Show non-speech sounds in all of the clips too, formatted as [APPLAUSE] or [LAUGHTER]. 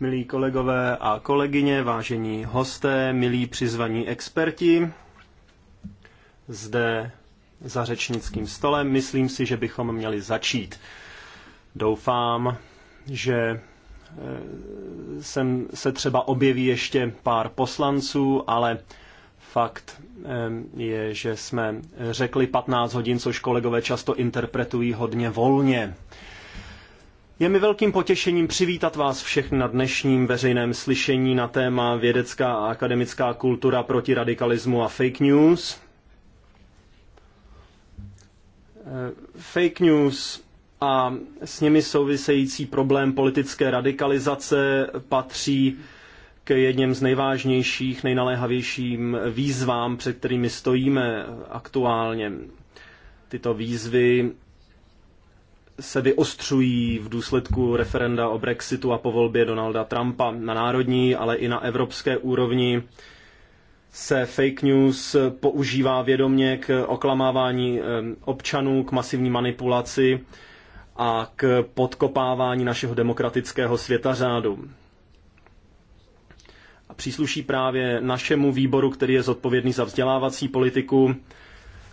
Milí kolegové a kolegyně, vážení hosté, milí přizvaní experti, zde za řečnickým stolem, myslím si, že bychom měli začít. Doufám, že eh, sem se třeba objeví ještě pár poslanců, ale fakt eh, je, že jsme řekli 15 hodin, což kolegové často interpretují hodně volně. Je mi velkým potěšením přivítat vás všechny na dnešním veřejném slyšení na téma vědecká a akademická kultura proti radikalismu a fake news. Eh, fake news a s nimi související problém politické radikalizace patří k jedním z nejvážnějších, nejnaléhavějším výzvám, před kterými stojíme aktuálně. Tyto výzvy se vyostřují v důsledku referenda o Brexitu a po volbě Donalda Trumpa na národní, ale i na evropské úrovni se fake news používá vědomě k oklamávání občanů, k masivní manipulaci a k podkopávání našeho demokratického světařádu. A přísluší právě našemu výboru, který je zodpovědný za vzdělávací politiku,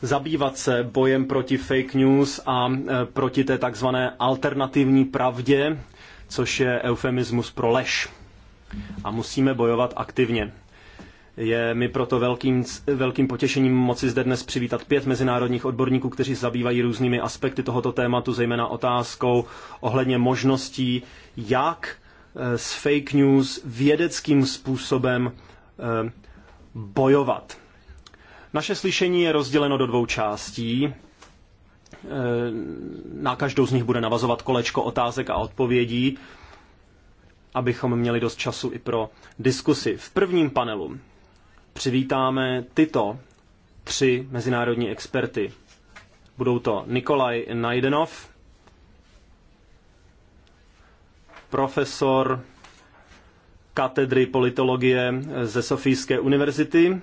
zabývat se bojem proti fake news a e, proti té takzvané alternativní pravdě, což je eufemismus pro lež. A musíme bojovat aktivně. Je mi proto velkým, velkým potěšením moci zde dnes přivítat pět mezinárodních odborníků, kteří zabývají různými aspekty tohoto tématu, zejména otázkou ohledně možností, jak e, s fake news vědeckým způsobem e, bojovat. Naše slyšení je rozděleno do dvou částí. E, na každou z nich bude navazovat kolečko otázek a odpovědí, abychom měli dost času i pro diskusy. V prvním panelu přivítáme tyto tři mezinárodní experty. Budou to Nikolaj Najdenov, profesor katedry politologie ze Sofijské univerzity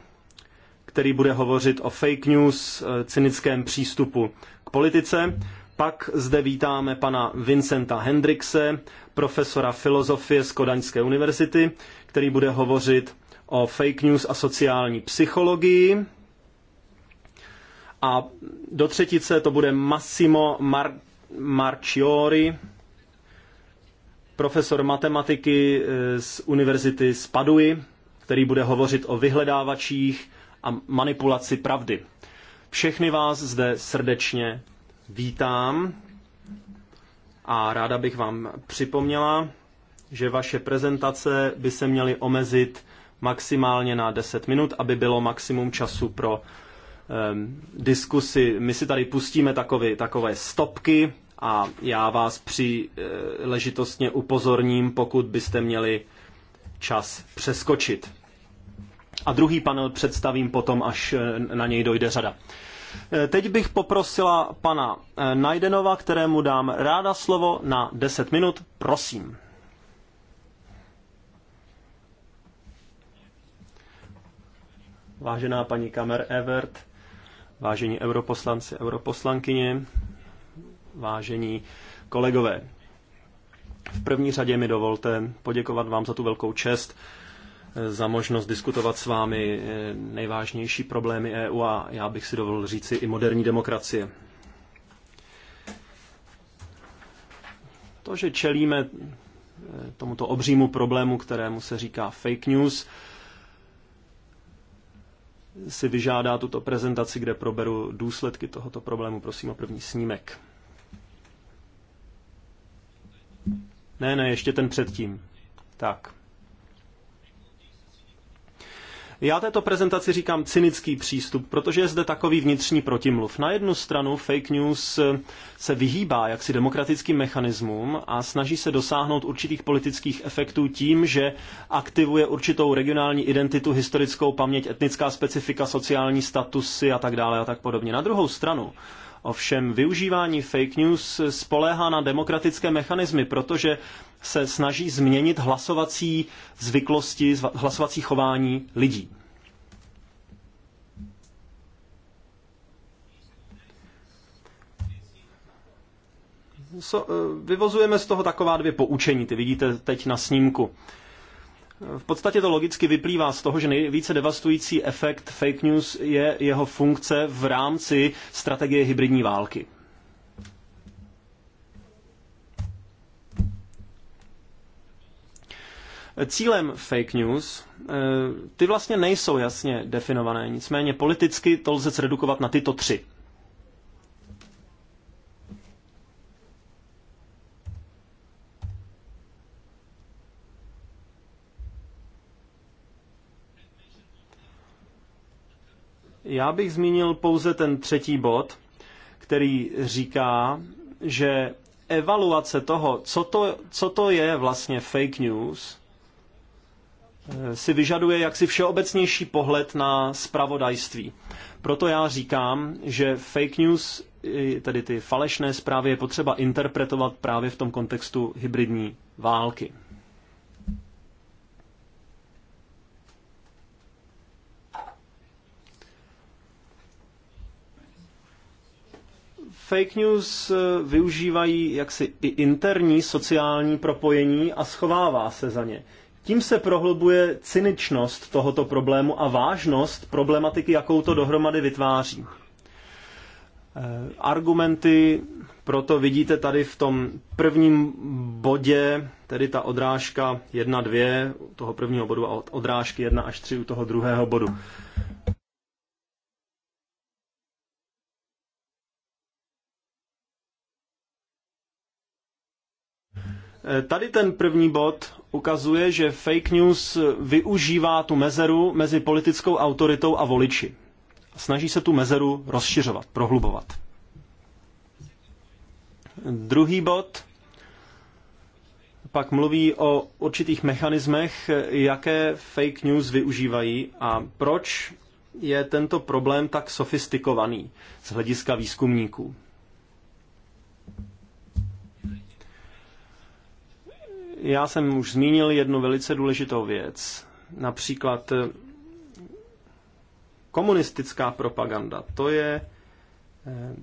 který bude hovořit o fake news, eh, cynickém přístupu k politice. Pak zde vítáme pana Vincenta Hendrixe, profesora filozofie z Kodaňské univerzity, který bude hovořit o fake news a sociální psychologii. A do třetice to bude Massimo Mar- Marciori, profesor matematiky eh, z Univerzity z Padui, který bude hovořit o vyhledávačích a manipulaci pravdy. Všechny vás zde srdečně vítám a ráda bych vám připomněla, že vaše prezentace by se měly omezit maximálně na 10 minut, aby bylo maximum času pro um, ehm, diskusy. My si tady pustíme takové, takové stopky a já vás příležitostně eh, upozorním, pokud byste měli čas přeskočit a druhý panel představím potom, až eh, na něj dojde řada. Eh, teď bych poprosila pana eh, Najdenova, kterému dám ráda slovo na 10 minut. Prosím. Vážená paní Kamer Evert, vážení europoslanci, europoslankyně, vážení kolegové. V první řadě mi dovolte poděkovat vám za tu velkou čest, za možnost diskutovat s vámi eh, nejvážnější problémy EU a já bych si dovolil říci i moderní demokracie. To, že čelíme eh, tomuto obřímu problému, kterému se říká fake news, si vyžádá tuto prezentaci, kde proberu důsledky tohoto problému. Prosím o první snímek. Ne, ne, ještě ten předtím. Tak. Já této prezentaci říkám cynický přístup, protože je zde takový vnitřní protimluv. Na jednu stranu fake news eh, se vyhýbá jaksi demokratickým mechanismům a snaží se dosáhnout určitých politických efektů tím, že aktivuje určitou regionální identitu, historickou paměť, etnická specifika, sociální statusy a tak dále a tak podobně. Na druhou stranu Ovšem využívání fake news spoléhá na demokratické mechanismy, protože se snaží změnit hlasovací zvyklosti, hlasovací chování lidí. So, eh, vyvozujeme z toho taková dvě poučení, ty vidíte teď na snímku. V podstatě to logicky vyplývá z toho, že nejvíce devastující efekt fake news je jeho funkce v rámci strategie hybridní války. Cílem fake news, eh, ty vlastně nejsou jasně definované, nicméně politicky to lze zredukovat na tyto tři. Já bych zmínil pouze ten třetí bod, který říká, že evaluace toho, co to, co to je vlastně fake news, eh, si vyžaduje jaksi všeobecnější pohled na spravodajství. Proto já říkám, že fake news, tedy ty falešné zprávy, je potřeba interpretovat právě v tom kontextu hybridní války. Fake news eh, využívají jaksi i interní sociální propojení a schovává se za ně. Tím se prohlubuje cyničnost tohoto problému a vážnost problematiky, jakou to dohromady vytváří. Eh, argumenty proto vidíte tady v tom prvním bodě, tedy ta odrážka 1, 2, toho prvního bodu a odrážky 1 až 3 u toho druhého bodu. Tady ten první bod ukazuje, že fake news využívá tu mezeru mezi politickou autoritou a voliči. Snaží se tu mezeru rozšiřovat, prohlubovat. Druhý bod pak mluví o určitých mechanismech, jaké fake news využívají a proč je tento problém tak sofistikovaný z hlediska výzkumníků. Já jsem už zmínil jednu velice důležitou věc. Například eh, komunistická propaganda. To je eh,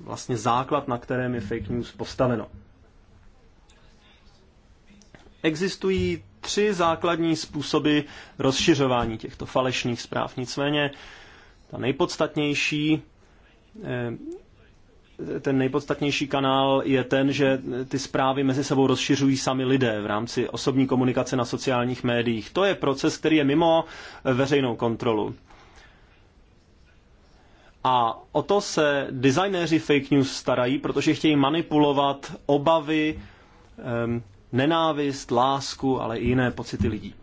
vlastně základ, na kterém je fake news postaveno. Existují tři základní způsoby rozšiřování těchto falešných zpráv. Nicméně ta nejpodstatnější eh, ten nejpodstatnější kanál je ten, že ty zprávy mezi sebou rozšiřují sami lidé v rámci osobní komunikace na sociálních médiích. To je proces, který je mimo eh, veřejnou kontrolu. A o to se designéři fake news starají, protože chtějí manipulovat obavy, ehm, nenávist, lásku, ale i jiné pocity lidí.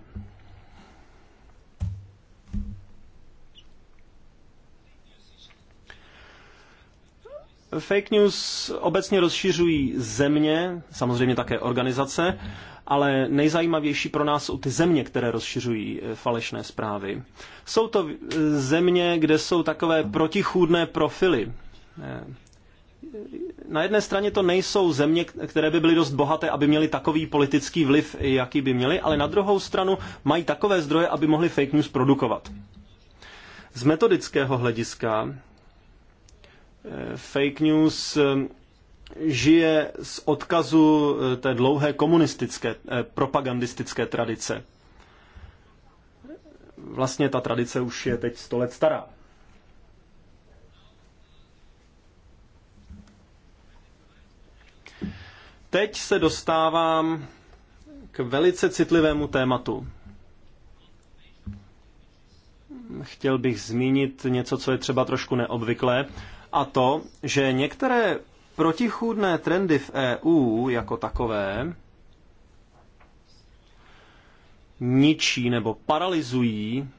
Fake news obecně rozšiřují země, samozřejmě také organizace, ale nejzajímavější pro nás jsou ty země, které rozšiřují eh, falešné zprávy. Jsou to eh, země, kde jsou takové protichůdné profily. Eh, na jedné straně to nejsou země, které by byly dost bohaté, aby měly takový politický vliv, jaký by měly, ale na druhou stranu mají takové zdroje, aby mohly fake news produkovat. Z metodického hlediska fake news eh, žije z odkazu eh, té dlouhé komunistické eh, propagandistické tradice. Vlastně ta tradice už je teď sto let stará. Teď se dostávám k velice citlivému tématu. Chtěl bych zmínit něco, co je třeba trošku neobvyklé, a to, že některé protichůdné trendy v EU jako takové ničí nebo paralizují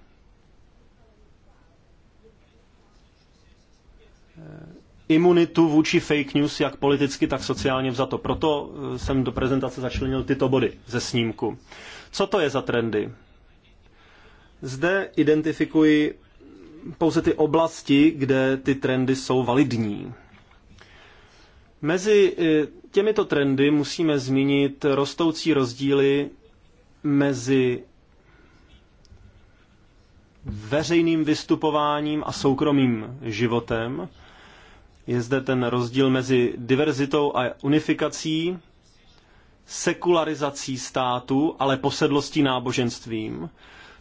eh, imunitu vůči fake news, jak politicky, tak sociálně vzato. Proto eh, jsem do prezentace začlenil tyto body ze snímku. Co to je za trendy? Zde identifikuji pouze ty oblasti, kde ty trendy jsou validní. Mezi eh, těmito trendy musíme zmínit rostoucí rozdíly mezi veřejným vystupováním a soukromým životem. Je zde ten rozdíl mezi diverzitou a unifikací, sekularizací státu, ale posedlostí náboženstvím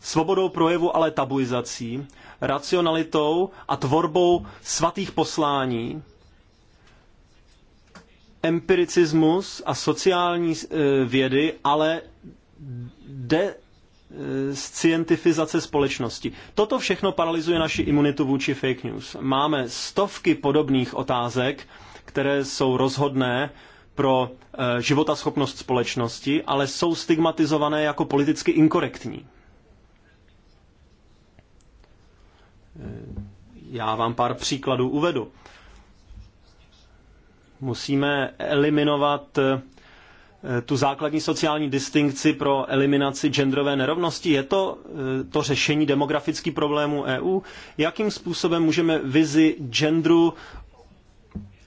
svobodou projevu, ale tabuizací, racionalitou a tvorbou svatých poslání, empiricismus a sociální eh, vědy, ale de eh, scientifizace společnosti. Toto všechno paralyzuje naši imunitu vůči fake news. Máme stovky podobných otázek, které jsou rozhodné pro eh, životaschopnost společnosti, ale jsou stigmatizované jako politicky inkorektní. Já vám pár příkladů uvedu. Musíme eliminovat eh, tu základní sociální distinkci pro eliminaci genderové nerovnosti. Je to eh, to řešení demografických problémů EU? Jakým způsobem můžeme vizi genderu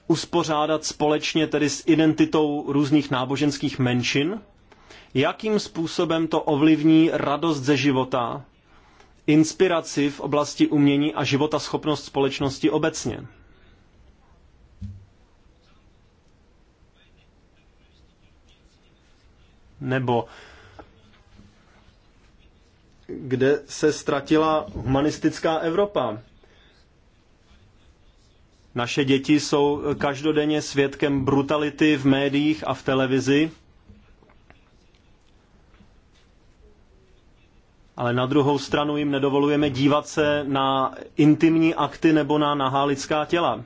uspořádat společně tedy s identitou různých náboženských menšin? Jakým způsobem to ovlivní radost ze života inspiraci v oblasti umění a života schopnost společnosti obecně. Nebo kde se ztratila humanistická Evropa. Naše děti jsou každodenně svědkem brutality v médiích a v televizi ale na druhou stranu jim nedovolujeme dívat se na intimní akty nebo na nahá lidská těla.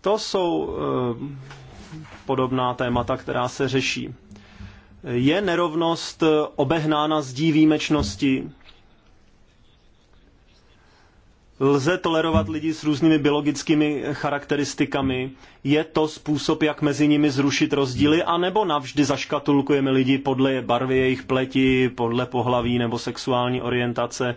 To jsou eh, podobná témata, která se řeší. Je nerovnost eh, obehnána zdí výjimečnosti? Lze tolerovat lidi s různými biologickými charakteristikami? Je to způsob, jak mezi nimi zrušit rozdíly? A nebo navždy zaškatulkujeme lidi podle barvy jejich pleti, podle pohlaví nebo sexuální orientace?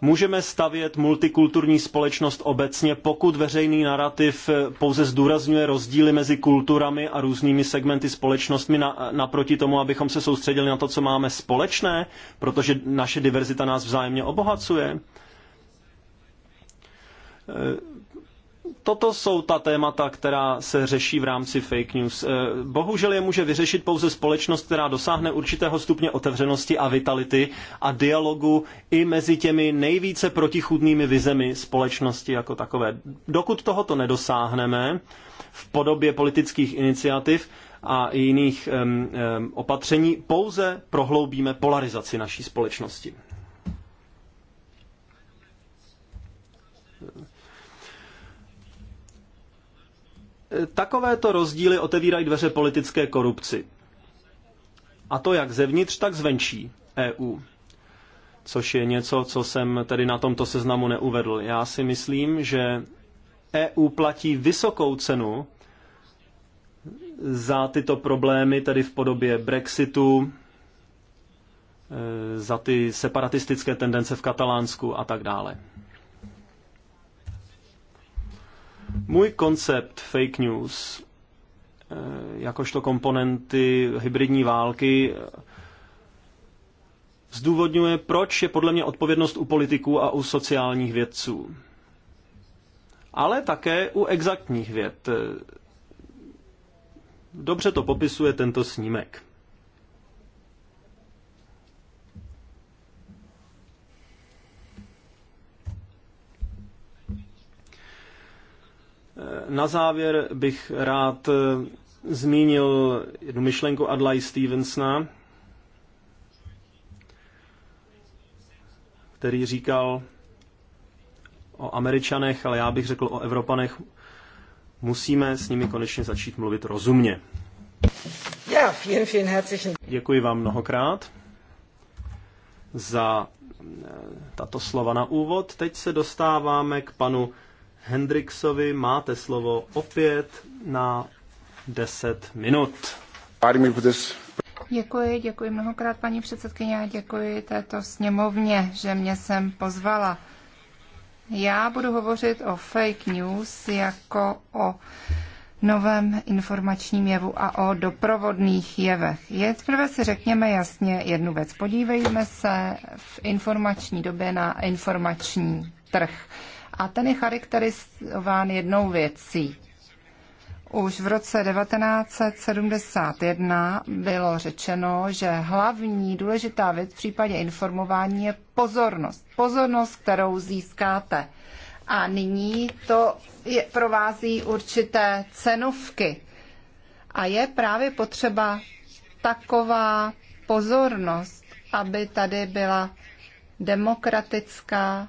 Můžeme stavět multikulturní společnost obecně, pokud veřejný narrativ pouze zdůrazňuje rozdíly mezi kulturami a různými segmenty společnostmi na, naproti tomu, abychom se soustředili na to, co máme společné, protože naše diverzita nás vzájemně obohacuje. Toto jsou ta témata, která se řeší v rámci fake news. Eh, bohužel je může vyřešit pouze společnost, která dosáhne určitého stupně otevřenosti a vitality a dialogu i mezi těmi nejvíce protichůdnými vizemi společnosti jako takové. Dokud tohoto nedosáhneme v podobě politických iniciativ a jiných um, um, opatření, pouze prohloubíme polarizaci naší společnosti. Takovéto rozdíly otevírají dveře politické korupci. A to jak zevnitř, tak zvenčí EU. Což je něco, co jsem tedy na tomto seznamu neuvedl. Já si myslím, že EU platí vysokou cenu za tyto problémy, tedy v podobě Brexitu, e, za ty separatistické tendence v Katalánsku a tak dále. Můj koncept fake news eh, jakožto komponenty hybridní války eh, zdůvodňuje, proč je podle mě odpovědnost u politiků a u sociálních vědců. Ale také u exaktních věd. Eh, dobře to popisuje tento snímek. Na závěr bych rád eh, zmínil jednu myšlenku Adlai Stevensona, který říkal o Američanech, ale já bych řekl o Evropanech, musíme s nimi konečně začít mluvit rozumně. Ja, vielen, vielen herzlichen... Děkuji vám mnohokrát za eh, tato slova na úvod. Teď se dostáváme k panu Hendriksovi máte slovo opět na 10 minut. Děkuji, děkuji mnohokrát paní předsedkyně a děkuji této sněmovně, že mě sem pozvala. Já budu hovořit o fake news jako o novém informačním jevu a o doprovodných jevech. Nejprve si řekněme jasně jednu věc. Podívejme se v informační době na informační trh a ten je charakterizován jednou věcí. Už v roce 1971 bylo řečeno, že hlavní důležitá věc v případě informování je pozornost. Pozornost, kterou získáte. A nyní to je, provází určité cenovky. A je právě potřeba taková pozornost, aby tady byla demokratická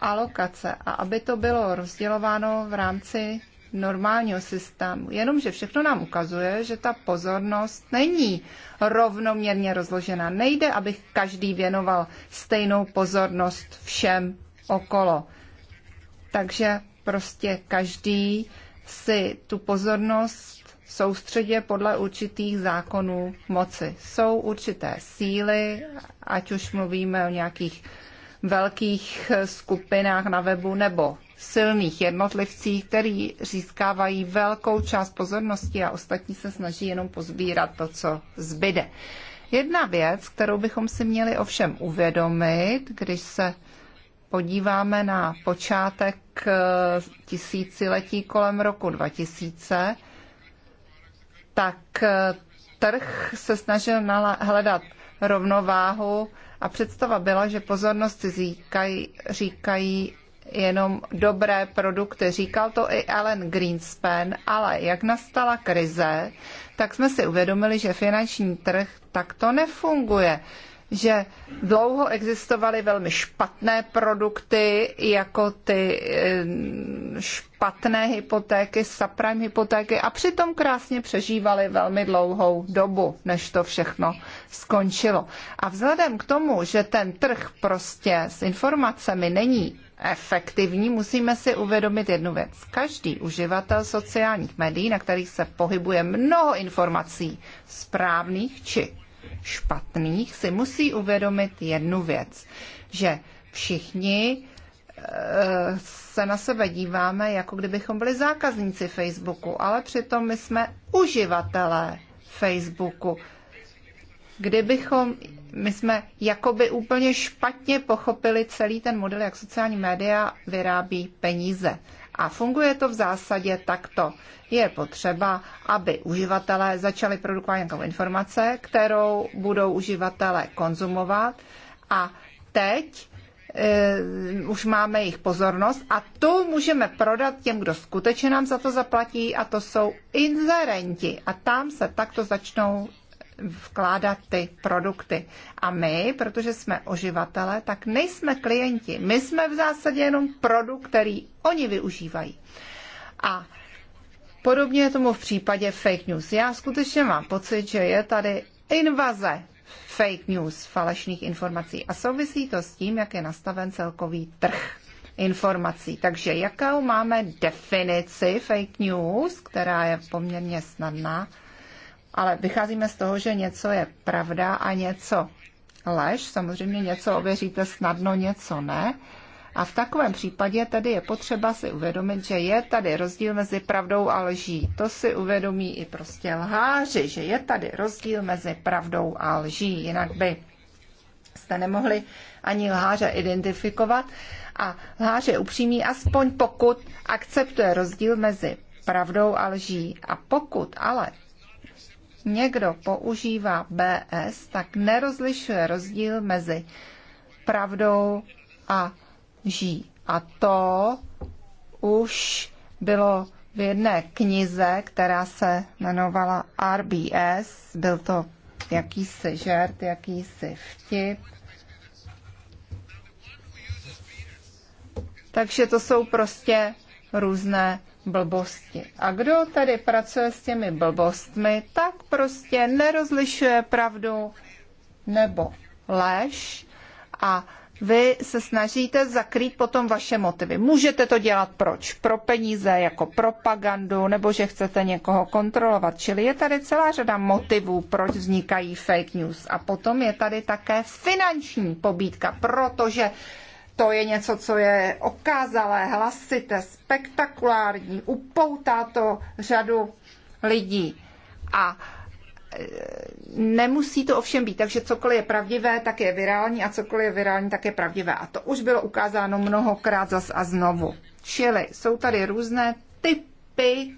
alokace a aby to bylo rozdělováno v rámci normálního systému. Jenomže všechno nám ukazuje, že ta pozornost není rovnoměrně rozložena. Nejde, aby každý věnoval stejnou pozornost všem okolo. Takže prostě každý si tu pozornost soustředě podle určitých zákonů moci. Jsou určité síly, ať už mluvíme o nějakých velkých skupinách na webu nebo silných jednotlivcích, který získávají velkou část pozornosti a ostatní se snaží jenom pozbírat to, co zbyde. Jedna věc, kterou bychom si měli ovšem uvědomit, když se podíváme na počátek eh, tisíciletí kolem roku 2000, tak eh, trh se snažil hledat rovnováhu a představa byla, že pozornost říkají, říkají jenom dobré produkty. Říkal to i Alan Greenspan, ale jak nastala krize, tak jsme si uvědomili, že finanční trh takto nefunguje že dlouho existovaly velmi špatné produkty, jako ty eh, špatné hypotéky, subprime hypotéky a přitom krásně přežívaly velmi dlouhou dobu, než to všechno skončilo. A vzhledem k tomu, že ten trh prostě s informacemi není efektivní, musíme si uvědomit jednu věc. Každý uživatel sociálních médií, na kterých se pohybuje mnoho informací, správných či špatných, si musí uvědomit jednu věc, že všichni eh, se na sebe díváme, jako kdybychom byli zákazníci Facebooku, ale přitom my jsme uživatelé Facebooku. Kdybychom, my jsme jakoby úplně špatně pochopili celý ten model, jak sociální média vyrábí peníze. A funguje to v zásadě takto. Je potřeba, aby uživatelé začali produkovat nějakou informace, kterou budou uživatelé konzumovat a teď uh, už máme jejich pozornost a tu můžeme prodat těm, kdo skutečně nám za to zaplatí a to jsou inzerenti a tam se takto začnou vkládat ty produkty. A my, protože jsme oživatele, tak nejsme klienti. My jsme v zásadě jenom produkt, který oni využívají. A podobně je tomu v případě fake news. Já skutečně mám pocit, že je tady invaze fake news, falešných informací. A souvisí to s tím, jak je nastaven celkový trh informací. Takže jakou máme definici fake news, která je poměrně snadná, ale vycházíme z toho, že něco je pravda a něco lež. Samozřejmě něco ověříte snadno, něco ne. A v takovém případě tady je potřeba si uvědomit, že je tady rozdíl mezi pravdou a lží. To si uvědomí i prostě lháři, že je tady rozdíl mezi pravdou a lží, jinak by jste nemohli ani lháře identifikovat. A lhář je upřímný, aspoň pokud akceptuje rozdíl mezi pravdou a lží. A pokud ale někdo používá BS, tak nerozlišuje rozdíl mezi pravdou a lží. A to už bylo v jedné knize, která se jmenovala RBS. Byl to jakýsi žert, jakýsi vtip. Takže to jsou prostě různé blbosti. A kdo tady pracuje s těmi blbostmi, tak prostě nerozlišuje pravdu nebo lež a vy se snažíte zakrýt potom vaše motivy. Můžete to dělat proč? Pro peníze, jako propagandu, nebo že chcete někoho kontrolovat. Čili je tady celá řada motivů, proč vznikají fake news. A potom je tady také finanční pobídka, protože to je něco, co je okázalé, hlasité, spektakulární, upoutá to řadu lidí. A e, nemusí to ovšem být, takže cokoliv je pravdivé, tak je virální a cokoliv je virální, tak je pravdivé. A to už bylo ukázáno mnohokrát zas a znovu. Čili jsou tady různé typy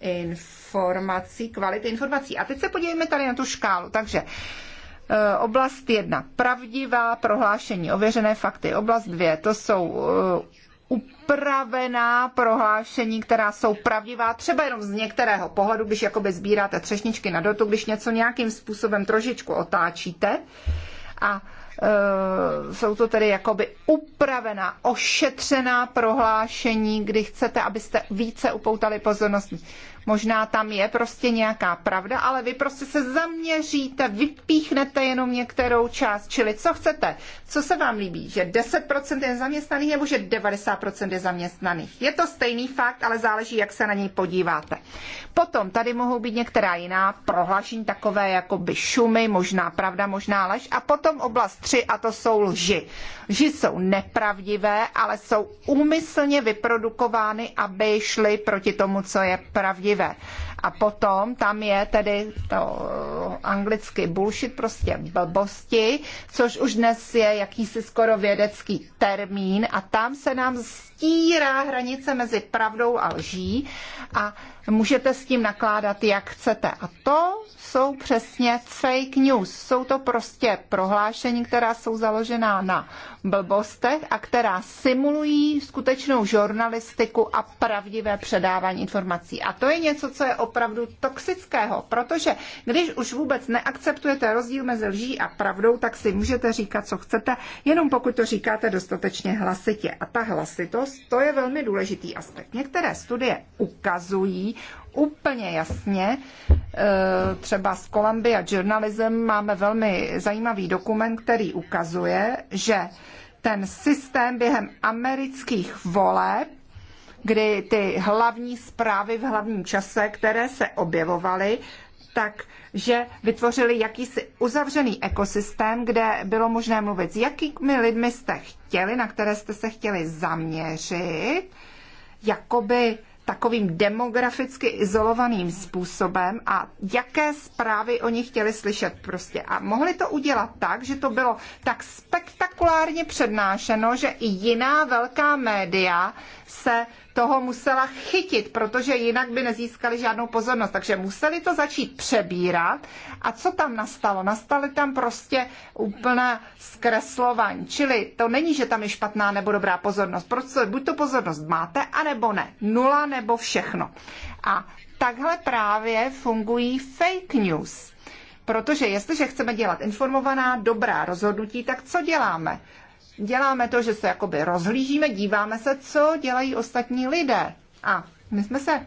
informací, kvality informací. A teď se podívejme tady na tu škálu. Takže Eh, oblast 1. Pravdivá prohlášení, ověřené fakty. Oblast 2. To jsou eh, upravená prohlášení, která jsou pravdivá, třeba jenom z některého pohledu, když jakoby sbíráte třešničky na dotu, když něco nějakým způsobem trošičku otáčíte. A e, jsou to tedy jakoby upravená, ošetřená prohlášení, kdy chcete, abyste více upoutali pozornost Možná tam je prostě nějaká pravda, ale vy prostě se zaměříte, vypíchnete jenom některou část. Čili co chcete? Co se vám líbí? Že 10% je zaměstnaných nebo že 90% je zaměstnaných? Je to stejný fakt, ale záleží, jak se na něj podíváte. Potom tady mohou být některá jiná prohlášení, takové jako by šumy, možná pravda, možná lež. A potom oblast 3 a to jsou lži. Lži jsou nepravdivé, ale jsou úmyslně vyprodukovány, aby šly proti tomu, co je pravdivé pravdivé. A potom tam je tedy to eh, anglicky bullshit, prostě blbosti, což už dnes je jakýsi skoro vědecký termín a tam se nám stírá hranice mezi pravdou a lží a můžete s tím nakládat, jak chcete. A to jsou přesně fake news. Jsou to prostě prohlášení, která jsou založená na blbostech a která simulují skutečnou žurnalistiku a pravdivé předávání informací. A to je něco, co je opravdu toxického, protože když už vůbec neakceptujete rozdíl mezi lží a pravdou, tak si můžete říkat, co chcete, jenom pokud to říkáte dostatečně hlasitě. A ta hlasitost, to je velmi důležitý aspekt. Některé studie ukazují úplně jasně, e, třeba z Columbia Journalism máme velmi zajímavý dokument, který ukazuje, že ten systém během amerických voleb kdy ty hlavní zprávy v hlavním čase, které se objevovaly, tak, že vytvořili jakýsi uzavřený ekosystém, kde bylo možné mluvit s jakými lidmi jste chtěli, na které jste se chtěli zaměřit, jakoby takovým demograficky izolovaným způsobem a jaké zprávy oni chtěli slyšet prostě. A mohli to udělat tak, že to bylo tak spektakulárně přednášeno, že i jiná velká média se toho musela chytit, protože jinak by nezískali žádnou pozornost. Takže museli to začít přebírat. A co tam nastalo? Nastaly tam prostě úplná zkreslování. Čili to není, že tam je špatná nebo dobrá pozornost. Prostě buď tu pozornost máte, anebo ne. Nula nebo všechno. A takhle právě fungují fake news. Protože jestliže chceme dělat informovaná, dobrá rozhodnutí, tak co děláme? děláme to, že se jakoby rozhlížíme, díváme se, co dělají ostatní lidé. A my jsme se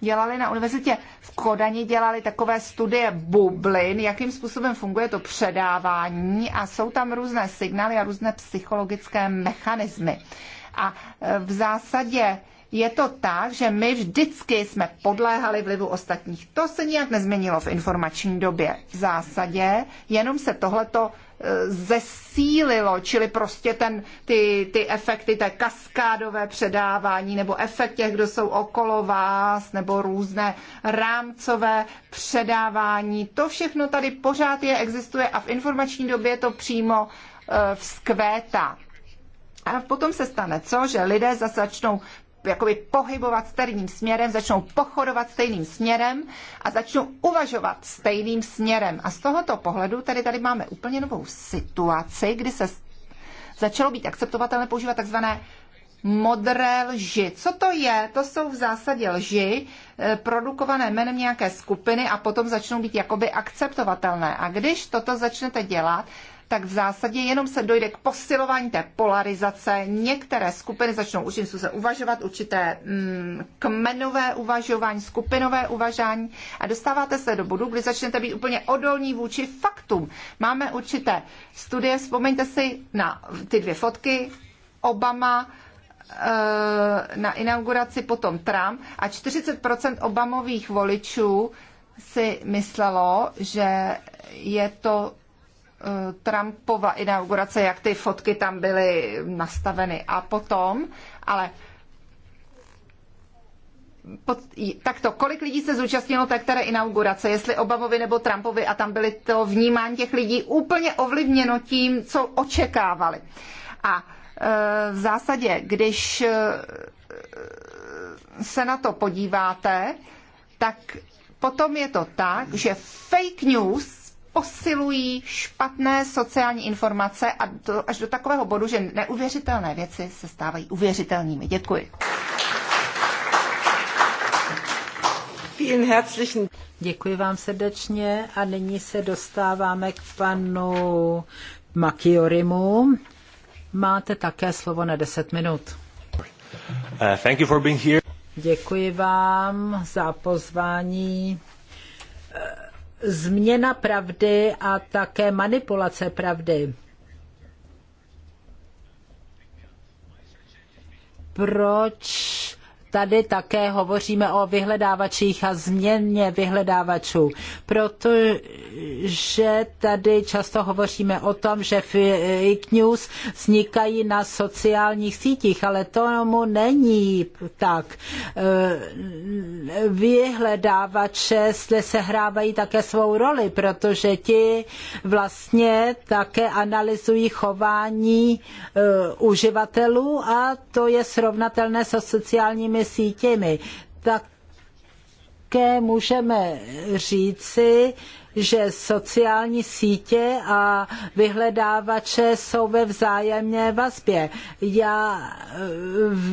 dělali na univerzitě v Kodani, dělali takové studie bublin, jakým způsobem funguje to předávání a jsou tam různé signály a různé psychologické mechanismy. A e, v zásadě je to tak, že my vždycky jsme podléhali vlivu ostatních. To se nijak nezměnilo v informační době. V zásadě jenom se tohleto zesílilo, čili prostě ten, ty, ty efekty, té kaskádové předávání nebo efekt těch, kdo jsou okolo vás, nebo různé rámcové předávání, to všechno tady pořád je, existuje a v informační době to přímo eh, vzkvétá. A potom se stane co? Že lidé zase začnou jakoby pohybovat stejným směrem, začnou pochodovat stejným směrem a začnou uvažovat stejným směrem. A z tohoto pohledu tady tady máme úplně novou situaci, kdy se začalo být akceptovatelné používat takzvané modré lži. Co to je? To jsou v zásadě lži e, produkované jménem nějaké skupiny a potom začnou být jakoby akceptovatelné. A když toto začnete dělat, tak v zásadě jenom se dojde k posilování té polarizace. Některé skupiny začnou určitým způsobem uvažovat, určité mm, kmenové uvažování, skupinové uvažování a dostáváte se do bodu, kdy začnete být úplně odolní vůči faktům. Máme určité studie, vzpomeňte si na ty dvě fotky Obama, eh, na inauguraci potom Trump a 40% Obamových voličů si myslelo, že je to Eh, Trumpova inaugurace, jak ty fotky tam byly nastaveny a potom, ale pod, tak to, kolik lidí se zúčastnilo té které inaugurace, jestli Obamovi nebo Trumpovi a tam byly to vnímání těch lidí úplně ovlivněno tím, co očekávali. A e, v zásadě, když e, se na to podíváte, tak potom je to tak, že fake news posilují špatné sociální informace a to až do takového bodu, že neuvěřitelné věci se stávají uvěřitelnými. Děkuji. Děkuji vám srdečně a nyní se dostáváme k panu Makiorimu. Máte také slovo na 10 minut. Uh, thank you for being here. Děkuji vám za pozvání změna pravdy a také manipulace pravdy. Proč tady také hovoříme o vyhledávačích a změně vyhledávačů, protože tady často hovoříme o tom, že fake news vznikají na sociálních sítích, ale tomu není tak. Eh, vyhledávače zde sehrávají také svou roli, protože ti vlastně také analyzují chování eh, uživatelů a to je srovnatelné se sociálními sociálními sítěmi. Také můžeme říci, že sociální sítě a vyhledávače jsou ve vzájemné vazbě. Já,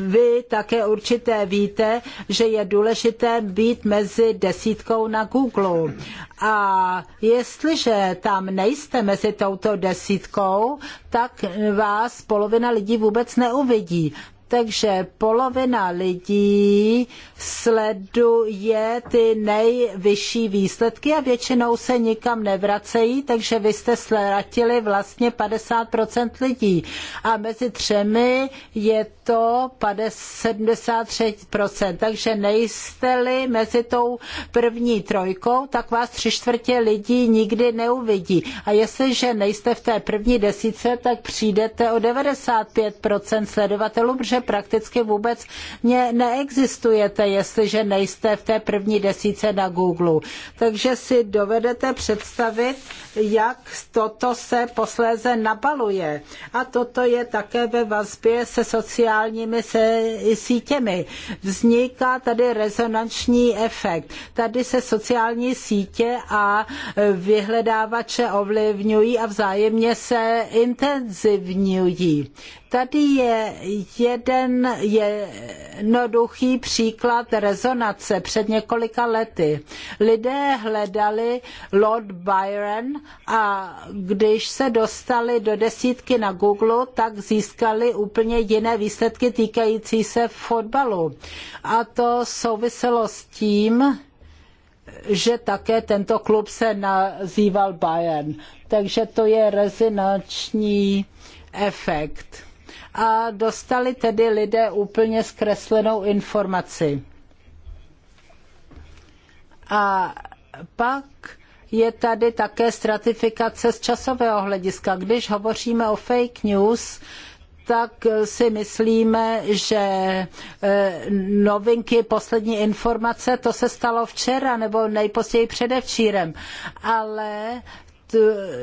vy také určitě víte, že je důležité být mezi desítkou na Google. A jestliže tam nejste mezi touto desítkou, tak vás polovina lidí vůbec neuvidí takže polovina lidí sleduje ty nejvyšší výsledky a většinou se nikam nevracejí, takže vy jste ztratili vlastně 50% lidí. A mezi třemi je to 73%, takže nejste-li mezi tou první trojkou, tak vás tři čtvrtě lidí nikdy neuvidí. A jestliže nejste v té první desíce, tak přijdete o 95% sledovatelů, protože protože prakticky vůbec ne, neexistujete, jestliže nejste v té první desíce na Google. Takže si dovedete představit, jak toto se posléze nabaluje. A toto je také ve vazbě se sociálními se, sítěmi. Vzniká tady rezonanční efekt. Tady se sociální sítě a vyhledávače ovlivňují a vzájemně se intenzivňují. Tady je jeden jednoduchý příklad rezonace před několika lety. Lidé hledali Lord Byron a když se dostali do desítky na Google, tak získali úplně jiné výsledky týkající se fotbalu. A to souviselo s tím, že také tento klub se nazýval Bayern. Takže to je rezinační efekt a dostali tedy lidé úplně zkreslenou informaci. A pak je tady také stratifikace z časového hlediska. Když hovoříme o fake news, tak si myslíme, že e, novinky, poslední informace, to se stalo včera nebo nejpozději předevčírem. Ale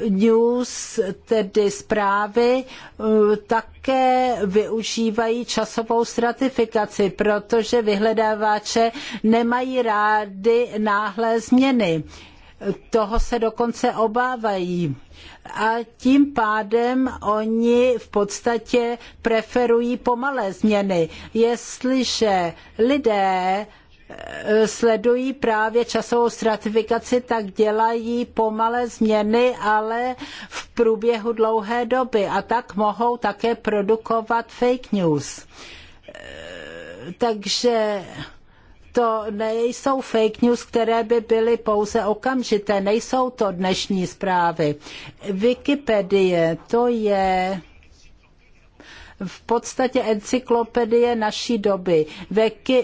news, tedy zprávy, eh, také využívají časovou stratifikaci, protože vyhledáváče nemají rády náhlé změny. Toho se dokonce obávají. A tím pádem oni v podstatě preferují pomalé změny. Jestliže lidé sledují právě časovou stratifikaci, tak dělají pomalé změny, ale v průběhu dlouhé doby a tak mohou také produkovat fake news. Takže to nejsou fake news, které by byly pouze okamžité, nejsou to dnešní zprávy. Wikipedie, to je v podstatě encyklopedie naší doby.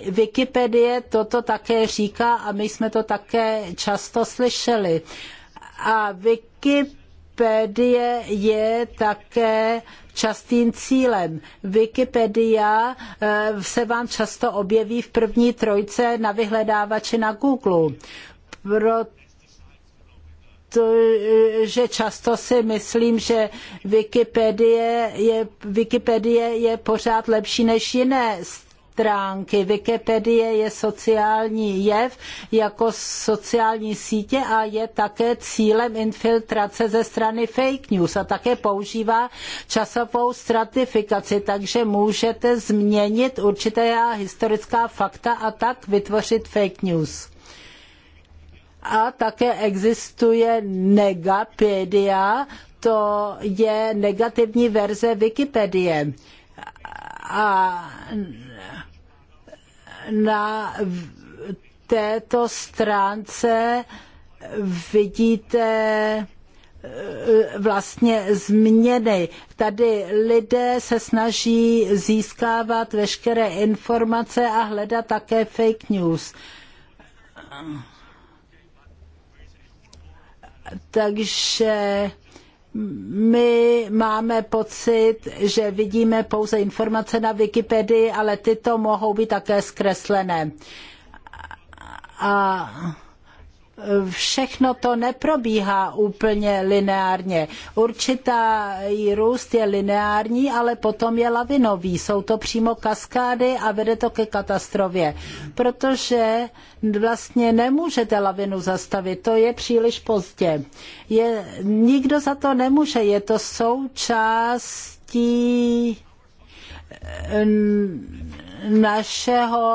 Wikipedie toto také říká a my jsme to také často slyšeli. A Wikipedie je také častým cílem. Wikipedia eh, se vám často objeví v první trojce na vyhledávači na Google. Proto že často si myslím, že Wikipedie je, Wikipedie je pořád lepší než jiné stránky. Wikipedie je sociální jev jako sociální sítě a je také cílem infiltrace ze strany fake news a také používá časovou stratifikaci, takže můžete změnit určitá historická fakta a tak vytvořit fake news a také existuje Negapedia, to je negativní verze Wikipedie. A na této stránce vidíte eh, vlastně změny. Tady lidé se snaží získávat veškeré informace a hledat také fake news. Takže my máme pocit, že vidíme pouze informace na Wikipedii, ale tyto mohou být také zkreslené. A všechno to neprobíhá úplně lineárně. Určitá růst je lineární, ale potom je lavinový. Jsou to přímo kaskády a vede to ke katastrofě, protože vlastně nemůžete lavinu zastavit, to je příliš pozdě. Je, nikdo za to nemůže, je to součástí eh, našeho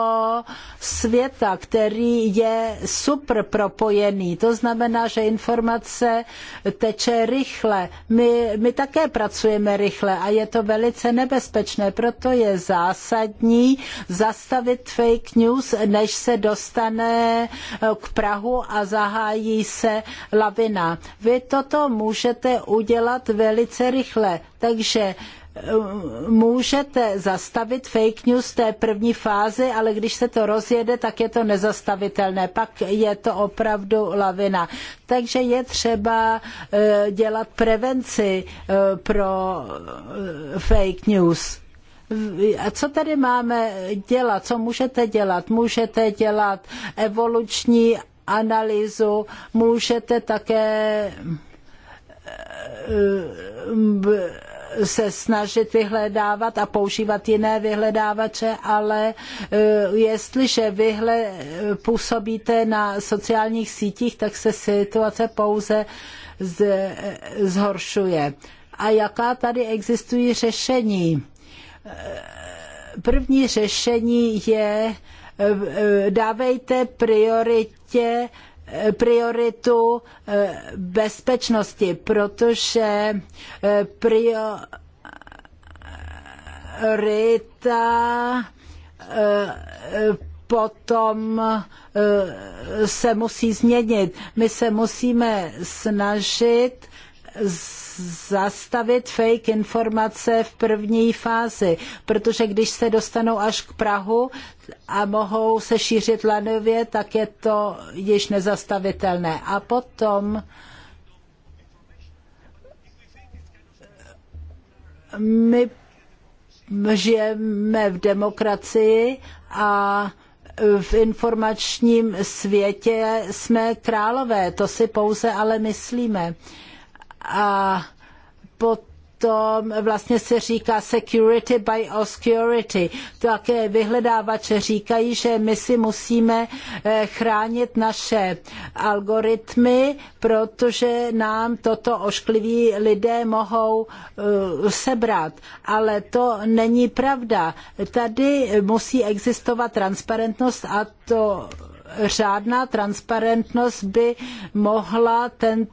světa, který je super propojený. To znamená, že informace teče rychle. My, my také pracujeme rychle a je to velice nebezpečné. Proto je zásadní zastavit fake news, než se dostane eh, k Prahu a zahájí se lavina. Vy toto můžete udělat velice rychle. Takže můžete zastavit fake news té první fázi, ale když se to rozjede, tak je to nezastavitelné. Pak je to opravdu lavina. Takže je třeba eh, dělat prevenci eh, pro eh, fake news. A co tady máme dělat? Co můžete dělat? Můžete dělat evoluční analýzu, můžete také se snažit vyhledávat a používat jiné vyhledávače, ale e, jestliže vyhle, působíte na sociálních sítích, tak se situace pouze z, zhoršuje. A jaká tady existují řešení? E, první řešení je e, dávejte prioritě prioritu eh, bezpečnosti, protože eh, priorita eh, potom se musí změnit. My se musíme snažit z zastavit fake informace v první fázi, protože když se dostanou až k Prahu a mohou se šířit lanově, tak je to již nezastavitelné. A potom my žijeme v demokracii a v informačním světě jsme králové, to si pouze ale myslíme. Uh, a potom tom vlastně se říká security by obscurity. Také vyhledávače říkají, že my si musíme eh, chránit naše algoritmy, protože nám toto oškliví lidé mohou eh, sebrat. Ale to není pravda. Tady musí existovat transparentnost a to řádná transparentnost by mohla ten,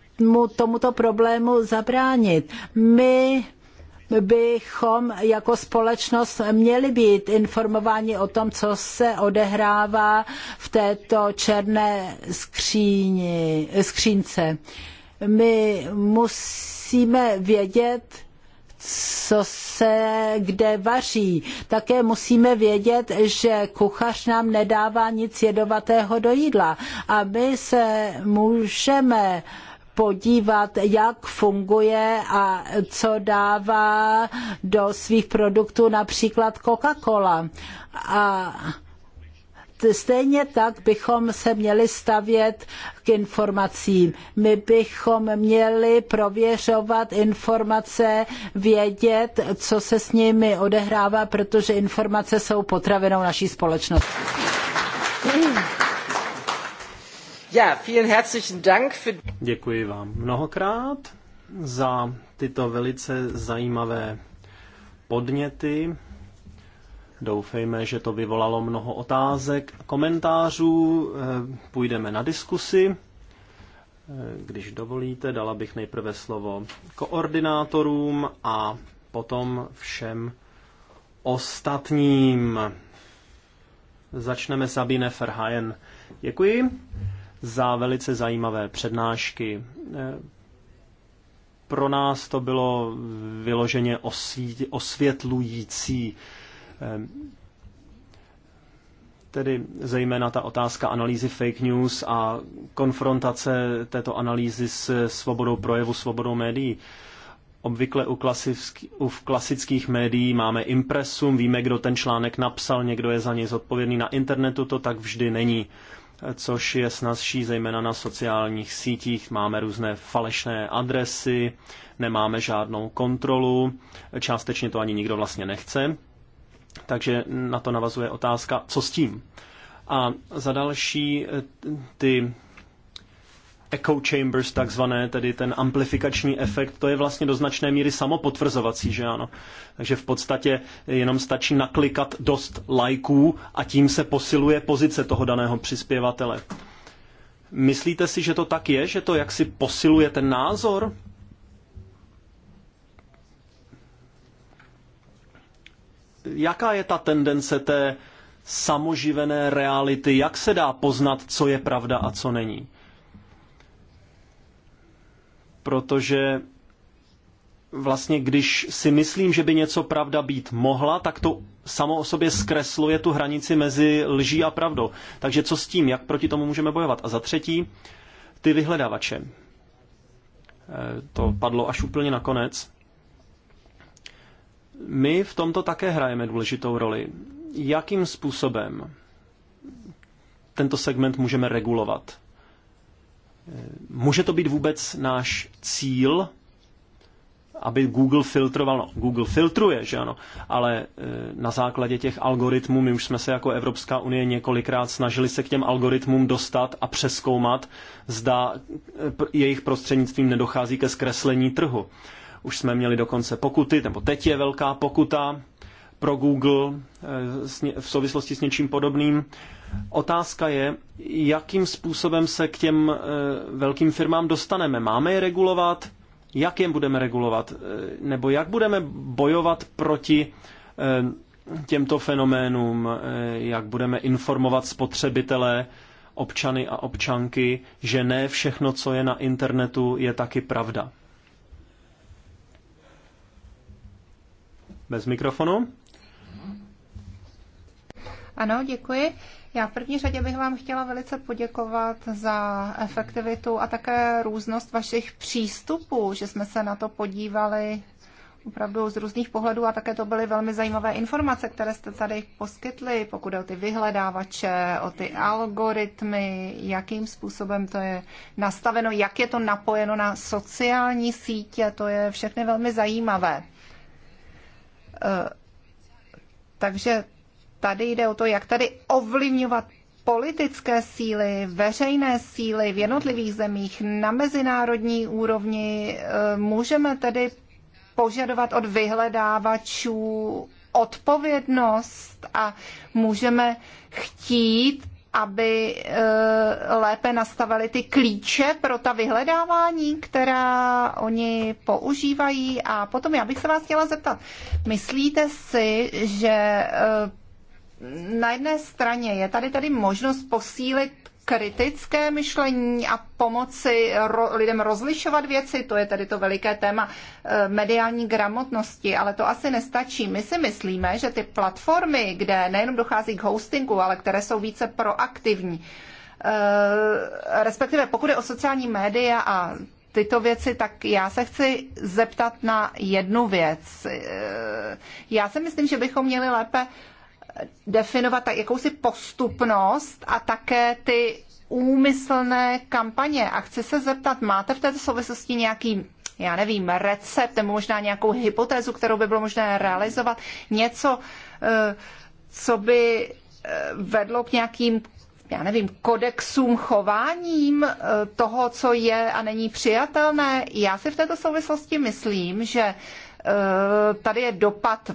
tomuto problému zabránit. My bychom jako společnost měli být informováni o tom, co se odehrává v této černé skříni, skřínce. My musíme vědět, co se kde vaří. Také musíme vědět, že kuchař nám nedává nic jedovatého do jídla a my se můžeme podívat, jak funguje a co dává do svých produktů například Coca-Cola. A Stejně tak bychom se měli stavět k informacím. My bychom měli prověřovat informace, vědět, co se s nimi odehrává, protože informace jsou potravinou naší společnosti. Ja, vielen herzlichen Dank für... Děkuji vám mnohokrát za tyto velice zajímavé podněty. Doufejme, že to vyvolalo mnoho otázek a komentářů. Eh, půjdeme na diskusi. Eh, když dovolíte, dala bych nejprve slovo koordinátorům a potom všem ostatním. Začneme Sabine Ferhajen. Děkuji za velice zajímavé přednášky. Eh, pro nás to bylo vyloženě osvětlující. Ehm, tedy zejména ta otázka analýzy fake news a konfrontace této analýzy s svobodou projevu, svobodou médií. Obvykle u, klasický, u klasických médií máme impresum, víme, kdo ten článek napsal, někdo je za něj zodpovědný. Na internetu to tak vždy není, což je snazší, zejména na sociálních sítích. Máme různé falešné adresy, nemáme žádnou kontrolu, částečně to ani nikdo vlastně nechce. Takže na to navazuje otázka, co s tím. A za další eh, ty echo chambers takzvané, tedy ten amplifikační efekt, to je vlastně do značné míry samopotvrzovací, že ano. Takže v podstatě jenom stačí naklikat dost lajků a tím se posiluje pozice toho daného přispěvatele. Myslíte si, že to tak je, že to jaksi posiluje ten názor? jaká je ta tendence té samoživené reality, jak se dá poznat, co je pravda a co není. Protože vlastně když si myslím, že by něco pravda být mohla, tak to samo o sobě zkresluje tu hranici mezi lží a pravdou. Takže co s tím, jak proti tomu můžeme bojovat? A za třetí, ty vyhledavače. Eh, to padlo až úplně nakonec. My v tomto také hrajeme důležitou roli. Jakým způsobem tento segment můžeme regulovat? Může to být vůbec náš cíl, aby Google filtroval? No, Google filtruje, že ano, ale e, na základě těch algoritmů, my už jsme se jako Evropská unie několikrát snažili se k těm algoritmům dostat a přeskoumat, zda e, jejich prostřednictvím nedochází ke zkreslení trhu. Už jsme měli dokonce pokuty, nebo teď je velká pokuta pro Google eh, v souvislosti s něčím podobným. Otázka je, jakým způsobem se k těm eh, velkým firmám dostaneme. Máme je regulovat? Jak jim budeme regulovat? Eh, nebo jak budeme bojovat proti těmto fenoménům, jak budeme informovat spotřebitele, občany a občanky, že ne všechno, co je na internetu, je taky pravda. bez mikrofonu. Ano, děkuji. Já v první řadě bych vám chtěla velice poděkovat za efektivitu a také různost vašich přístupů, že jsme se na to podívali opravdu z různých pohledů a také to byly velmi zajímavé informace, které jste tady poskytli, pokud je o ty vyhledávače, o ty algoritmy, jakým způsobem to je nastaveno, jak je to napojeno na sociální sítě, to je všechny velmi zajímavé. Eh, takže tady jde o to, jak tady ovlivňovat politické síly, veřejné síly v jednotlivých zemích na mezinárodní úrovni. Eh, můžeme tedy požadovat od vyhledávačů odpovědnost a můžeme chtít aby eh, lépe nastavili ty klíče pro ta vyhledávání, která oni používají. A potom já bych se vás chtěla zeptat, myslíte si, že eh, na jedné straně je tady tady možnost posílit kritické myšlení a pomoci ro, lidem rozlišovat věci, to je tedy to veliké téma eh, mediální gramotnosti, ale to asi nestačí. My si myslíme, že ty platformy, kde nejenom dochází k hostingu, ale které jsou více proaktivní, eh, respektive pokud je o sociální média a tyto věci, tak já se chci zeptat na jednu věc. Eh, já si myslím, že bychom měli lépe definovat tak jakousi postupnost a také ty úmyslné kampaně. A chci se zeptat, máte v této souvislosti nějaký já nevím, recept nebo možná nějakou hypotézu, kterou by bylo možné realizovat, něco, eh, co by eh, vedlo k nějakým já nevím, kodexům chováním eh, toho, co je a není přijatelné. Já si v této souvislosti myslím, že Eh, tady je dopad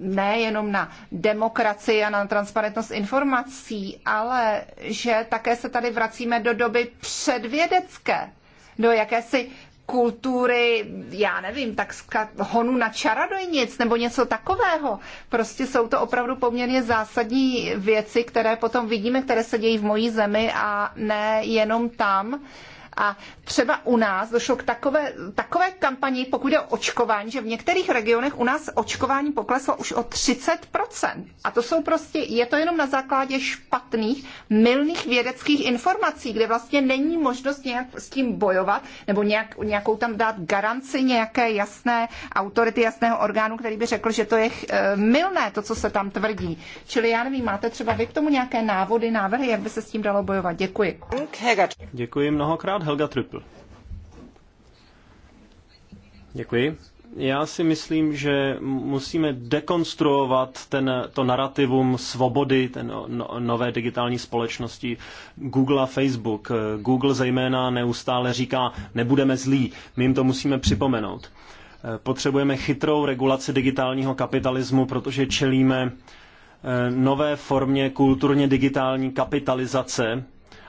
nejenom na demokracii a na transparentnost informací, ale že také se tady vracíme do doby předvědecké, do jakési kultury, já nevím, tak honu na čarodojnic nebo něco takového. Prostě jsou to opravdu poměrně zásadní věci, které potom vidíme, které se dějí v mojí zemi a ne jenom tam. A třeba u nás došlo k takové, takové kampani, pokud je o očkování, že v některých regionech u nás očkování pokleslo už o 30%. A to jsou prostě, je to jenom na základě špatných, mylných vědeckých informací, kde vlastně není možnost nějak s tím bojovat nebo nějak, nějakou tam dát garanci nějaké jasné autority, jasného orgánu, který by řekl, že to je eh, mylné, to, co se tam tvrdí. Čili já nevím, máte třeba vy k tomu nějaké návody, návrhy, jak by se s tím dalo bojovat? Děkuji. Děkuji mnohokrát, Helga Trüppel. Děkuji. Já si myslím, že musíme dekonstruovat ten, to narrativum svobody, ten no, no, nové digitální společnosti Google a Facebook. Google zejména neustále říká, nebudeme zlí, my jim to musíme připomenout. Potřebujeme chytrou regulaci digitálního kapitalismu, protože čelíme eh, nové formě kulturně digitální kapitalizace,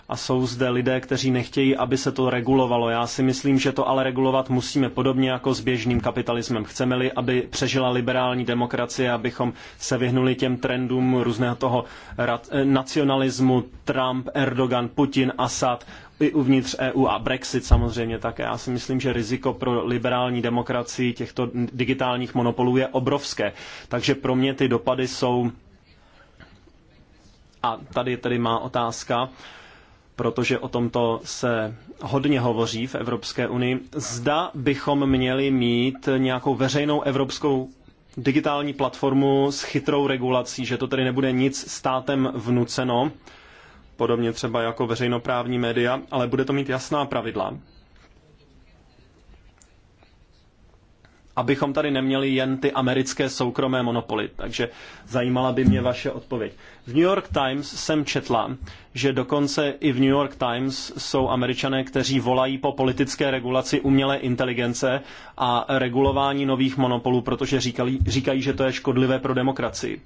a jsou zde lidé, kteří nechtějí, aby se to regulovalo. Já si myslím, že to ale regulovat musíme podobně jako s běžným kapitalismem. Chceme-li, aby přežila liberální demokracie, abychom se vyhnuli těm trendům různého toho nacionalismu, Trump, Erdogan, Putin, Assad, i uvnitř EU a Brexit samozřejmě také. Já si myslím, že riziko pro liberální demokracii těchto digitálních monopolů je obrovské. Takže pro mě ty dopady jsou. A tady tedy má otázka protože o tomto se hodně hovoří v Evropské unii, zda bychom měli mít nějakou veřejnou evropskou digitální platformu s chytrou regulací, že to tedy nebude nic státem vnuceno, podobně třeba jako veřejnoprávní média, ale bude to mít jasná pravidla. Abychom tady neměli jen ty americké soukromé monopoly. Takže zajímala by mě vaše odpověď. V New York Times jsem četla, že dokonce i v New York Times jsou američané, kteří volají po politické regulaci umělé inteligence a regulování nových monopolů, protože říkají, říkají že to je škodlivé pro demokracii.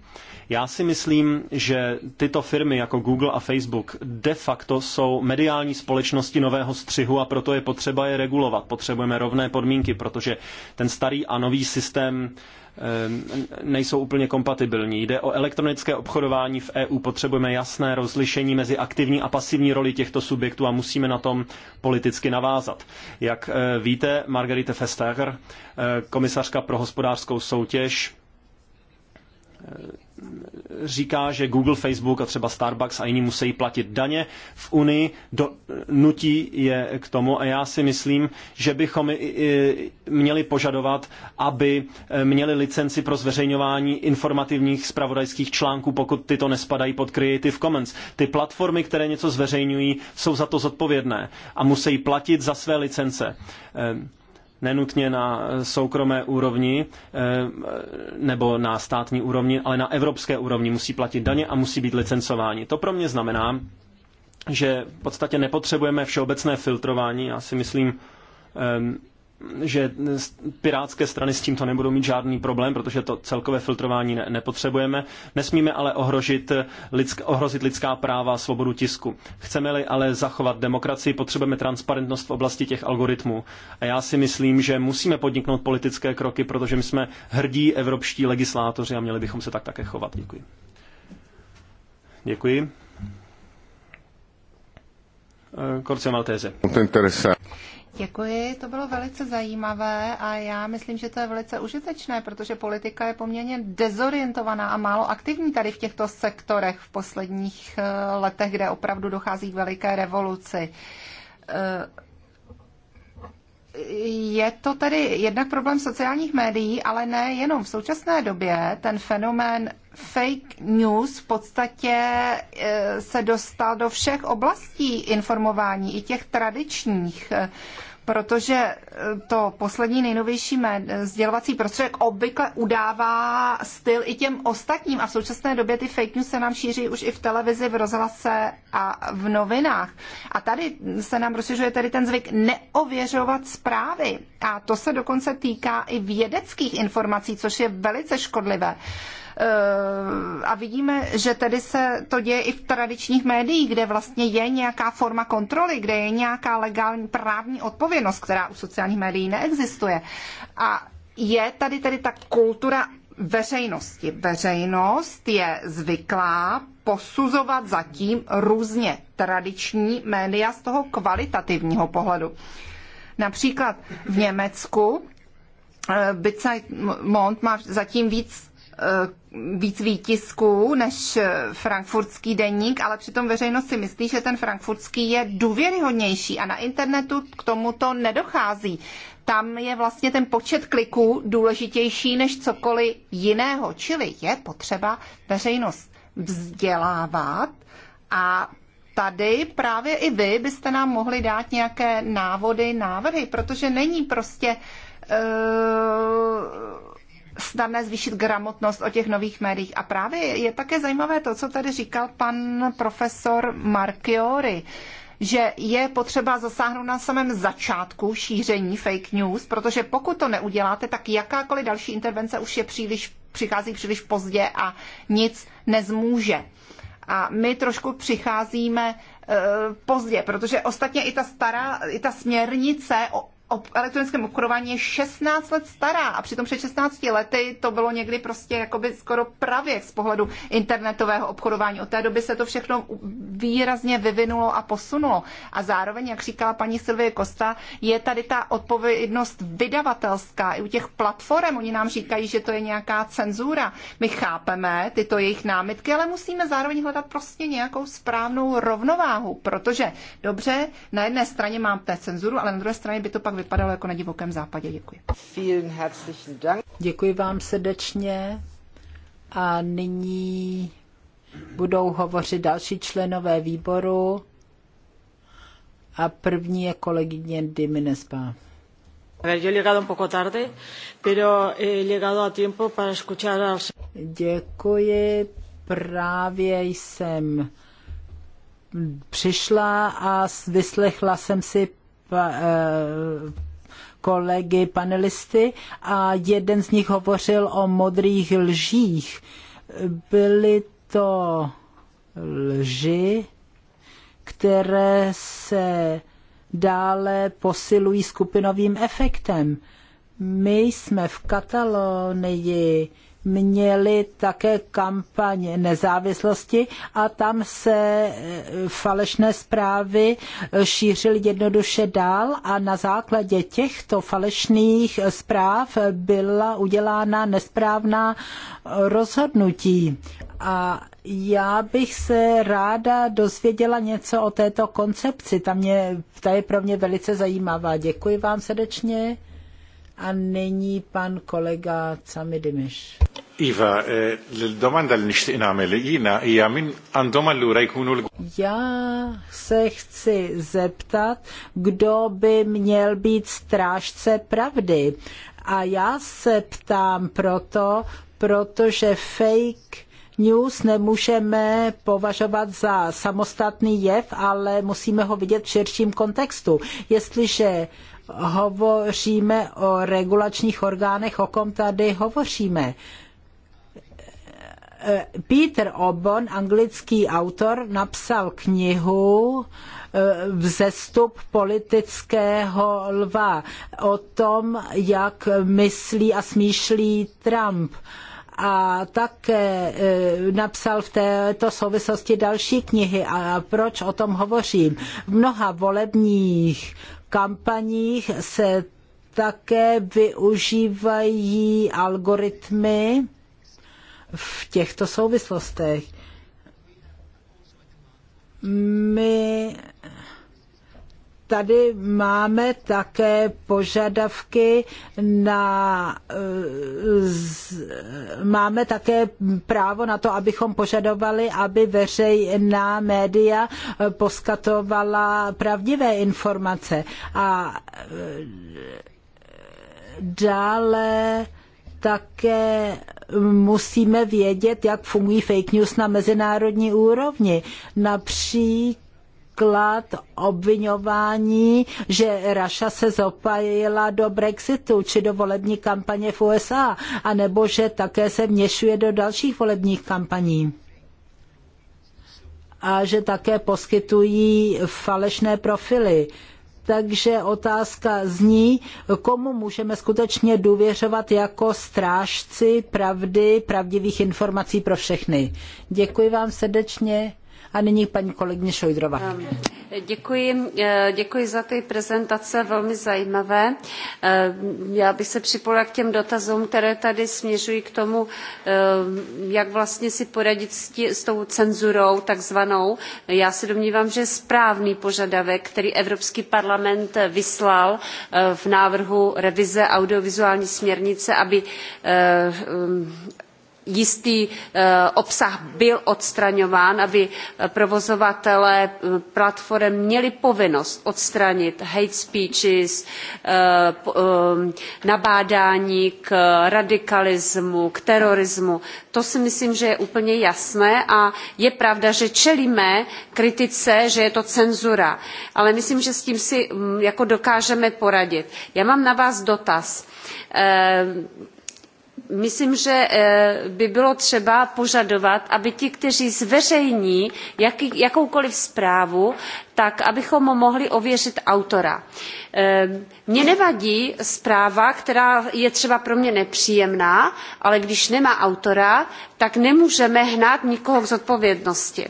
Já si myslím, že tyto firmy jako Google a Facebook de facto jsou mediální společnosti nového střihu a proto je potřeba je regulovat. Potřebujeme rovné podmínky, protože ten starý a nový systém Ehm, nejsou úplně kompatibilní. Jde o elektronické obchodování v EU. Potřebujeme jasné rozlišení mezi aktivní a pasivní roli těchto subjektů a musíme na tom politicky navázat. Jak eh, víte, Margarita Vestager, eh, komisařka pro hospodářskou soutěž, eh, říká, že Google, Facebook a třeba Starbucks a jiní musí platit daně v Unii, do, nutí je k tomu a já si myslím, že bychom měli požadovat, aby e, měli licenci pro zveřejňování informativních spravodajských článků, pokud tyto nespadají pod Creative Commons. Ty platformy, které něco zveřejňují, jsou za to zodpovědné a musí platit za své licence. E, nenutně na soukromé úrovni eh, nebo na státní úrovni, ale na evropské úrovni musí platit daně a musí být licencováni. To pro mě znamená, že v podstatě nepotřebujeme všeobecné filtrování. Já si myslím, ehm, že pirátské strany s tímto nebudou mít žádný problém, protože to celkové filtrování ne, nepotřebujeme. Nesmíme ale ohrožit lidsk, ohrozit lidská práva a svobodu tisku. Chceme-li ale zachovat demokracii, potřebujeme transparentnost v oblasti těch algoritmů. A já si myslím, že musíme podniknout politické kroky, protože my jsme hrdí evropští legislátoři a měli bychom se tak také chovat. Děkuji. Děkuji. Eh, Korce Maltese. Děkuji, to bylo velice zajímavé a já myslím, že to je velice užitečné, protože politika je poměrně dezorientovaná a málo aktivní tady v těchto sektorech v posledních eh, letech, kde opravdu dochází k veliké revoluci. Eh, je to tedy jednak problém sociálních médií, ale ne jenom. V současné době ten fenomén fake news v podstatě eh, se dostal do všech oblastí informování, i těch tradičních protože e, to poslední nejnovější e, sdělovací prostředek obvykle udává styl i těm ostatním a v současné době ty fake news se nám šíří už i v televizi, v rozhlase a v novinách. A tady se nám rozšiřuje tedy ten zvyk neověřovat zprávy a to se dokonce týká i vědeckých informací, což je velice škodlivé. Eh, a vidíme, že tedy se to děje i v tradičních médiích, kde vlastně je nějaká forma kontroly, kde je nějaká legální právní odpovědnost, která u sociálních médií neexistuje. A je tady tedy ta kultura veřejnosti. Veřejnost je zvyklá posuzovat zatím různě tradiční média z toho kvalitativního pohledu. Například v Německu eh, Bitzeit Mond má zatím víc Eh, víc výtisků než frankfurtský deník, ale přitom veřejnost si myslí, že ten frankfurtský je důvěryhodnější a na internetu k tomuto nedochází. Tam je vlastně ten počet kliků důležitější než cokoliv jiného, čili je potřeba veřejnost vzdělávat a tady právě i vy byste nám mohli dát nějaké návody, návrhy, protože není prostě uh, snadné zvýšit gramotnost o těch nových médiích. A právě je také zajímavé to, co tady říkal pan profesor Marchiori že je potřeba zasáhnout na samém začátku šíření fake news, protože pokud to neuděláte, tak jakákoliv další intervence už je příliš, přichází příliš pozdě a nic nezmůže. A my trošku přicházíme eh, pozdě, protože ostatně i ta stará, i ta směrnice o ob- elektronickém obchodování je 16 let stará a přitom před 16 lety to bylo někdy prostě jakoby skoro pravě z pohledu internetového obchodování. Od té doby se to všechno výrazně vyvinulo a posunulo. A zároveň, jak říkala paní Silvie Kosta, je tady ta odpovědnost vydavatelská i u těch platform. Oni nám říkají, že to je nějaká cenzura. My chápeme tyto jejich námitky, ale musíme zároveň hledat prostě nějakou správnou rovnováhu, protože dobře, na jedné straně máte cenzuru, ale na druhé straně by to pak vypadalo jako na divokém západě. Děkuji. Děkuji vám srdečně. A nyní budou hovořit další členové výboru. A první je kolegyně Diminespa. Děkuji, právě jsem přišla a vyslechla jsem si Eh, kolegy panelisty a jeden z nich hovořil o modrých lžích. Byly to lži, které se dále posilují skupinovým efektem. My jsme v Katalonii měli také kampaň nezávislosti a tam se eh, falešné zprávy eh, šířily jednoduše dál a na základě těchto falešných zpráv eh, byla udělána nesprávná rozhodnutí. A já bych se ráda dozvěděla něco o této koncepci. Ta, mě, ta je pro mě velice zajímavá. Děkuji vám srdečně. A nyní pan kolega Camidimiš. Iva, eh, domanda li nixtieq jina, jiena hija min għandhom allura jkunu Já se chci zeptat, kdo by měl být strážce pravdy. A já se ptám proto, protože fake news nemůžeme považovat za samostatný jev, ale musíme ho vidět v širším kontextu. Jestliže hovoříme o regulačních orgánech, o kom tady hovoříme. Peter Obon, anglický autor, napsal knihu eh, Vzestup politického lva o tom, jak myslí a smýšlí Trump a také eh, napsal v této souvislosti další knihy. A proč o tom hovořím? V mnoha volebních kampaních se také využívají algoritmy v těchto souvislostech. My tady máme také požadavky na eh, máme také právo na to, abychom požadovali, aby veřejná média eh, poskatovala pravdivé informace a eh, dále také musíme vědět, jak fungují fake news na mezinárodní úrovni. Například příklad obvinování, že Raša se zopajila do Brexitu či do volební kampaně v USA, anebo že také se měšuje do dalších volebních kampaní a že také poskytují falešné profily. Takže otázka zní, komu můžeme skutečně důvěřovat jako strážci pravdy, pravdivých informací pro všechny. Děkuji vám srdečně. A nyní paní kolegyně Šojdrova. Děkuji, eh, děkuji za ty prezentace, velmi zajímavé. Eh, já bych se připojila k těm dotazům, které tady směřují k tomu, eh, jak vlastně si poradit s, tí, s tou cenzurou takzvanou. Já se domnívám, že je správný požadavek, který Evropský parlament vyslal v návrhu revize audiovizuální směrnice, aby jistý eh, obsah byl odstraňován, aby eh, provozovatelé eh, platform měli povinnost odstranit hate speeches, nabádání k radikalismu, k terorismu. To si myslím, že je úplně jasné a je pravda, že čelíme kritice, že je to cenzura. Ale myslím, že s tím si mm, jako dokážeme poradit. Já mám na vás dotaz myslím že eh, by bylo třeba požadovat aby ti kteří zveřejní jakoukoliv zprávu tak abychom mohli ověřit autora. Eh, mně nevadí zpráva která je třeba pro mě nepříjemná ale když nemá autora tak nemůžeme hnát nikoho k zodpovědnosti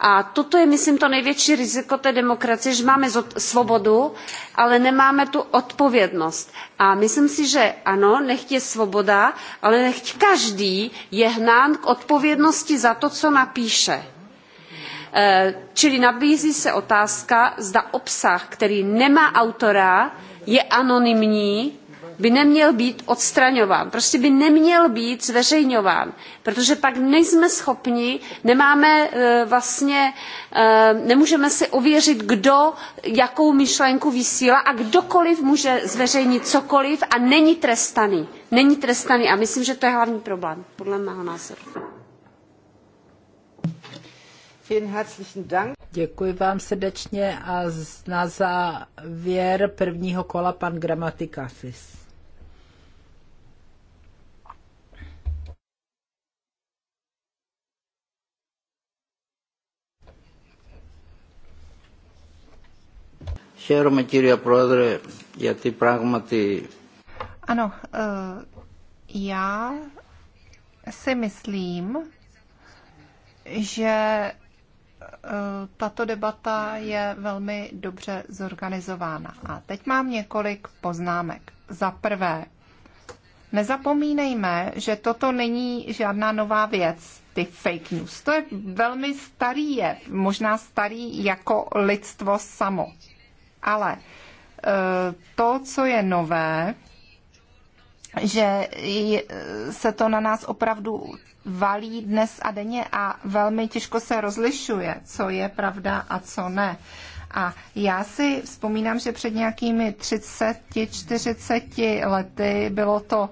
a toto je, myslím, to největší riziko té demokracie, že máme svobodu, ale nemáme tu odpovědnost. A myslím si, že ano, nechť je svoboda, ale nechť každý je hnán k odpovědnosti za to, co napíše. E, čili nabízí se otázka, zda obsah, který nemá autora, je anonymní by neměl být odstraňován, prostě by neměl být zveřejňován, protože pak nejsme schopni, nemáme eh, vlastně, eh, nemůžeme si ověřit, kdo jakou myšlenku vysílá a kdokoliv může zveřejnit cokoliv a není trestaný. Není trestaný a myslím, že to je hlavní problém, podle mého názoru. Děkuji vám srdečně a na závěr prvního kola pan Gramatikasis. Χαίρομαι κύριε Πρόεδρε γιατί πράγματι... Ano, já si myslím, že tato debata je velmi dobře zorganizována. A teď mám několik poznámek. Za prvé, nezapomínejme, že toto není žádná nová věc, ty fake news. To je velmi starý jev, možná starý jako lidstvo samo. Ale e, to, co je nové, že se to na nás opravdu valí dnes a denně a velmi těžko se rozlišuje, co je pravda a co ne. A já si vzpomínám, že před nějakými 30-40 lety bylo to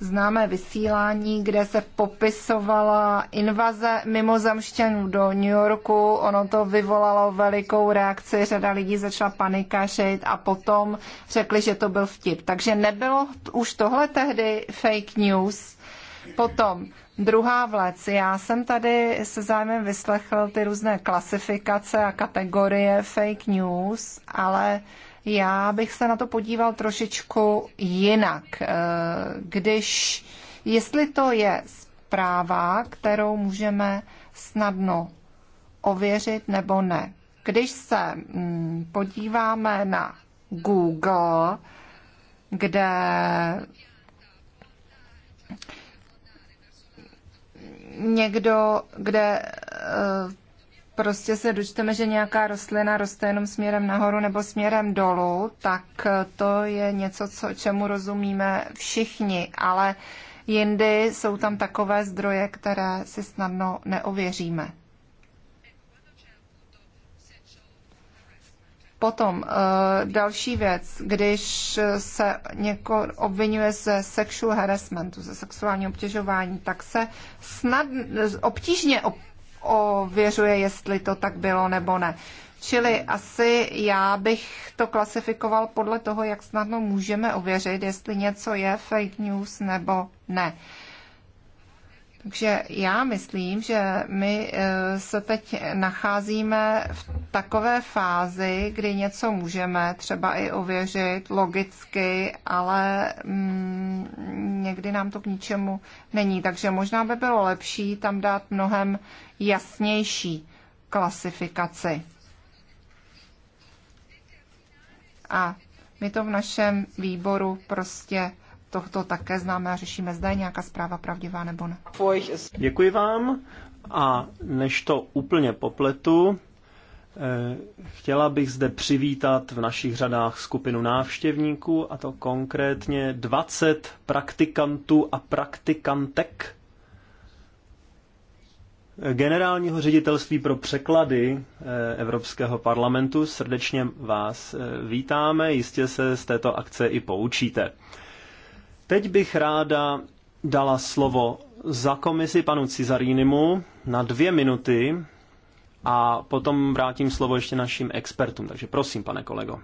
známé vysílání, kde se popisovala invaze mimozemšťanů do New Yorku. Ono to vyvolalo velikou reakci, řada lidí začala panikařit a potom řekli, že to byl vtip. Takže nebylo už tohle tehdy fake news. Potom druhá vlec. Já jsem tady se zájmem vyslechl ty různé klasifikace a kategorie fake news, ale já bych se na to podíval trošičku jinak. Eh, když, jestli to je zpráva, kterou můžeme snadno ověřit nebo ne. Když se mm, podíváme na Google, kde někdo, kde eh, prostě se dočteme, že nějaká rostlina roste jenom směrem nahoru nebo směrem dolů, tak to je něco, co, čemu rozumíme všichni, ale jindy jsou tam takové zdroje, které si snadno neověříme. Potom eh, další věc, když se někoho obvinuje ze sexual harassmentu, ze sexuálního obtěžování, tak se snad eh, obtížně ověřuje, jestli to tak bylo nebo ne. Čili asi já bych to klasifikoval podle toho, jak snadno můžeme ověřit, jestli něco je fake news nebo ne. Takže já myslím, že my eh, se teď nacházíme v takové fázi, kdy něco můžeme třeba i ověřit logicky, ale mm, někdy nám to k ničemu není. Takže možná by bylo lepší tam dát mnohem jasnější klasifikaci. A my to v našem výboru prostě tohoto také známe a řešíme, zda je nějaká zpráva pravdivá nebo ne. Děkuji vám a než to úplně popletu, eh, Chtěla bych zde přivítat v našich řadách skupinu návštěvníků, a to konkrétně 20 praktikantů a praktikantek generálního ředitelství pro překlady eh, Evropského parlamentu. Srdečně vás eh, vítáme, jistě se z této akce i poučíte. Teď bych ráda dala slovo za komisi panu Cizarínimu na dvě minuty a potom vrátím slovo ještě našim expertům. Takže prosím, pane kolego.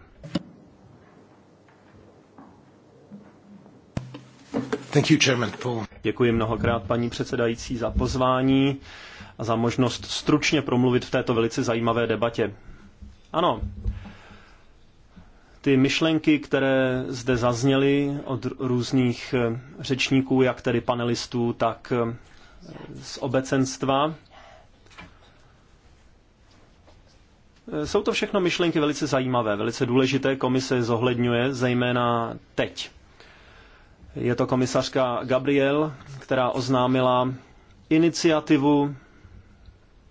Thank you, Chairman Paul. Děkuji mnohokrát paní předsedající za pozvání a za možnost stručně promluvit v této velice zajímavé debatě. Ano, ty myšlenky, které zde zazněly od různých eh, řečníků, jak tedy panelistů, tak eh, z obecenstva, eh, Jsou to všechno myšlenky velice zajímavé, velice důležité. Komise zohledňuje zejména teď. Je to komisařka Gabriel, která oznámila iniciativu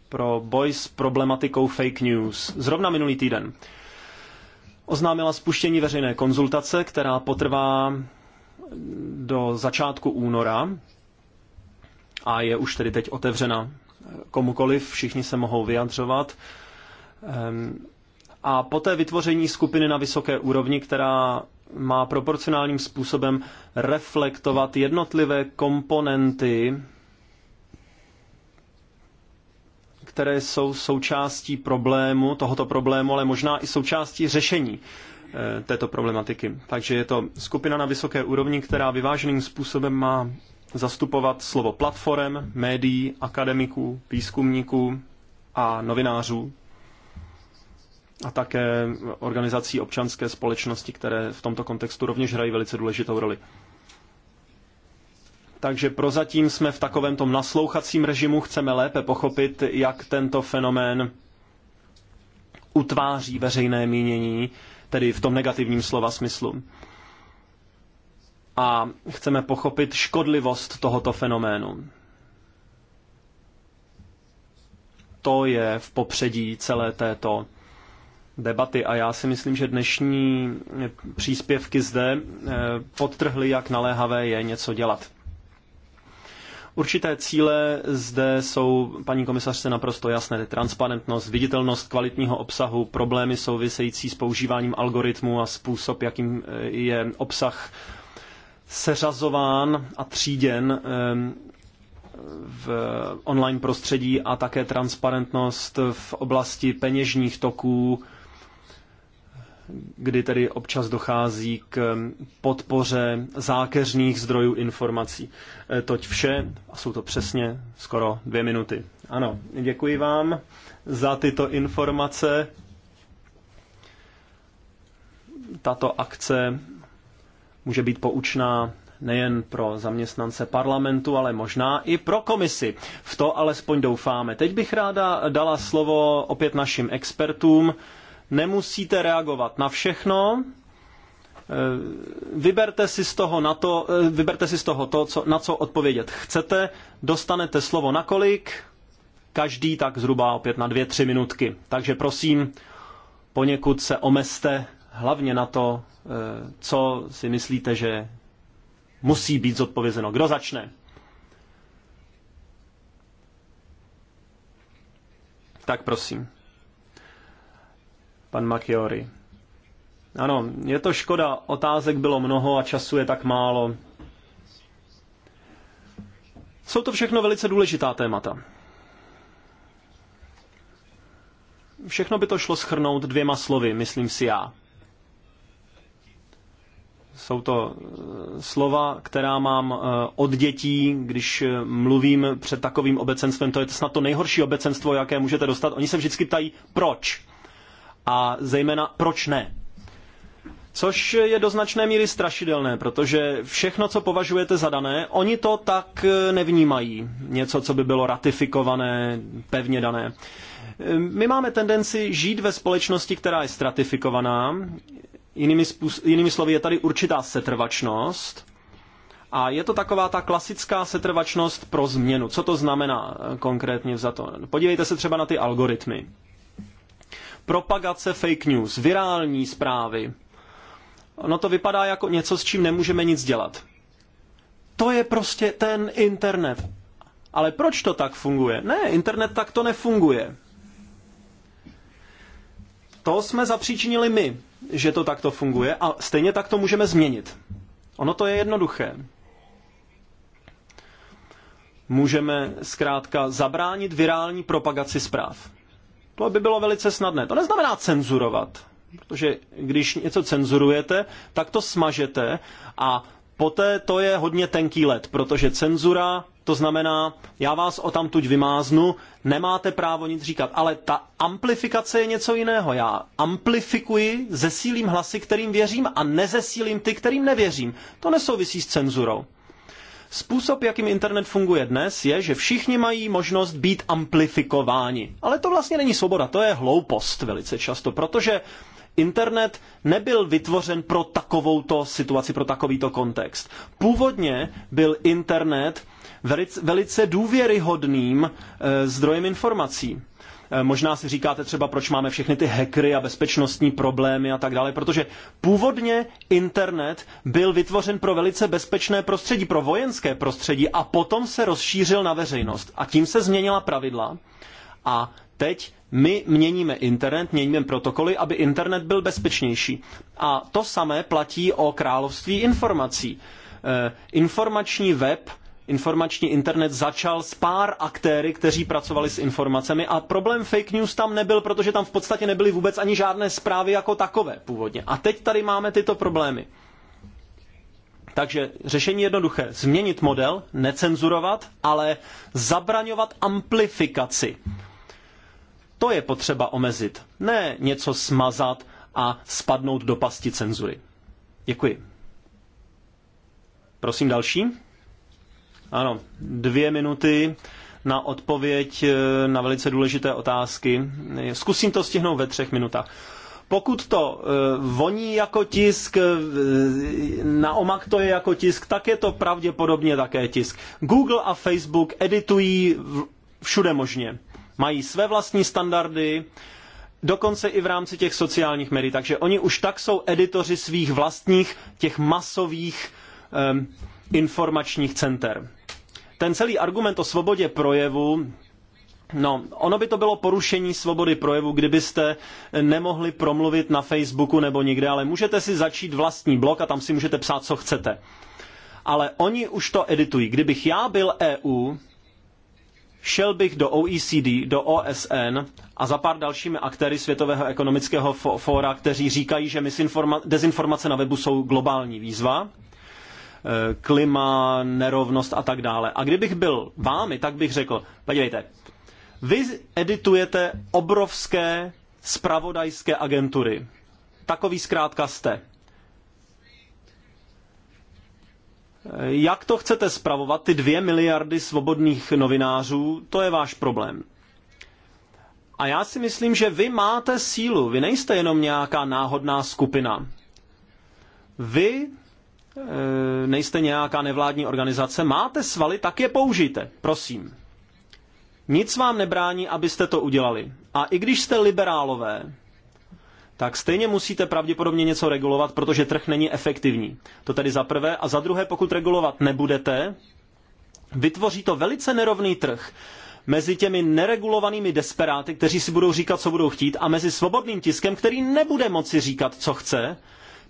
pro boj s problematikou fake news zrovna minulý týden oznámila spuštění veřejné konzultace, která potrvá do začátku února a je už tedy teď otevřena komukoliv, všichni se mohou vyjadřovat. Ehm, a poté vytvoření skupiny na vysoké úrovni, která má proporcionálním způsobem reflektovat jednotlivé komponenty které jsou součástí problému, tohoto problému, ale možná i součástí řešení eh, této problematiky. Takže je to skupina na vysoké úrovni, která vyváženým způsobem má zastupovat slovo platform, médií, akademiků, výzkumníků a novinářů a také organizací občanské společnosti, které v tomto kontextu rovněž hrají velice důležitou roli. Takže prozatím jsme v takovém tom naslouchacím režimu, chceme lépe pochopit, jak tento fenomén utváří veřejné mínění, tedy v tom negativním slova smyslu. A chceme pochopit škodlivost tohoto fenoménu. To je v popředí celé této debaty a já si myslím, že dnešní příspěvky zde eh, podtrhly, jak naléhavé je něco dělat. Určité cíle zde jsou, paní komisařce, naprosto jasné. Transparentnost, viditelnost kvalitního obsahu, problémy související s používáním algoritmu a způsob, jakým eh, je obsah seřazován a tříděn eh, v online prostředí a také transparentnost v oblasti peněžních toků, kdy tedy občas dochází k podpoře zákeřných zdrojů informací. E, toť vše, a jsou to přesně skoro dvě minuty. Ano, děkuji vám za tyto informace. Tato akce může být poučná nejen pro zaměstnance parlamentu, ale možná i pro komisi. V to alespoň doufáme. Teď bych ráda dala slovo opět našim expertům. Nemusíte reagovat na všechno, eh, Vyberte si z toho, na to, eh, vyberte si z toho to, co, na co odpovědět chcete, dostanete slovo na kolik, každý tak zhruba opět na dvě, tři minutky. Takže prosím, poněkud se omezte hlavně na to, eh, co si myslíte, že musí být zodpovězeno. Kdo začne? Tak prosím pan Machiori. Ano, je to škoda, otázek bylo mnoho a času je tak málo. Jsou to všechno velice důležitá témata. Všechno by to šlo schrnout dvěma slovy, myslím si já. Jsou to eh, slova, která mám eh, od dětí, když eh, mluvím před takovým obecenstvem. To je snad to nejhorší obecenstvo, jaké můžete dostat. Oni se vždycky ptají, proč. A zejména proč ne? Což je do značné míry strašidelné, protože všechno, co považujete za dané, oni to tak nevnímají. Něco, co by bylo ratifikované, pevně dané. My máme tendenci žít ve společnosti, která je stratifikovaná. Jinými, jinými slovy, je tady určitá setrvačnost. A je to taková ta klasická setrvačnost pro změnu. Co to znamená konkrétně za to? Podívejte se třeba na ty algoritmy propagace fake news, virální zprávy. Ono to vypadá jako něco, s čím nemůžeme nic dělat. To je prostě ten internet. Ale proč to tak funguje? Ne, internet tak to nefunguje. To jsme zapříčinili my, že to takto funguje a stejně tak to můžeme změnit. Ono to je jednoduché. Můžeme zkrátka zabránit virální propagaci zpráv. To no, by bylo velice snadné. To neznamená cenzurovat, protože když něco cenzurujete, tak to smažete a poté to je hodně tenký let, protože cenzura to znamená, já vás o tamtuť vymáznu, nemáte právo nic říkat. Ale ta amplifikace je něco jiného. Já amplifikuji, zesílím hlasy, kterým věřím a nezesílím ty, kterým nevěřím. To nesouvisí s cenzurou. Způsob, jakým internet funguje dnes, je, že všichni mají možnost být amplifikováni. Ale to vlastně není svoboda, to je hloupost velice často, protože internet nebyl vytvořen pro takovouto situaci, pro takovýto kontext. Původně byl internet velice důvěryhodným eh, zdrojem informací. Eh, možná si říkáte třeba, proč máme všechny ty hackery a bezpečnostní problémy a tak dále, protože původně internet byl vytvořen pro velice bezpečné prostředí, pro vojenské prostředí a potom se rozšířil na veřejnost. A tím se změnila pravidla a teď my měníme internet, měníme protokoly, aby internet byl bezpečnější. A to samé platí o království informací. Eh, informační web informační internet začal s pár aktéry, kteří pracovali s informacemi a problém fake news tam nebyl, protože tam v podstatě nebyly vůbec ani žádné zprávy jako takové původně. A teď tady máme tyto problémy. Takže řešení jednoduché. Změnit model, necenzurovat, ale zabraňovat amplifikaci. To je potřeba omezit. Ne něco smazat a spadnout do pasti cenzury. Děkuji. Prosím další. Ano, dvě minuty na odpověď eh, na velice důležité otázky. Zkusím to stihnout ve třech minutách. Pokud to eh, voní jako tisk, eh, na omak to je jako tisk, tak je to pravděpodobně také tisk. Google a Facebook editují všude možně. Mají své vlastní standardy, dokonce i v rámci těch sociálních médií. Takže oni už tak jsou editoři svých vlastních, těch masových eh, informačních center ten celý argument o svobodě projevu No, ono by to bylo porušení svobody projevu, kdybyste nemohli promluvit na Facebooku nebo nikde, ale můžete si začít vlastní blog a tam si můžete psát, co chcete. Ale oni už to editují. Kdybych já byl EU, šel bych do OECD, do OSN a za pár dalšími aktéry Světového ekonomického fóra, kteří říkají, že dezinformace na webu jsou globální výzva, Eh, klima, nerovnost a tak dále. A kdybych byl vámi, tak bych řekl, podívejte, vy editujete obrovské spravodajské agentury. Takový zkrátka jste. Eh, jak to chcete spravovat, ty dvě miliardy svobodných novinářů, to je váš problém. A já si myslím, že vy máte sílu, vy nejste jenom nějaká náhodná skupina. Vy Eh, nejste nějaká nevládní organizace, máte svaly, tak je použijte, prosím. Nic vám nebrání, abyste to udělali. A i když jste liberálové, tak stejně musíte pravděpodobně něco regulovat, protože trh není efektivní. To tedy za prvé. A za druhé, pokud regulovat nebudete, vytvoří to velice nerovný trh mezi těmi neregulovanými desperáty, kteří si budou říkat, co budou chtít, a mezi svobodným tiskem, který nebude moci říkat, co chce,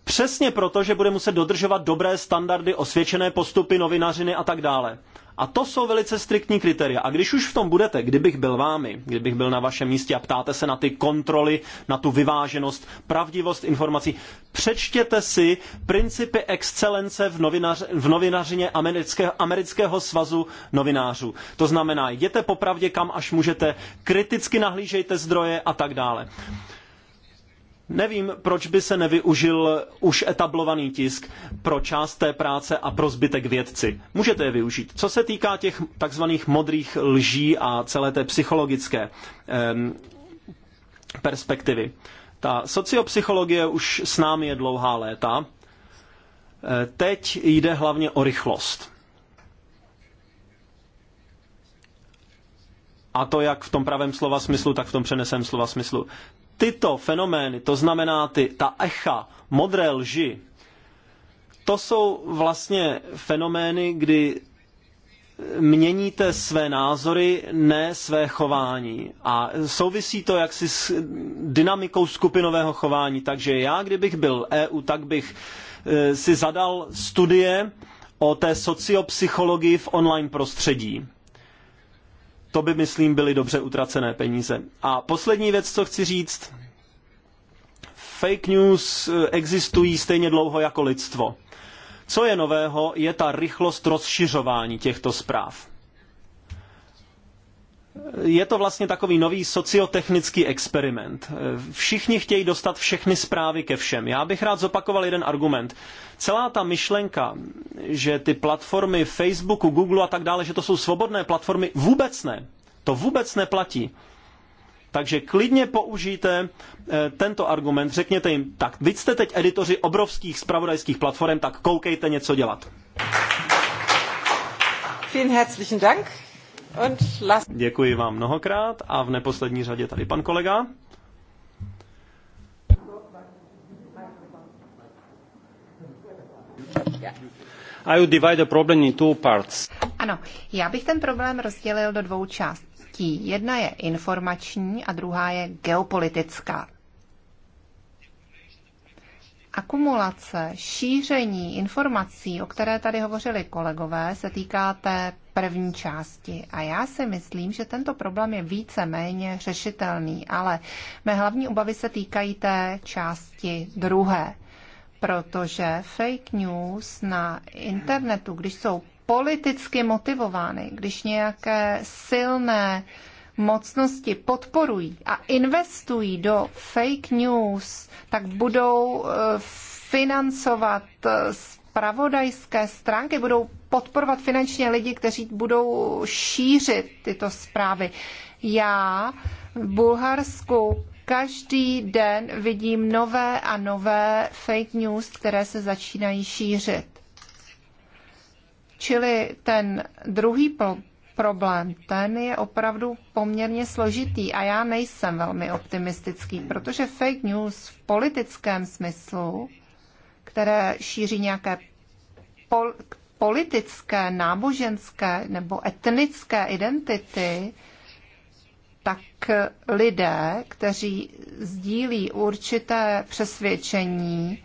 Přesně proto, že bude muset dodržovat dobré standardy, osvědčené postupy, novinařiny a tak dále. A to jsou velice striktní kritéria. A když už v tom budete, kdybych byl vámi, kdybych byl na vašem místě a ptáte se na ty kontroly, na tu vyváženost, pravdivost informací, přečtěte si principy excelence v, novinař, v novinařině amerického, amerického svazu novinářů. To znamená, jděte popravdě kam až můžete, kriticky nahlížejte zdroje a tak dále. Nevím, proč by se nevyužil už etablovaný tisk pro část té práce a pro zbytek vědci. Můžete je využít. Co se týká těch takzvaných modrých lží a celé té psychologické perspektivy. Ta sociopsychologie už s námi je dlouhá léta. E, teď jde hlavně o rychlost. A to jak v tom pravém slova smyslu, tak v tom přeneseném slova smyslu tyto fenomény, to znamená ty, ta echa, modré lži, to jsou vlastně fenomény, kdy měníte své názory, ne své chování. A souvisí to jaksi s dynamikou skupinového chování. Takže já, kdybych byl EU, tak bych e, si zadal studie o té sociopsychologii v online prostředí. To by, myslím, byly dobře utracené peníze. A poslední věc, co chci říct. Fake news eh, existují stejně dlouho jako lidstvo. Co je nového, je ta rychlost rozšiřování těchto zpráv je to vlastně takový nový sociotechnický experiment. Všichni chtějí dostat všechny zprávy ke všem. Já bych rád zopakoval jeden argument. Celá ta myšlenka, že ty platformy Facebooku, Google a tak dále, že to jsou svobodné platformy, vůbec ne. To vůbec neplatí. Takže klidně použijte eh, tento argument, řekněte jim, tak vy jste teď editoři obrovských spravodajských platform, tak koukejte něco dělat. Vielen herzlichen Dank. Děkuji vám mnohokrát a v neposlední řadě tady pan kolega. I would divide the problem in two parts. Ano, já bych ten problém rozdělil do dvou částí. Jedna je informační a druhá je geopolitická akumulace, šíření informací, o které tady hovořili kolegové, se týká té první části. A já si myslím, že tento problém je více-méně řešitelný, ale mé hlavní obavy se týkají té části druhé, protože fake news na internetu, když jsou politicky motivovány, když nějaké silné mocnosti podporují a investují do fake news, tak budou eh, financovat eh, spravodajské stránky, budou podporovat finančně lidi, kteří budou šířit tyto zprávy. Já v Bulharsku každý den vidím nové a nové fake news, které se začínají šířit. Čili ten druhý problém. Ten je opravdu poměrně složitý a já nejsem velmi optimistický, protože fake news v politickém smyslu, které šíří nějaké pol- politické, náboženské nebo etnické identity, tak lidé, kteří sdílí určité přesvědčení,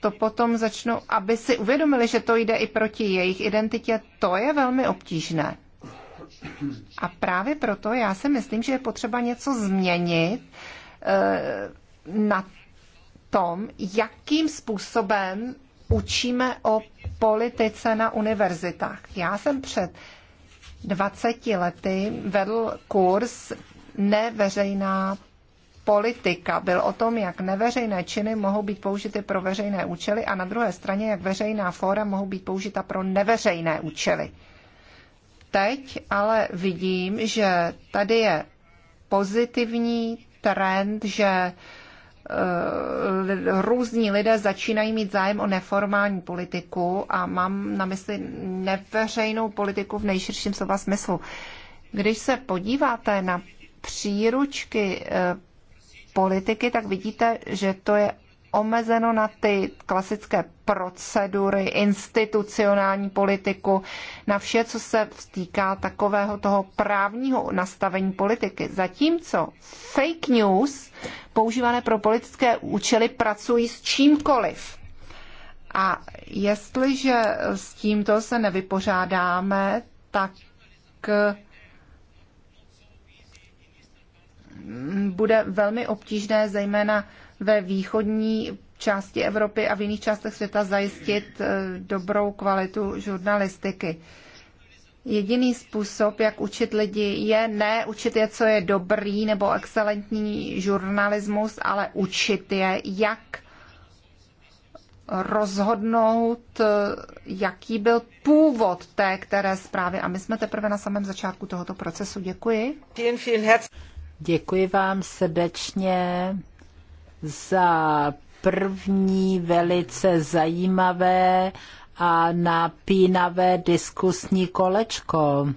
to potom začnou, aby si uvědomili, že to jde i proti jejich identitě, to je velmi obtížné. A právě proto já si myslím, že je potřeba něco změnit eh, na tom, jakým způsobem učíme o politice na univerzitách. Já jsem před 20 lety vedl kurz neveřejná politika. Byl o tom, jak neveřejné činy mohou být použity pro veřejné účely a na druhé straně, jak veřejná fóra mohou být použita pro neveřejné účely teď ale vidím, že tady je pozitivní trend, že eh, různí lidé začínají mít zájem o neformální politiku a mám na mysli neveřejnou politiku v nejširším slova smyslu. Když se podíváte na příručky eh, politiky, tak vidíte, že to je omezeno na ty klasické procedury, institucionální politiku, na vše, co se týká takového toho právního nastavení politiky. Zatímco fake news, používané pro politické účely, pracují s čímkoliv. A jestliže s tímto se nevypořádáme, tak mm, bude velmi obtížné, zejména ve východní části Evropy a v jiných částech světa zajistit eh, dobrou kvalitu žurnalistiky. Jediný způsob, jak učit lidi, je ne učit je, co je dobrý nebo excelentní žurnalismus, ale učit je, jak rozhodnout, eh, jaký byl původ té které zprávy. A my jsme teprve na samém začátku tohoto procesu. Děkuji. Děkuji vám srdečně za první velice zajímavé a napínavé diskusní kolečko.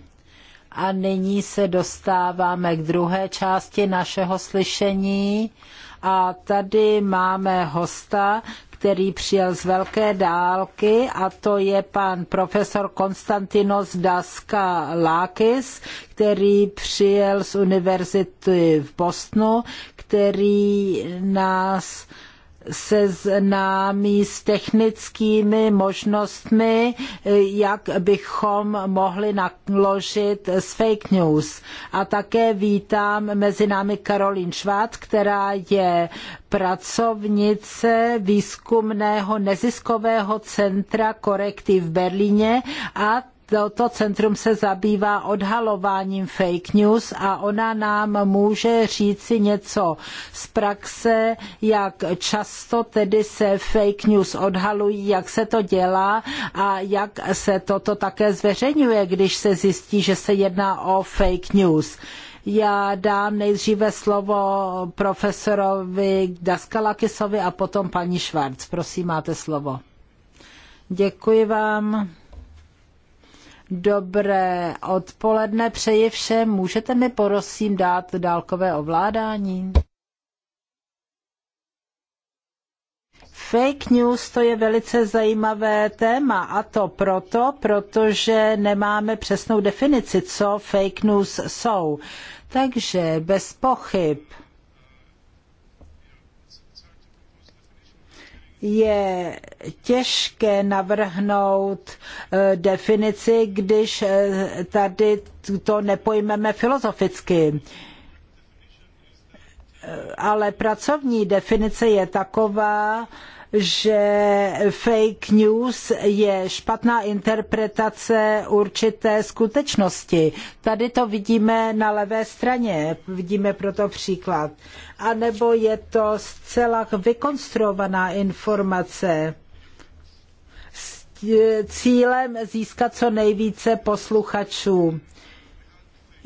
A nyní se dostáváme k druhé části našeho slyšení. A tady máme hosta, který přijel z velké dálky a to je pan profesor Konstantinos Daska který přijel z univerzity v Bostonu, který nás seznámí s technickými možnostmi, jak bychom mohli nakložit s fake news. A také vítám mezi námi Karolín Švát, která je pracovnice výzkumného neziskového centra Korektiv v Berlíně a toto centrum se zabývá odhalováním fake news a ona nám může říci něco z praxe, jak často tedy se fake news odhalují, jak se to dělá a jak se toto také zveřejňuje, když se zjistí, že se jedná o fake news. Já dám nejdříve slovo profesorovi Daskalakisovi a potom paní Švarc. Prosím, máte slovo. Děkuji vám. Dobré odpoledne přeji všem. Můžete mi prosím dát dálkové ovládání? Fake news to je velice zajímavé téma a to proto, protože nemáme přesnou definici, co fake news jsou. Takže bez pochyb je těžké navrhnout eh, definici, když eh, tady to nepojmeme filozoficky. Eh, ale pracovní definice je taková, že fake news je špatná interpretace určité skutečnosti. Tady to vidíme na levé straně, vidíme proto příklad. A nebo je to zcela vykonstruovaná informace s cílem získat co nejvíce posluchačů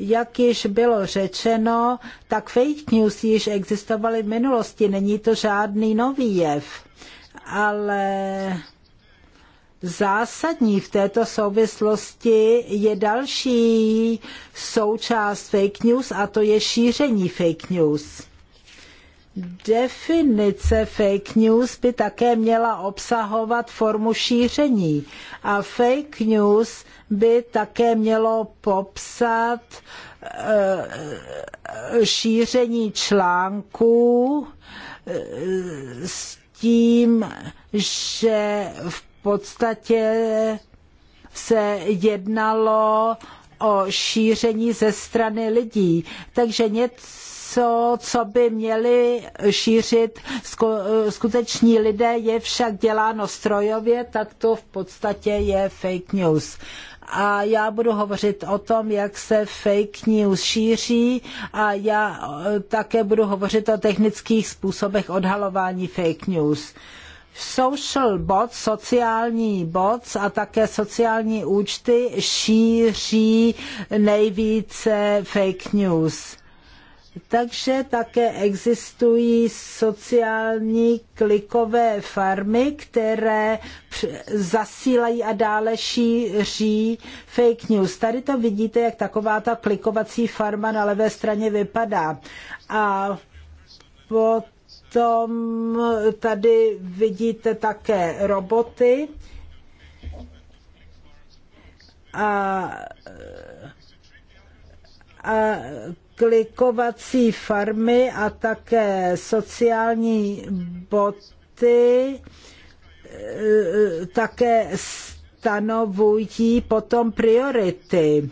jak již bylo řečeno, tak fake news již existovaly v minulosti, není to žádný nový jev ale Zásadní v této souvislosti je další součást fake news a to je šíření fake news. Definice fake news by také měla obsahovat formu šíření a fake news by také mělo popsat eh, šíření článků eh, s tím, že v podstatě se jednalo o šíření ze strany lidí. Takže něco, co by měli šířit skuteční lidé, je však děláno strojově, tak to v podstatě je fake news a já budu hovořit o tom, jak se fake news šíří a já e, také budu hovořit o technických způsobech odhalování fake news social bots, sociální bots a také sociální účty šíří nejvíce fake news. Takže také existují sociální klikové farmy, které zasílají a dále šíří fake news. Tady to vidíte, jak taková ta klikovací farma na levé straně vypadá. A potom tady vidíte také roboty. A a klikovací farmy a také sociální boty eh, také stanovují potom priority.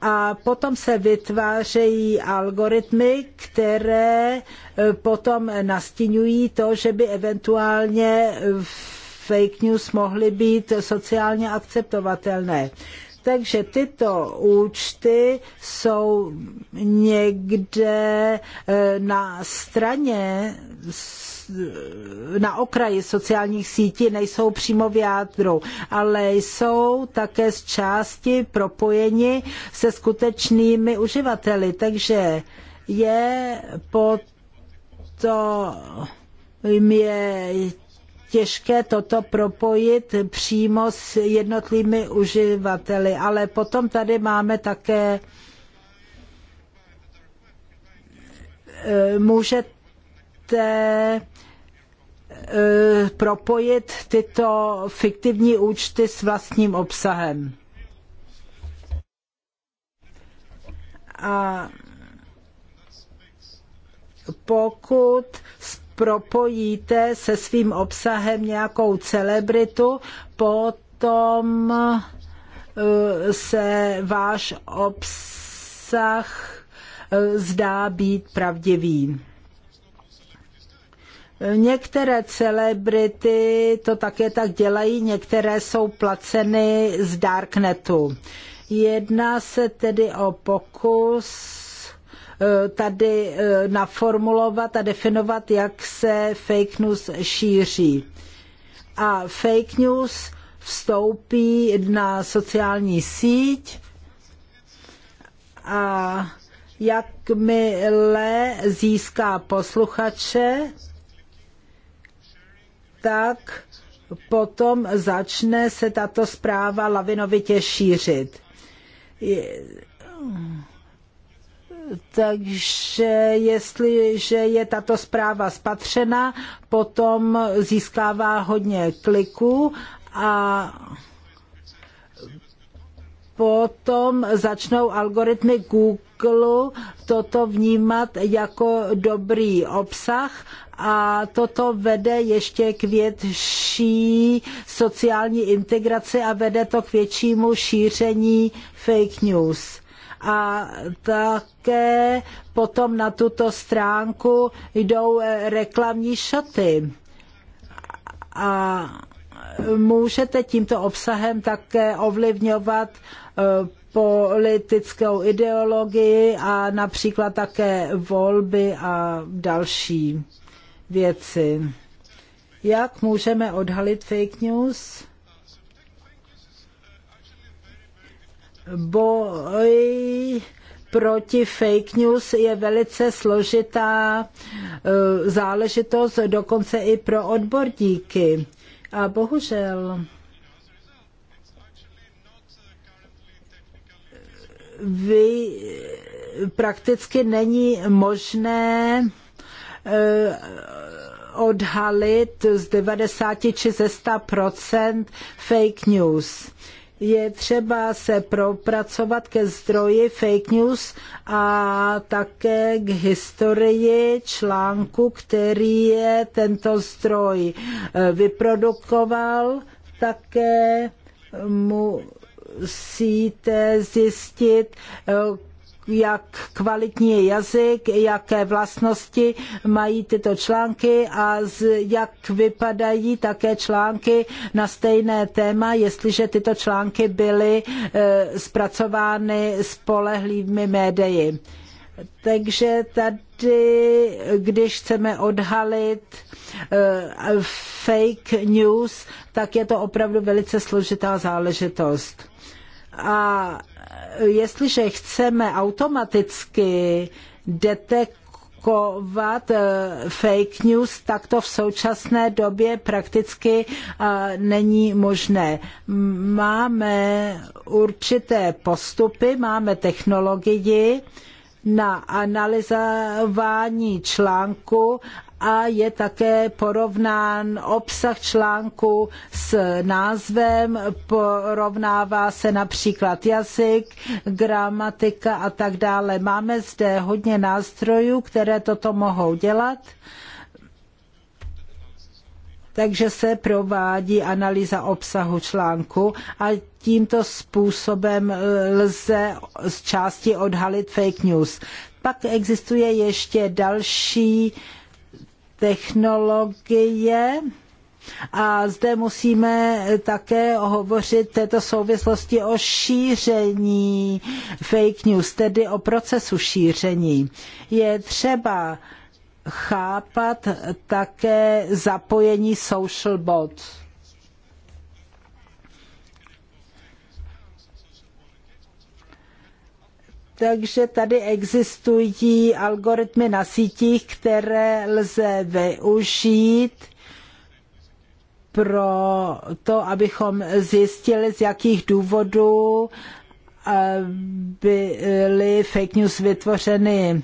A potom se vytvářejí algoritmy, které eh, potom nastínují to, že by eventuálně eh, fake news mohly být sociálně akceptovatelné. Takže tyto účty jsou někde eh, na straně, na okraji sociálních sítí, nejsou přímo v jádru, ale jsou také z části propojeni se skutečnými uživateli. Takže je po to je těžké toto propojit přímo s jednotlivými uživateli. Ale potom tady máme také eh, můžete eh, propojit tyto fiktivní účty s vlastním obsahem. A pokud propojíte se svým obsahem nějakou celebritu, potom eh, se váš obsah eh, zdá být pravdivý. Některé celebrity to také tak dělají, některé jsou placeny z Darknetu. Jedná se tedy o pokus Eh, tady eh, naformulovat a definovat, jak se fake news šíří. A fake news vstoupí na sociální síť a jakmile získá posluchače, tak potom začne se tato zpráva lavinovitě šířit takže jestliže je tato zpráva spatřena, potom získává hodně kliků a potom začnou algoritmy Google toto vnímat jako dobrý obsah a toto vede ještě k větší sociální integraci a vede to k většímu šíření fake news a také potom na tuto stránku jdou eh, reklamní šaty A můžete tímto obsahem také ovlivňovat eh, politickou ideologii a například také volby a další věci. Jak můžeme odhalit fake news? boj proti fake news je velice složitá eh, záležitost, dokonce i pro odborníky. A bohužel vy eh, prakticky není možné eh, odhalit z 90 či ze 100 fake news je třeba se propracovat ke zdroji fake news a také k historii článku, který je tento zdroj eh, vyprodukoval, také musíte zjistit, eh, jak kvalitní je jazyk, jaké vlastnosti mají tyto články a jak vypadají také články na stejné téma, jestliže tyto články byly e, zpracovány spolehlivými médii. Takže tady, když chceme odhalit e, fake news, tak je to opravdu velice složitá záležitost. A jestliže chceme automaticky detekovat eh, fake news, tak to v současné době prakticky eh, není možné. Máme určité postupy, máme technologii, na analyzování článku a je také porovnán obsah článku s názvem, porovnává se například jazyk, gramatika a tak dále. Máme zde hodně nástrojů, které toto mohou dělat takže se provádí analýza obsahu článku a tímto způsobem lze z části odhalit fake news. Pak existuje ještě další technologie. A zde musíme také hovořit v této souvislosti o šíření fake news, tedy o procesu šíření. Je třeba chápat také zapojení social bots Takže tady existují algoritmy na sítích, které lze využít pro to, abychom zjistili, z jakých důvodů eh, byly fake news vytvořeny.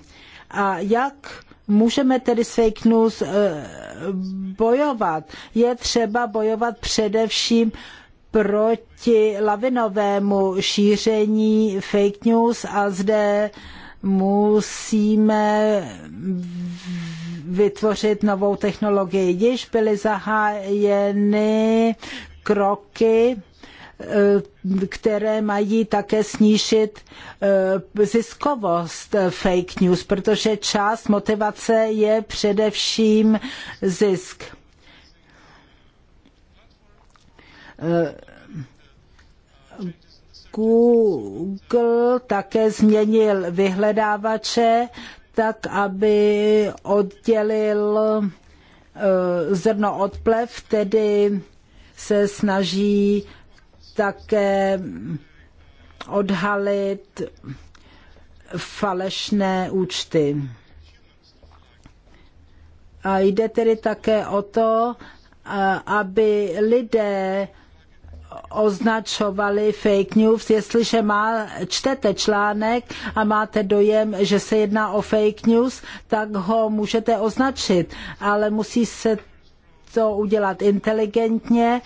A jak můžeme tedy s fake news eh, bojovat? Je třeba bojovat především proti lavinovému šíření fake news a zde musíme vytvořit novou technologii. Již byly zahájeny kroky, eh, které mají také snížit eh, ziskovost eh, fake news, protože část motivace je především zisk Google také změnil vyhledávače tak, aby oddělil eh, zrno od plev, tedy se snaží také odhalit falešné účty. A jde tedy také o to, eh, aby lidé označovali fake news, jestliže má, čtete článek a máte dojem, že se jedná o fake news, tak ho můžete označit, ale musí se to udělat inteligentně,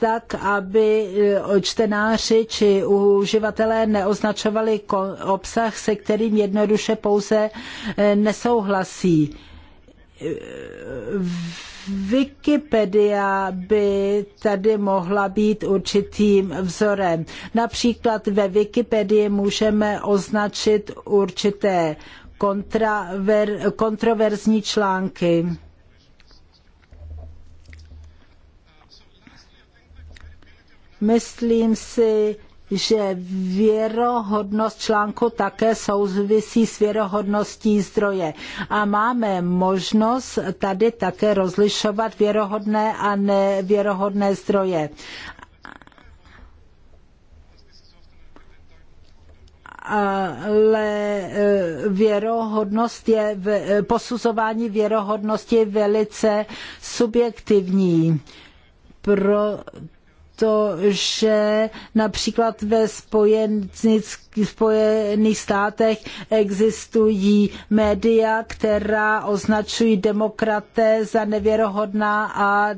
tak, aby eh, čtenáři či uživatelé neoznačovali obsah, se kterým jednoduše pouze eh, nesouhlasí eh, Wikipedia by tady mohla být určitým vzorem. Například ve Wikipedii můžeme označit určité kontraver, kontroverzní články. Myslím si, že věrohodnost článku také souvisí s věrohodností zdroje. A máme možnost tady také rozlišovat věrohodné a nevěrohodné zdroje. ale eh, věrohodnost je, eh, posuzování věrohodnosti je velice subjektivní. Pro, že například ve Spojených státech existují média, která označují demokraté za nevěrohodná a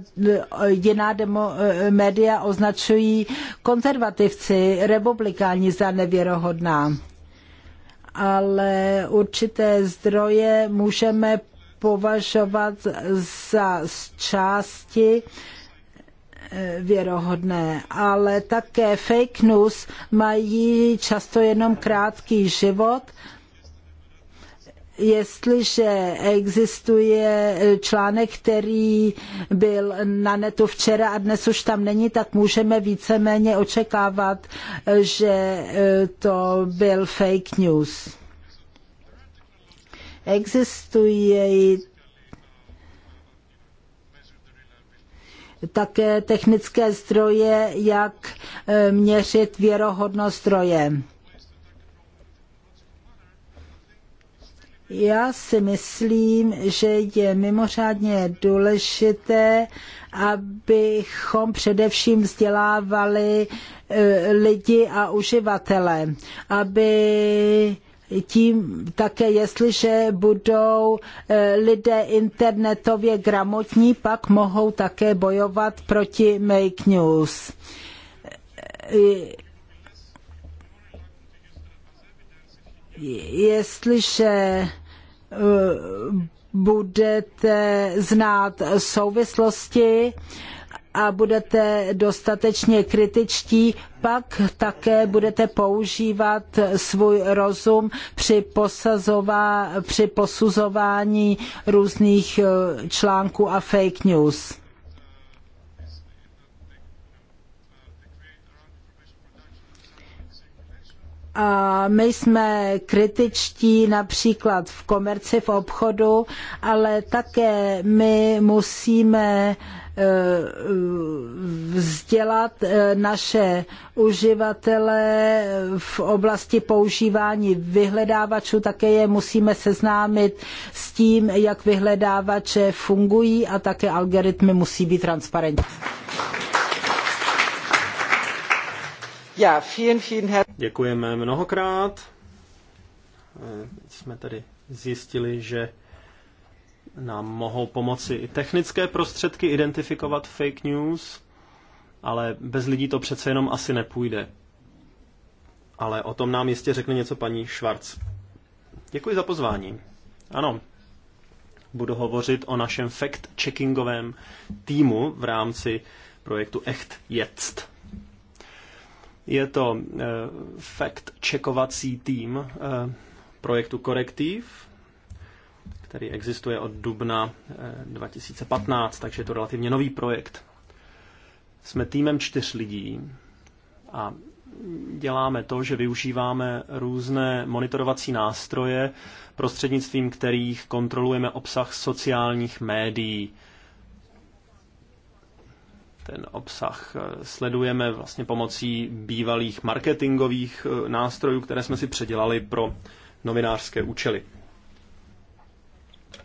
jiná demo, média označují konzervativci, republikáni za nevěrohodná. Ale určité zdroje můžeme považovat za z části věrohodné, ale také fake news mají často jenom krátký život. Jestliže existuje článek, který byl na netu včera a dnes už tam není, tak můžeme víceméně očekávat, že e, to byl fake news. Existují také technické stroje, jak eh, měřit věrohodnost stroje. Já si myslím, že je mimořádně důležité, abychom především vzdělávali eh, lidi a uživatele, aby tím také, jestliže budou e, lidé internetově gramotní, pak mohou také bojovat proti fake news. E, jestliže e, budete znát souvislosti, a budete dostatečně kritičtí, pak také budete používat svůj rozum při, při posuzování různých eh, článků a fake news. A my jsme kritičtí například v komerci, v obchodu, ale také my musíme uh, vzdělat eh, naše uživatele v oblasti používání vyhledávačů, také je musíme seznámit s tím, jak vyhledávače fungují a také algoritmy musí být transparentní. Děkujeme mnohokrát. Eh, jsme tady zjistili, že nám mohou pomoci i technické prostředky identifikovat fake news, ale bez lidí to přece jenom asi nepůjde. Ale o tom nám jistě řekne něco paní Schwarz. Děkuji za pozvání. Ano, budu hovořit o našem fact-checkingovém týmu v rámci projektu Echt Jetzt. Je to e, fact-checkovací tým e, projektu Korektiv, který existuje od dubna 2015, eh, takže je to relativně nový projekt. Jsme týmem čtyř lidí a děláme to, že využíváme různé monitorovací nástroje, prostřednictvím kterých kontrolujeme obsah sociálních médií. Ten obsah eh, sledujeme vlastně pomocí bývalých marketingových eh, nástrojů, které jsme si předělali pro novinářské účely.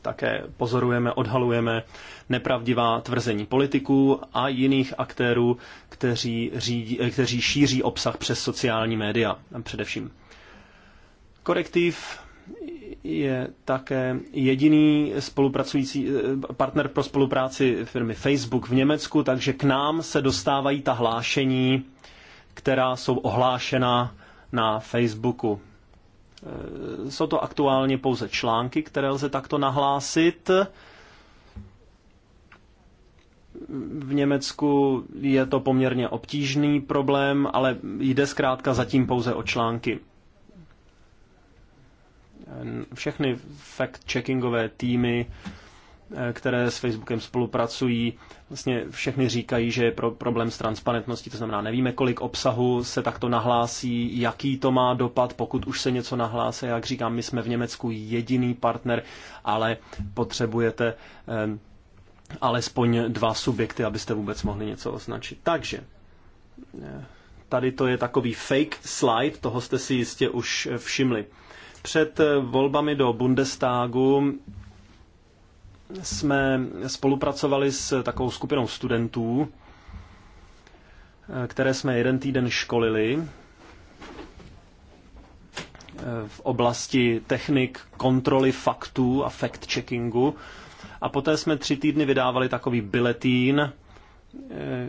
Také pozorujeme, odhalujeme nepravdivá tvrzení politiků a jiných aktérů, kteří, řídí, eh, kteří šíří obsah přes sociální média především. Korektiv je také jediný spolupracující eh, partner pro spolupráci firmy Facebook v Německu, takže k nám se dostávají ta hlášení, která jsou ohlášena na Facebooku. Eh, jsou to aktuálně pouze články, které lze takto nahlásit. V Německu je to poměrně obtížný problém, ale jde zkrátka zatím pouze o články. Eh, všechny fact-checkingové týmy Eh, které s Facebookem spolupracují, vlastně všechny říkají, že je pro problém s transparentností, to znamená, nevíme, kolik obsahu se takto nahlásí, jaký to má dopad, pokud už se něco nahlásí. Jak říkám, my jsme v Německu jediný partner, ale potřebujete eh, alespoň dva subjekty, abyste vůbec mohli něco označit. Takže eh, tady to je takový fake slide, toho jste si jistě už všimli. Před volbami do Bundestagu jsme spolupracovali s takovou skupinou studentů, eh, které jsme jeden týden školili eh, v oblasti technik kontroly faktů a fact-checkingu. A poté jsme tři týdny vydávali takový biletín, eh,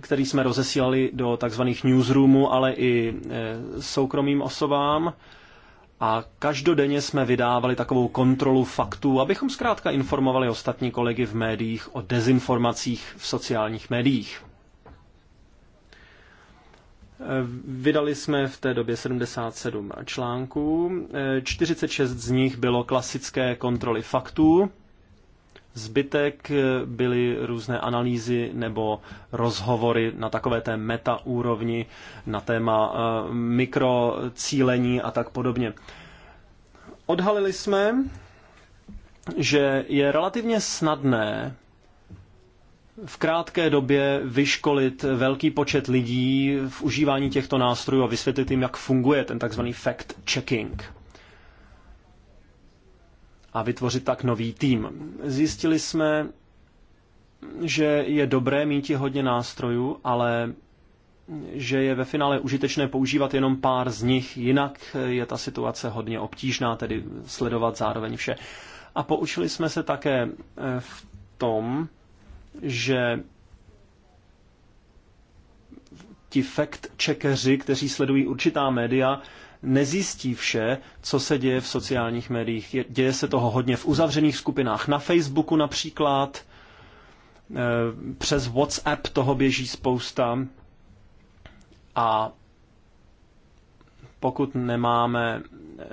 který jsme rozesílali do takzvaných newsroomů, ale i soukromým osobám a každodenně jsme vydávali takovou kontrolu faktů, abychom zkrátka informovali ostatní kolegy v médiích o dezinformacích v sociálních médiích. Eh, vydali jsme v té době 77 článků, 46 eh, z nich bylo klasické kontroly faktů, Zbytek byly různé analýzy nebo rozhovory na takové té meta úrovni, na téma eh, mikrocílení a tak podobně. Odhalili jsme, že je relativně snadné v krátké době vyškolit velký počet lidí v užívání těchto nástrojů a vysvětlit jim, jak funguje ten takzvaný fact-checking a vytvořit tak nový tým. Zjistili jsme, že je dobré mít hodně nástrojů, ale že je ve finále užitečné používat jenom pár z nich, jinak je ta situace hodně obtížná, tedy sledovat zároveň vše. A poučili jsme se také eh, v tom, že ti fact-checkeři, kteří sledují určitá média, nezjistí vše, co se děje v sociálních médiích. Děje se toho hodně v uzavřených skupinách na Facebooku například, eh, přes WhatsApp toho běží spousta a pokud nemáme eh,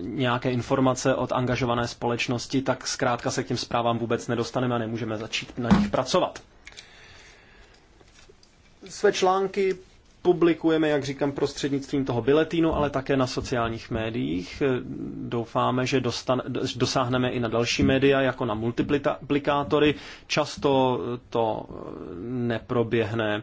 nějaké informace od angažované společnosti, tak zkrátka se k těm zprávám vůbec nedostaneme a nemůžeme začít na nich pracovat. Své články publikujeme, jak říkám, prostřednictvím toho biletínu, ale také na sociálních médiích. Doufáme, že dostane, dosáhneme i na další média, jako na multiplikátory. Často to neproběhne.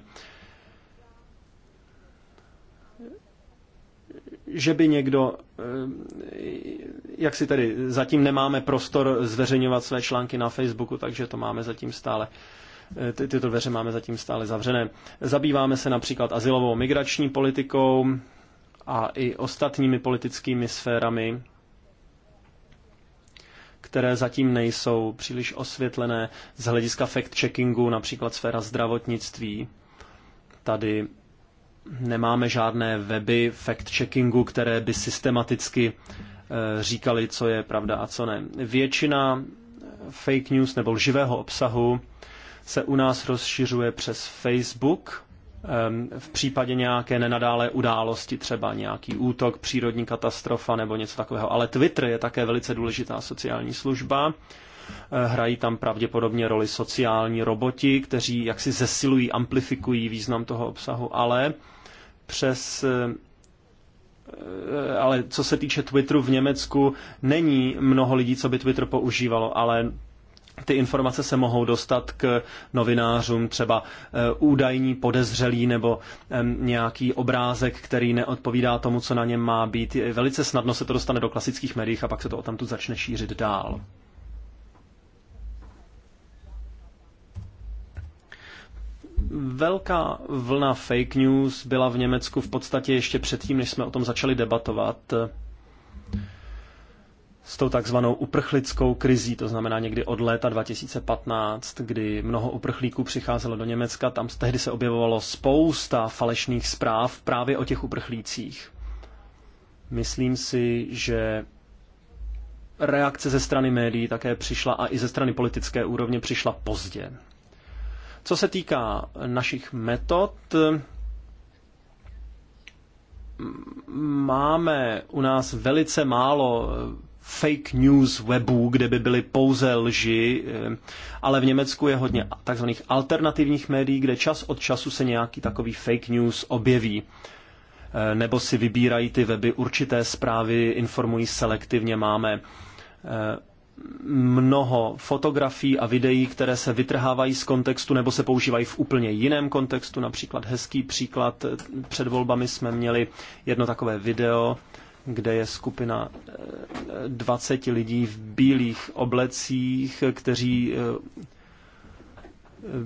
že by někdo, eh, jak si tedy, zatím nemáme prostor zveřejňovat své články na Facebooku, takže to máme zatím stále Eh, ty, tyto dveře máme zatím stále zavřené. Zabýváme se například asilovou migrační politikou a i ostatními politickými sférami, které zatím nejsou příliš osvětlené z hlediska fact-checkingu, například sféra zdravotnictví. Tady nemáme žádné weby fact-checkingu, které by systematicky eh, říkali, co je pravda a co ne. Většina eh, fake news nebo lživého obsahu se u nás rozšiřuje přes Facebook, v případě nějaké nenadále události, třeba nějaký útok, přírodní katastrofa nebo něco takového. Ale Twitter je také velice důležitá sociální služba. Eh, hrají tam pravděpodobně roli sociální roboti, kteří jaksi zesilují, amplifikují význam toho obsahu, ale přes eh, eh, ale co se týče Twitteru v Německu, není mnoho lidí, co by Twitter používalo, ale ty informace se mohou dostat k novinářům, třeba eh, údajní podezřelí nebo nějaký obrázek, který neodpovídá tomu, co na něm má být. Velice snadno se to dostane do klasických médií a pak se to odtamtud začne šířit dál. Velká vlna fake news byla v Německu v podstatě ještě předtím, než jsme o tom začali debatovat s tou takzvanou uprchlickou krizí, to znamená někdy od léta 2015, kdy mnoho uprchlíků přicházelo do Německa, tam tehdy se objevovalo spousta falešných zpráv právě o těch uprchlících. Myslím si, že reakce ze strany médií také přišla a i ze strany politické úrovně přišla pozdě. Co se týká našich metod, máme u nás velice málo fake news webů, kde by byly pouze lži, eh, ale v Německu je hodně takzvaných alternativních médií, kde čas od času se nějaký takový fake news objeví. Eh, nebo si vybírají ty weby určité zprávy, informují selektivně. Máme eh, mnoho fotografií a videí, které se vytrhávají z kontextu nebo se používají v úplně jiném kontextu. Například hezký příklad, před volbami jsme měli jedno takové video, kde je skupina 20 eh, lidí v bílých oblecích, kteří eh,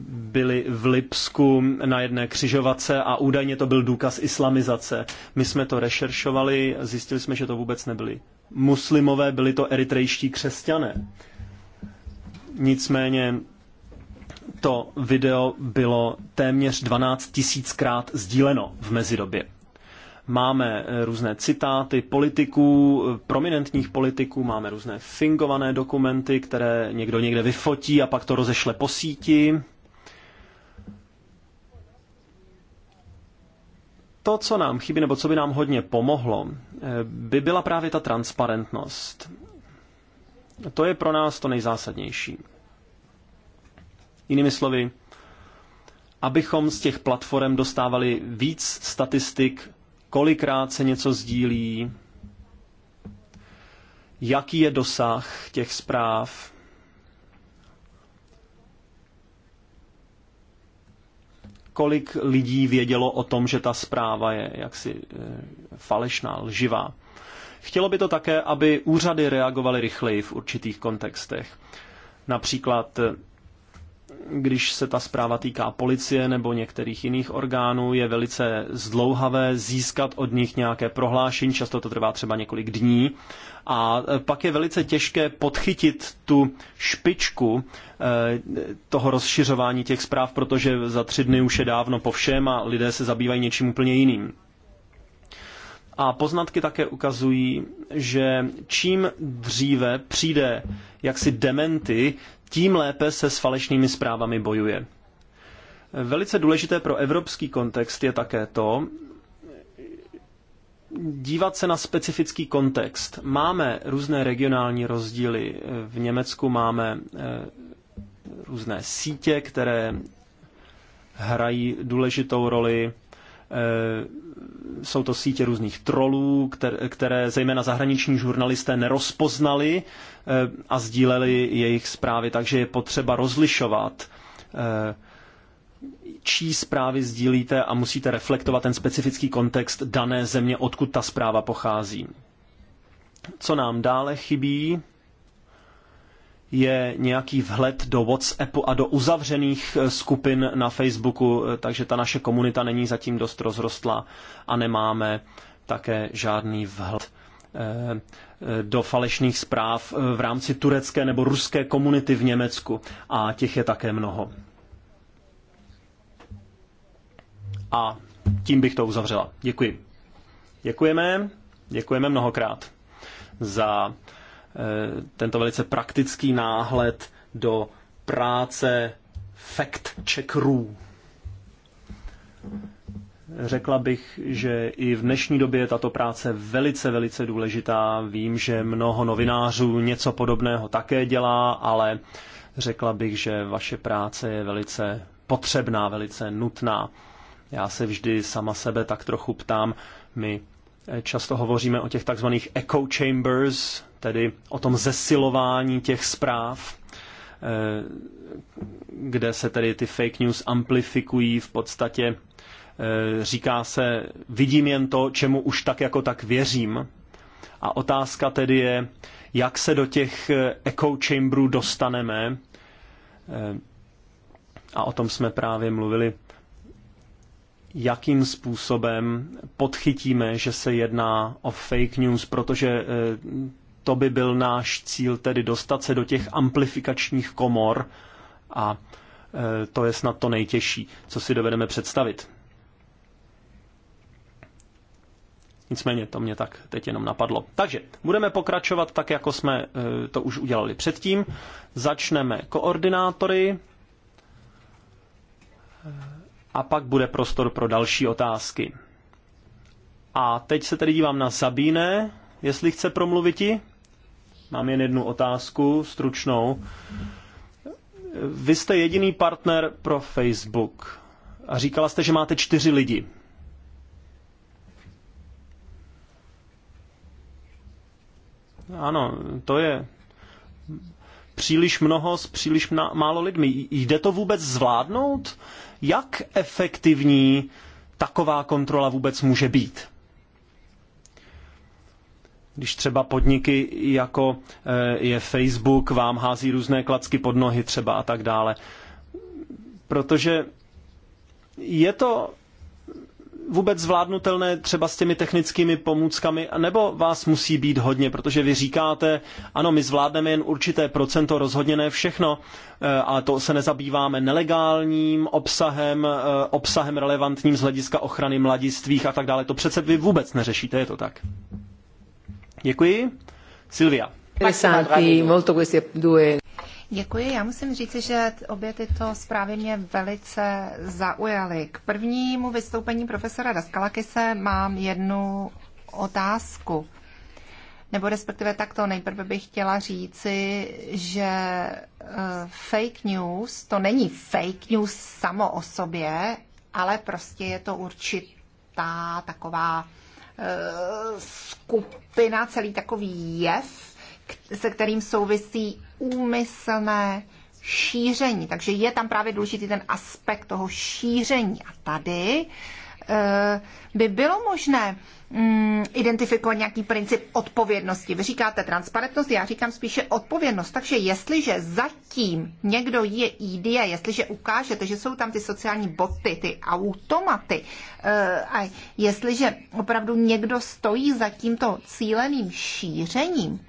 byli v Lipsku na jedné křižovatce a údajně to byl důkaz islamizace. My jsme to rešeršovali, zjistili jsme, že to vůbec nebyli muslimové, byli to eritrejští křesťané. Nicméně to video bylo téměř 12 tisíckrát sdíleno v mezidobě. Máme eh, různé citáty politiků, eh, prominentních politiků, máme různé fingované dokumenty, které někdo někde vyfotí a pak to rozešle po síti. To, co nám chybí, nebo co by nám hodně pomohlo, eh, by byla právě ta transparentnost. To je pro nás to nejzásadnější. Jinými slovy, abychom z těch platform dostávali víc statistik kolikrát se něco sdílí, jaký je dosah těch zpráv. Kolik lidí vědělo o tom, že ta zpráva je jaksi eh, falešná, lživá. Chtělo by to také, aby úřady reagovaly rychleji v určitých kontextech. Například eh, když se ta zpráva týká policie nebo některých jiných orgánů, je velice zdlouhavé získat od nich nějaké prohlášení, často to trvá třeba několik dní. A e, pak je velice těžké podchytit tu špičku e, toho rozšiřování těch zpráv, protože za tři dny už je dávno po všem a lidé se zabývají něčím úplně jiným. A poznatky také ukazují, že čím dříve přijde jaksi dementy tím lépe se s falešnými zprávami bojuje. Velice důležité pro evropský kontext je také to, dívat se na specifický kontext. Máme různé regionální rozdíly. V Německu máme eh, různé sítě, které hrají důležitou roli. Eh, jsou to sítě různých trolů, které, které zejména zahraniční žurnalisté nerozpoznali eh, a sdíleli jejich zprávy, takže je potřeba rozlišovat eh, čí zprávy sdílíte a musíte reflektovat ten specifický kontext dané země, odkud ta zpráva pochází. Co nám dále chybí, je nějaký vhled do WhatsAppu a do uzavřených eh, skupin na Facebooku, eh, takže ta naše komunita není zatím dost rozrostlá a nemáme také žádný vhled eh, do falešných zpráv v rámci turecké nebo ruské komunity v Německu a těch je také mnoho. A tím bych to uzavřela. Děkuji. Děkujeme, děkujeme mnohokrát za Eh, tento velice praktický náhled do práce fact-checkerů. Řekla bych, že i v dnešní době je tato práce velice, velice důležitá. Vím, že mnoho novinářů něco podobného také dělá, ale řekla bych, že vaše práce je velice potřebná, velice nutná. Já se vždy sama sebe tak trochu ptám. My eh, často hovoříme o těch takzvaných echo chambers, tedy o tom zesilování těch zpráv, eh, kde se tedy ty fake news amplifikují v podstatě. Eh, říká se, vidím jen to, čemu už tak jako tak věřím. A otázka tedy je, jak se do těch eh, echo chamberů dostaneme. A o tom jsme právě mluvili jakým způsobem podchytíme, že se jedná o fake news, protože to by byl náš cíl, tedy dostat se do těch amplifikačních komor a e, to je snad to nejtěžší, co si dovedeme představit. Nicméně to mě tak teď jenom napadlo. Takže budeme pokračovat tak, jako jsme e, to už udělali předtím. Začneme koordinátory e, a pak bude prostor pro další otázky. A teď se tedy dívám na Sabíne, jestli chce promluviti. Mám jen jednu otázku, stručnou. Vy jste jediný partner pro Facebook a říkala jste, že máte čtyři lidi. Ano, to je příliš mnoho s příliš málo lidmi. Jde to vůbec zvládnout? Jak efektivní taková kontrola vůbec může být? když třeba podniky jako eh, je Facebook vám hází různé klacky pod nohy třeba a tak dále. Protože je to vůbec zvládnutelné třeba s těmi technickými pomůckami, nebo vás musí být hodně, protože vy říkáte, ano, my zvládneme jen určité procento, rozhodně ne všechno, eh, a to se nezabýváme nelegálním obsahem, eh, obsahem relevantním z hlediska ochrany mladistvých a tak dále. To přece vy vůbec neřešíte, je to tak? Děkuji. Silvia. Děkuji. Já musím říct, že obě tyto zprávy mě velice zaujaly. K prvnímu vystoupení profesora Daskalakise mám jednu otázku. Nebo respektive takto, nejprve bych chtěla říci, že eh, fake news, to není fake news samo o sobě, ale prostě je to určitá taková skupina, celý takový jev, se kterým souvisí úmyslné šíření. Takže je tam právě důležitý ten aspekt toho šíření. A tady by bylo možné mm, identifikovat nějaký princip odpovědnosti. Vy říkáte transparentnost, já říkám spíše odpovědnost. Takže jestliže zatím někdo je IDA, e jestliže ukážete, že jsou tam ty sociální boty, ty automaty, eh, a jestliže opravdu někdo stojí za tímto cíleným šířením,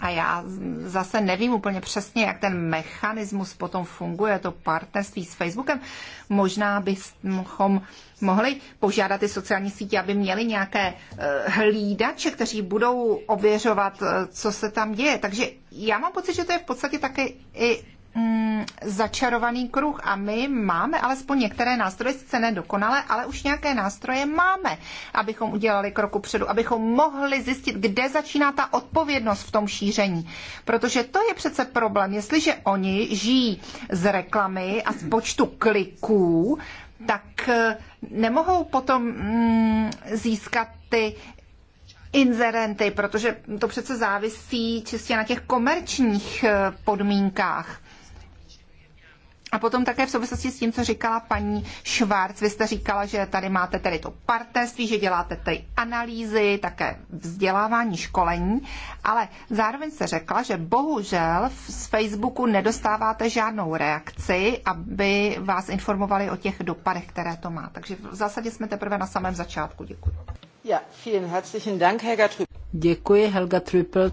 a já zase nevím úplně přesně, jak ten mechanismus potom funguje, to partnerství s Facebookem. Možná bychom mohli požádat ty sociální sítě, aby měli nějaké eh, hlídače, kteří budou ověřovat, eh, co se tam děje. Takže já mám pocit, že to je v podstatě také i mm, začarovaný kruh a my máme alespoň některé nástroje, sice nedokonalé, ale už nějaké nástroje máme, abychom udělali kroku předu, abychom mohli zjistit, kde začíná ta odpovědnost v tom šíření. Protože to je přece problém. Jestliže oni žijí z reklamy a z počtu kliků, tak eh, nemohou potom mm, získat ty inzerenty, protože to přece závisí čistě na těch komerčních eh, podmínkách. A potom také v souvislosti s tím, co říkala paní Švárc, vy jste říkala, že tady máte tedy to partnerství, že děláte tady analýzy, také vzdělávání, školení, ale zároveň se řekla, že bohužel z Facebooku nedostáváte žádnou reakci, aby vás informovali o těch dopadech, které to má. Takže v zásadě jsme teprve na samém začátku. Děkuji. Ja, vielen herzlichen Dank, Helga Trüppel. Děkuji, Helga Trüppel.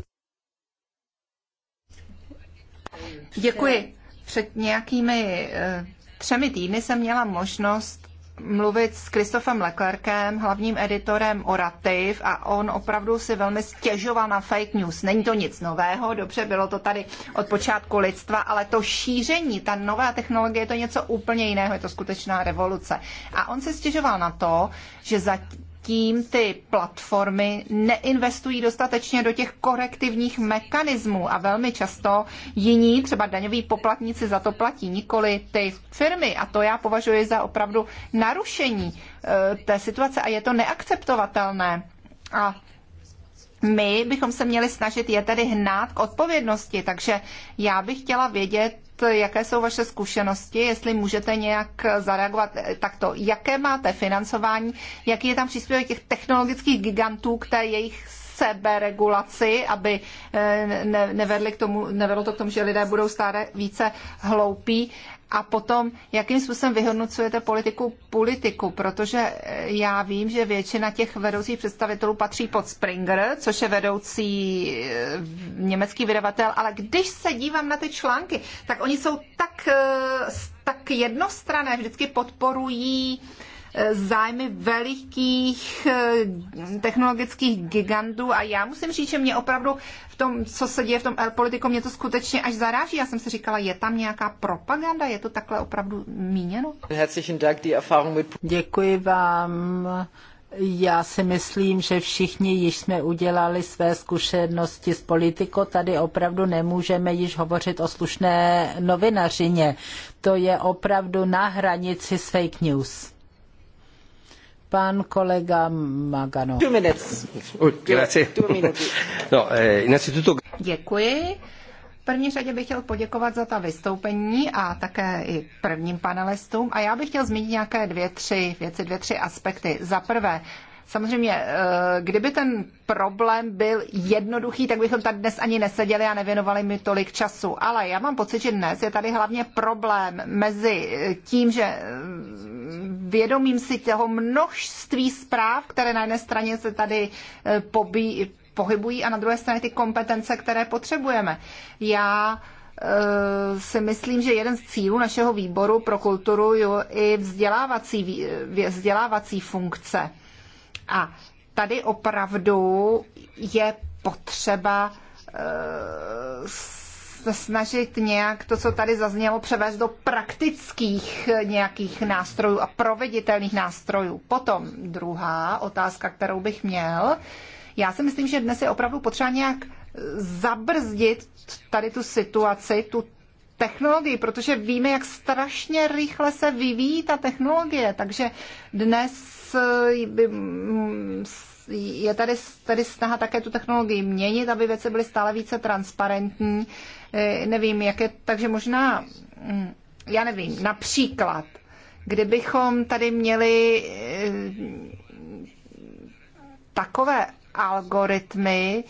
Děkuji. Před nějakými e, třemi týdny jsem měla možnost mluvit s Kristofem Leclerkem, hlavním editorem Orativ a on opravdu si velmi stěžoval na fake news. Není to nic nového, dobře, bylo to tady od počátku lidstva, ale to šíření, ta nová technologie, je to něco úplně jiného, je to skutečná revoluce. A on se stěžoval na to, že za zatím ty platformy neinvestují dostatečně do těch korektivních mechanismů a velmi často jiní, třeba daňoví poplatníci za to platí, nikoli ty firmy. A to já považuji za opravdu narušení eh, té situace a je to neakceptovatelné. A my bychom se měli snažit je tedy hnát k odpovědnosti, takže já bych chtěla vědět, jaké jsou vaše zkušenosti, jestli můžete nějak zareagovat takto. Jaké máte financování, jaký je tam příspěvek těch technologických gigantů k té jejich seberegulaci, aby eh, nevedli k tomu, nevedlo to k tomu, že lidé budou stále více hloupí a potom, jakým způsobem vyhodnocujete politiku politiku, protože eh, já vím, že většina těch vedoucích představitelů patří pod Springer, což je vedoucí eh, německý vydavatel, ale když se dívám na ty články, tak oni jsou tak, eh, tak jednostrané, vždycky podporují uh, Eh, zájmy velikých eh, technologických gigantů a já musím říct, že mě opravdu v tom, co se děje v tom Air politiku, mě to skutečně až zaráží. Já jsem si říkala, je tam nějaká propaganda, je to takhle opravdu míněno? Děkuji vám. Já si myslím, že všichni již jsme udělali své zkušenosti s politikou. Tady opravdu nemůžeme již hovořit o slušné novinařině. To je opravdu na hranici s fake news. Pan kolega Magano. Two minutes. Uh, grazie. Two minutes. No, eh, innanzitutto... Děkuji. V první řadě bych chtěl poděkovat za ta vystoupení a také i prvním panelistům. A já bych chtěl zmínit nějaké dvě, tři věci, dvě, tři aspekty. Za prvé, Samozřejmě, eh, kdyby ten problém byl jednoduchý, tak bychom tady dnes ani neseděli a nevěnovali mi tolik času. Ale já mám pocit, že dnes je tady hlavně problém mezi eh, tím, že eh, vědomím si toho množství zpráv, které na jedné straně se tady pobí, pohybují a na druhé straně ty kompetence, které potřebujeme. Já si myslím, že jeden z cílů našeho výboru pro kulturu je i vzdělávací, vzdělávací funkce. A tady opravdu je potřeba eh, se snažit nějak to, co tady zaznělo, převést do praktických eh, nějakých nástrojů a proveditelných nástrojů. Potom druhá otázka, kterou bych měl. Já si myslím, že dnes je opravdu potřeba nějak zabrzdit tady tu situaci, tu technologii, protože víme, jak strašně rychle se vyvíjí ta technologie. Takže dnes Eh, by, je tady, tady snaha také tu technologii měnit, aby věci byly stále více transparentní. Eh, nevím, jak je, takže možná, mm, já nevím, například, kdybychom tady měli eh, takové algoritmy,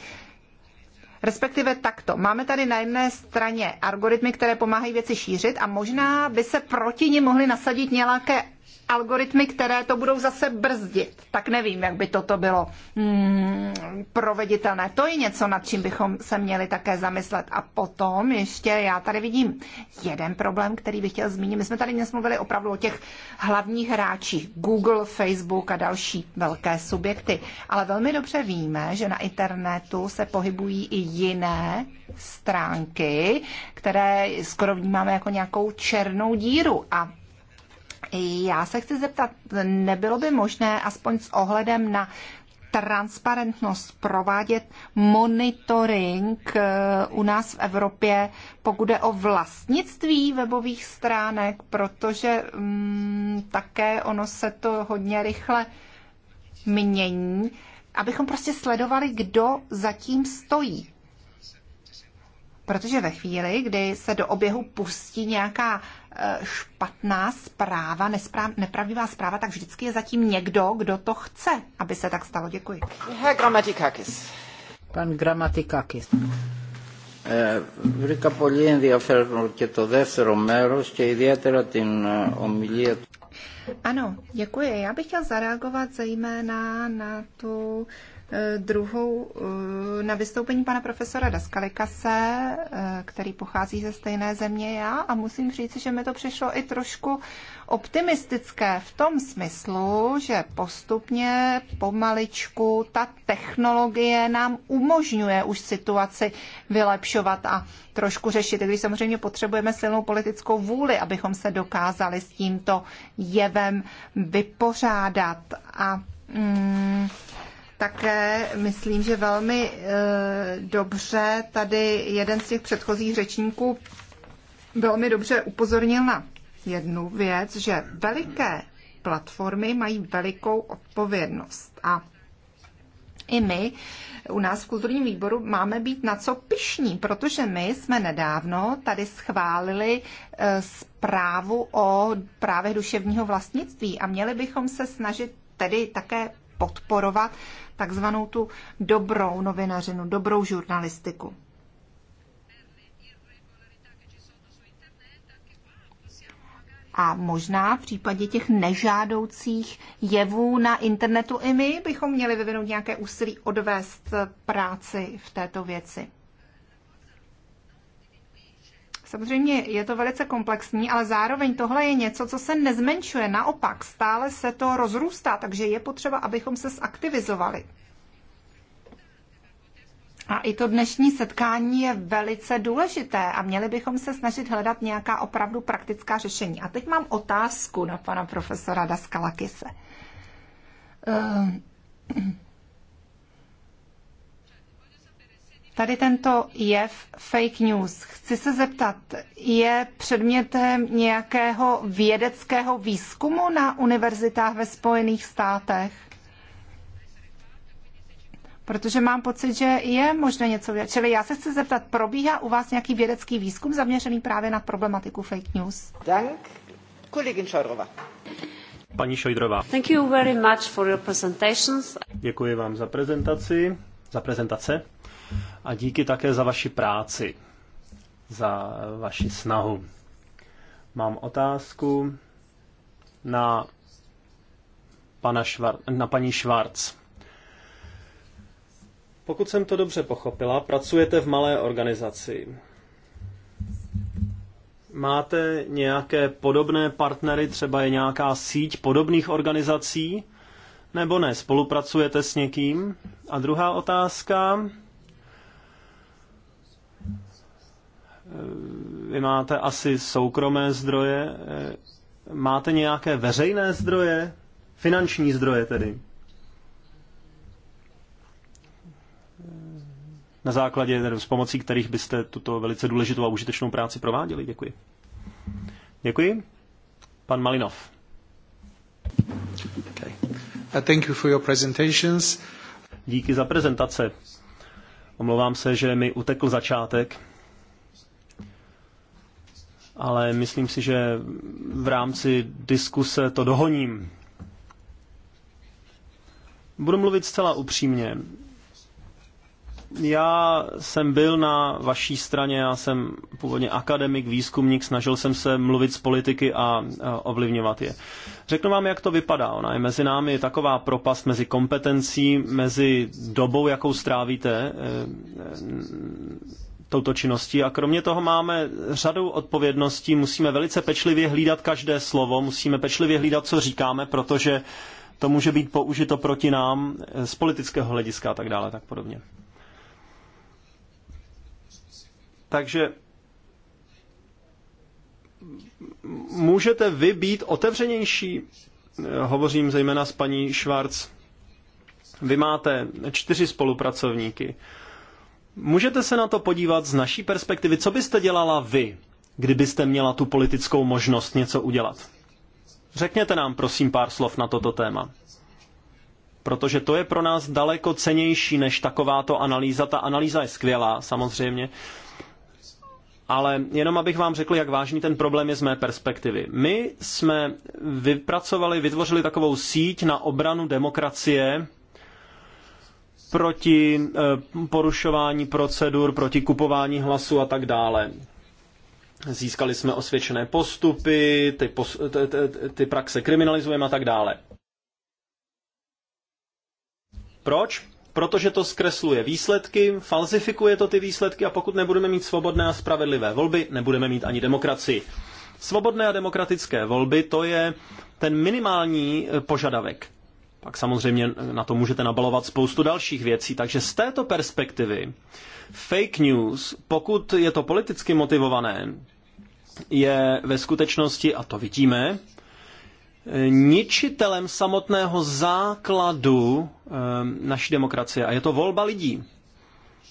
Respektive takto. Máme tady na jedné straně algoritmy, které pomáhají věci šířit a možná by se proti ní mohly nasadit nějaké algoritmy, které to budou zase brzdit. Tak nevím, jak by toto bylo hmm, proveditelné. To je něco, nad čím bychom se měli také zamyslet. A potom ještě já tady vidím jeden problém, který bych chtěl zmínit. My jsme tady dnes mluvili opravdu o těch hlavních hráčích Google, Facebook a další velké subjekty. Ale velmi dobře víme, že na internetu se pohybují i jiné stránky, které skoro vnímáme jako nějakou černou díru. A já se chci zeptat, nebylo by možné aspoň s ohledem na transparentnost provádět monitoring eh, u nás v Evropě, pokud jde o vlastnictví webových stránek, protože mm, také ono se to hodně rychle mění, abychom prostě sledovali, kdo zatím stojí. Protože ve chvíli, kdy se do oběhu pustí nějaká Eh, špatná zpráva, nespráv, nepravdivá zpráva, tak vždycky je zatím někdo, kdo to chce, aby se tak stalo. Děkuji. Herr Grammatikakis. Pan Grammatikakis. Βρήκα πολύ ενδιαφέρον και το δεύτερο μέρος και ιδιαίτερα την ομιλία του. Ano, děkuji. Já bych chtěl zareagovat zejména na tu uh, Eh, druhou eh, na vystoupení pana profesora Daskalikase, eh, který pochází ze stejné země já a musím říct, že mi to přišlo i trošku optimistické v tom smyslu, že postupně, pomaličku, ta technologie nám umožňuje už situaci vylepšovat a trošku řešit. I když samozřejmě potřebujeme silnou politickou vůli, abychom se dokázali s tímto jevem vypořádat. A mm, také myslím, že velmi eh, dobře tady jeden z těch předchozích řečníků velmi dobře upozornil na jednu věc, že veliké platformy mají velikou odpovědnost. A i my u nás v kulturním výboru máme být na co pišní, protože my jsme nedávno tady schválili eh, zprávu o právě duševního vlastnictví a měli bychom se snažit tedy také podporovat takzvanou tu dobrou novinařinu, dobrou žurnalistiku. A možná v případě těch nežádoucích jevů na internetu i my bychom měli vyvinout nějaké úsilí odvést práci v této věci. Samozřejmě je to velice komplexní, ale zároveň tohle je něco, co se nezmenšuje. Naopak, stále se to rozrůstá, takže je potřeba, abychom se zaktivizovali. A i to dnešní setkání je velice důležité a měli bychom se snažit hledat nějaká opravdu praktická řešení. A teď mám otázku na pana profesora Daskalakise. Uh, tady tento jev fake news. Chci se zeptat, je předmětem nějakého vědeckého výzkumu na univerzitách ve Spojených státech? Protože mám pocit, že je možné něco vědět. Čili já se chci zeptat, probíhá u vás nějaký vědecký výzkum zaměřený právě na problematiku fake news? Dank. Kolegin Šojdrova. Paní Šojdrova. Thank you very much for your presentations. Děkuji vám za prezentaci, za prezentace a díky také za vaši práci, za vaši snahu. Mám otázku na, pana Švar, na paní Švarc. Pokud jsem to dobře pochopila, pracujete v malé organizaci. Máte nějaké podobné partnery, třeba je nějaká síť podobných organizací? Nebo ne, spolupracujete s někým? A druhá otázka, Vy máte asi soukromé zdroje. Máte nějaké veřejné zdroje? Finanční zdroje tedy. Na základě, s pomocí kterých byste tuto velice důležitou a užitečnou práci prováděli. Děkuji. Děkuji. Pan Malinov. Okay. Uh, thank you for your presentations. Díky za prezentace. Omlouvám se, že mi utekl začátek ale myslím si, že v rámci diskuse to dohoním. Budu mluvit zcela upřímně. Já jsem byl na vaší straně, já jsem původně akademik, výzkumník, snažil jsem se mluvit s politiky a ovlivňovat je. Řeknu vám, jak to vypadá. Ona je mezi námi taková propast mezi kompetencí, mezi dobou, jakou strávíte eh, touto činností. A kromě toho máme řadu odpovědností, musíme velice pečlivě hlídat každé slovo, musíme pečlivě hlídat, co říkáme, protože to může být použito proti nám eh, z politického hlediska a tak dále, tak podobně. Takže můžete vy být otevřenější, eh, hovořím zejména s paní Schwarz. Vy máte čtyři spolupracovníky. Můžete se na to podívat z naší perspektivy. Co byste dělala vy, kdybyste měla tu politickou možnost něco udělat? Řekněte nám prosím pár slov na toto téma. Protože to je pro nás daleko cenější než takováto analýza. Ta analýza je skvělá, samozřejmě. Ale jenom abych vám řekl, jak vážný ten problém je z mé perspektivy. My jsme vypracovali, vytvořili takovou síť na obranu demokracie proti eh, porušování procedur, proti kupování hlasu a tak dále. Získali jsme osvědčené postupy, ty, pos, ty, ty, ty praxe kriminalizujeme a tak dále. Proč? Protože to zkresluje výsledky, falzifikuje to ty výsledky a pokud nebudeme mít svobodné a spravedlivé volby, nebudeme mít ani demokracii. Svobodné a demokratické volby to je ten minimální eh, požadavek. Pak samozřejmě na to můžete nabalovat spoustu dalších věcí. Takže z této perspektivy fake news, pokud je to politicky motivované, je ve skutečnosti, a to vidíme, ničitelem samotného základu eh, naší demokracie. A je to volba lidí.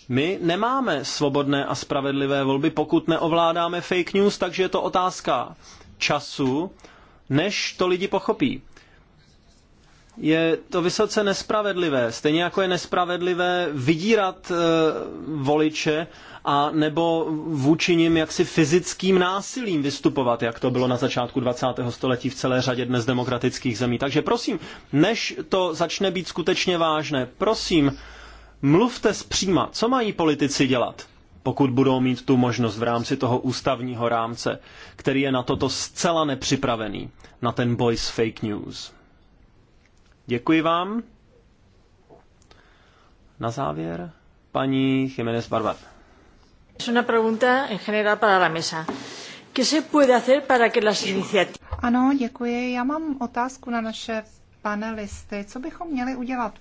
My nemáme svobodné a spravedlivé volby, pokud neovládáme fake news, takže je to otázka času, než to lidi pochopí je to vysoce nespravedlivé. Stejně jako je nespravedlivé vydírat e, voliče a nebo vůči nim jaksi fyzickým násilím vystupovat, jak to bylo na začátku 20. století v celé řadě dnes demokratických zemí. Takže prosím, než to začne být skutečně vážné, prosím, mluvte zpříma, co mají politici dělat, pokud budou mít tu možnost v rámci toho ústavního rámce, který je na toto zcela nepřipravený, na ten boj s fake news. Děkuji vám. Na závěr paní Jiménez Barbat. Es una pregunta en general para la mesa. ¿Qué se puede hacer para que las iniciativas... Ano, děkuji. Já mám otázku na naše panelisty. Co bychom měli udělat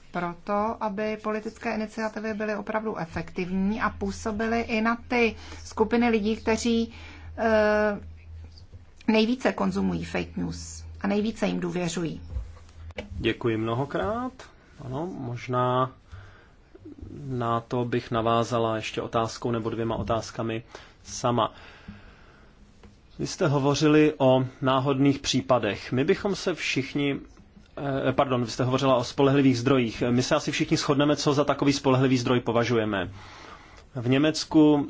to, aby politické iniciativy byly opravdu efektivní a působily i na ty skupiny lidí, kteří eh, nejvíce konzumují fake news a nejvíce jim důvěřují? Děkuji mnohokrát. Ano, možná na to bych navázala ještě otázkou nebo dvěma otázkami sama. Vy jste hovořili o náhodných případech. My bychom se všichni eh, pardon, vy jste hovořila o spolehlivých zdrojích. My se asi všichni shodneme, co za takový spolehlivý zdroj považujeme. V Německu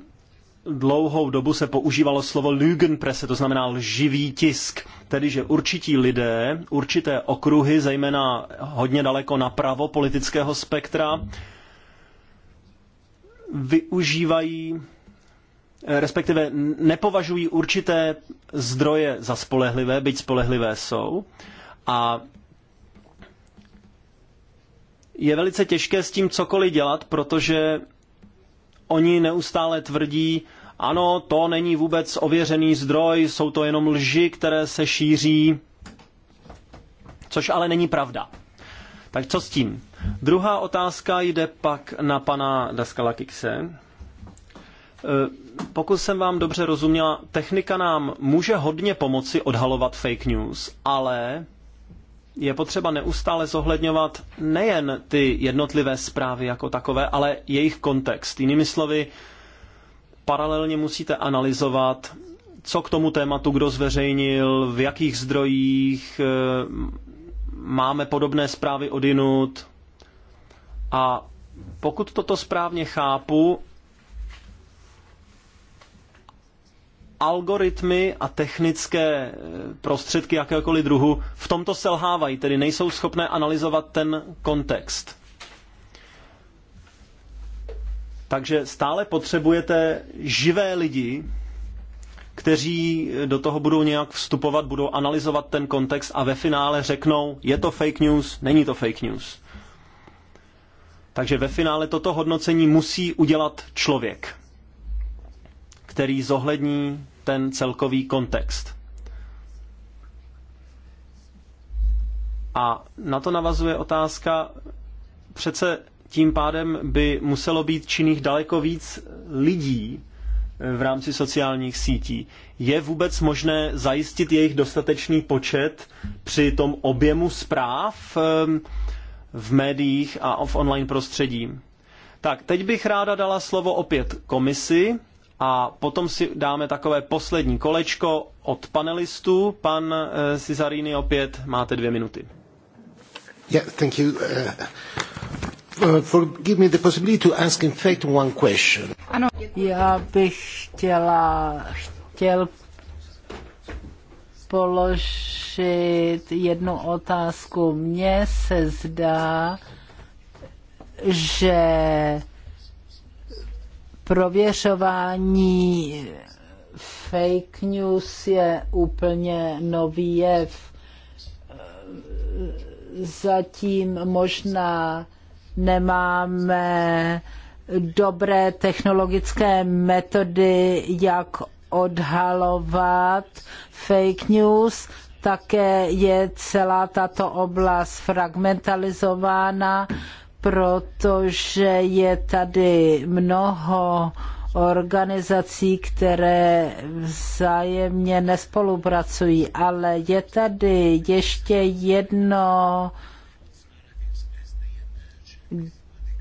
dlouhou dobu se používalo slovo Lügenpresse, to znamená lživý tisk. Tedy, že určití lidé, určité okruhy, zejména hodně daleko napravo politického spektra, využívají, respektive nepovažují určité zdroje za spolehlivé, byť spolehlivé jsou, a je velice těžké s tím cokoliv dělat, protože oni neustále tvrdí, ano, to není vůbec ověřený zdroj, jsou to jenom lži, které se šíří, což ale není pravda. Tak co s tím? Druhá otázka jde pak na pana Daskala Kikse. E, pokud jsem vám dobře rozuměla, technika nám může hodně pomoci odhalovat fake news, ale je potřeba neustále zohledňovat nejen ty jednotlivé zprávy jako takové, ale jejich kontext. Jinými slovy, paralelně musíte analyzovat, co k tomu tématu kdo zveřejnil, v jakých zdrojích eh, máme podobné zprávy od jinut. A pokud toto správně chápu, algoritmy a technické eh, prostředky jakéhokoliv druhu v tomto selhávají, tedy nejsou schopné analyzovat ten kontext. Takže stále potřebujete živé lidi, kteří do toho budou nějak vstupovat, budou analyzovat ten kontext a ve finále řeknou, je to fake news, není to fake news. Takže ve finále toto hodnocení musí udělat člověk, který zohlední ten celkový kontext. A na to navazuje otázka, přece tím pádem by muselo být činných daleko víc lidí eh, v rámci sociálních sítí. Je vůbec možné zajistit jejich dostatečný počet při tom objemu zpráv ehm, v médiích a v online prostředí? Tak, teď bych ráda dala slovo opět komisi a potom si dáme takové poslední kolečko od panelistů. Pan eh, Cizarini opět máte dvě minuty. Yeah, thank you. Uh... Uh, ano, já bych chtěla, chtěl položit jednu otázku. Mně se zdá, že prověřování fake news je úplně nový jev. Zatím možná nemáme dobré technologické metody, jak odhalovat fake news, také je celá tato oblast fragmentalizována, protože je tady mnoho organizací, které vzájemně nespolupracují, ale je tady ještě jedno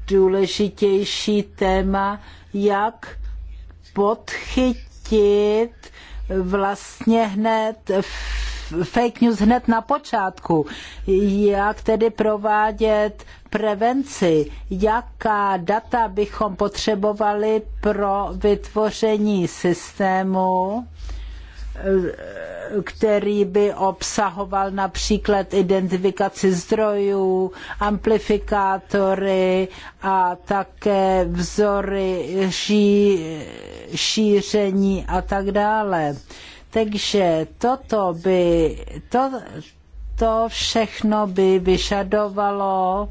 důležitější téma, jak podchytit vlastně hned fake news hned na počátku, jak tedy provádět prevenci, jaká data bychom potřebovali pro vytvoření systému, který by obsahoval například identifikaci zdrojů, amplifikátory a také vzory šíření a tak dále. Takže toto by, to, to všechno by vyžadovalo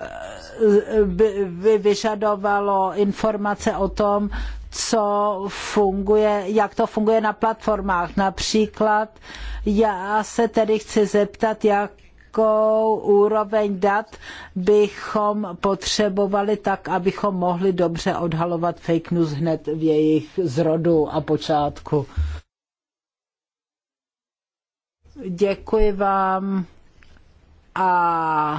eh, by vyžadovalo informace o tom, co funguje, jak to funguje na platformách. Například já se tedy chci zeptat, jak jakou úroveň dat bychom potřebovali tak, abychom mohli dobře odhalovat fake news hned v jejich zrodu a počátku. Děkuji vám a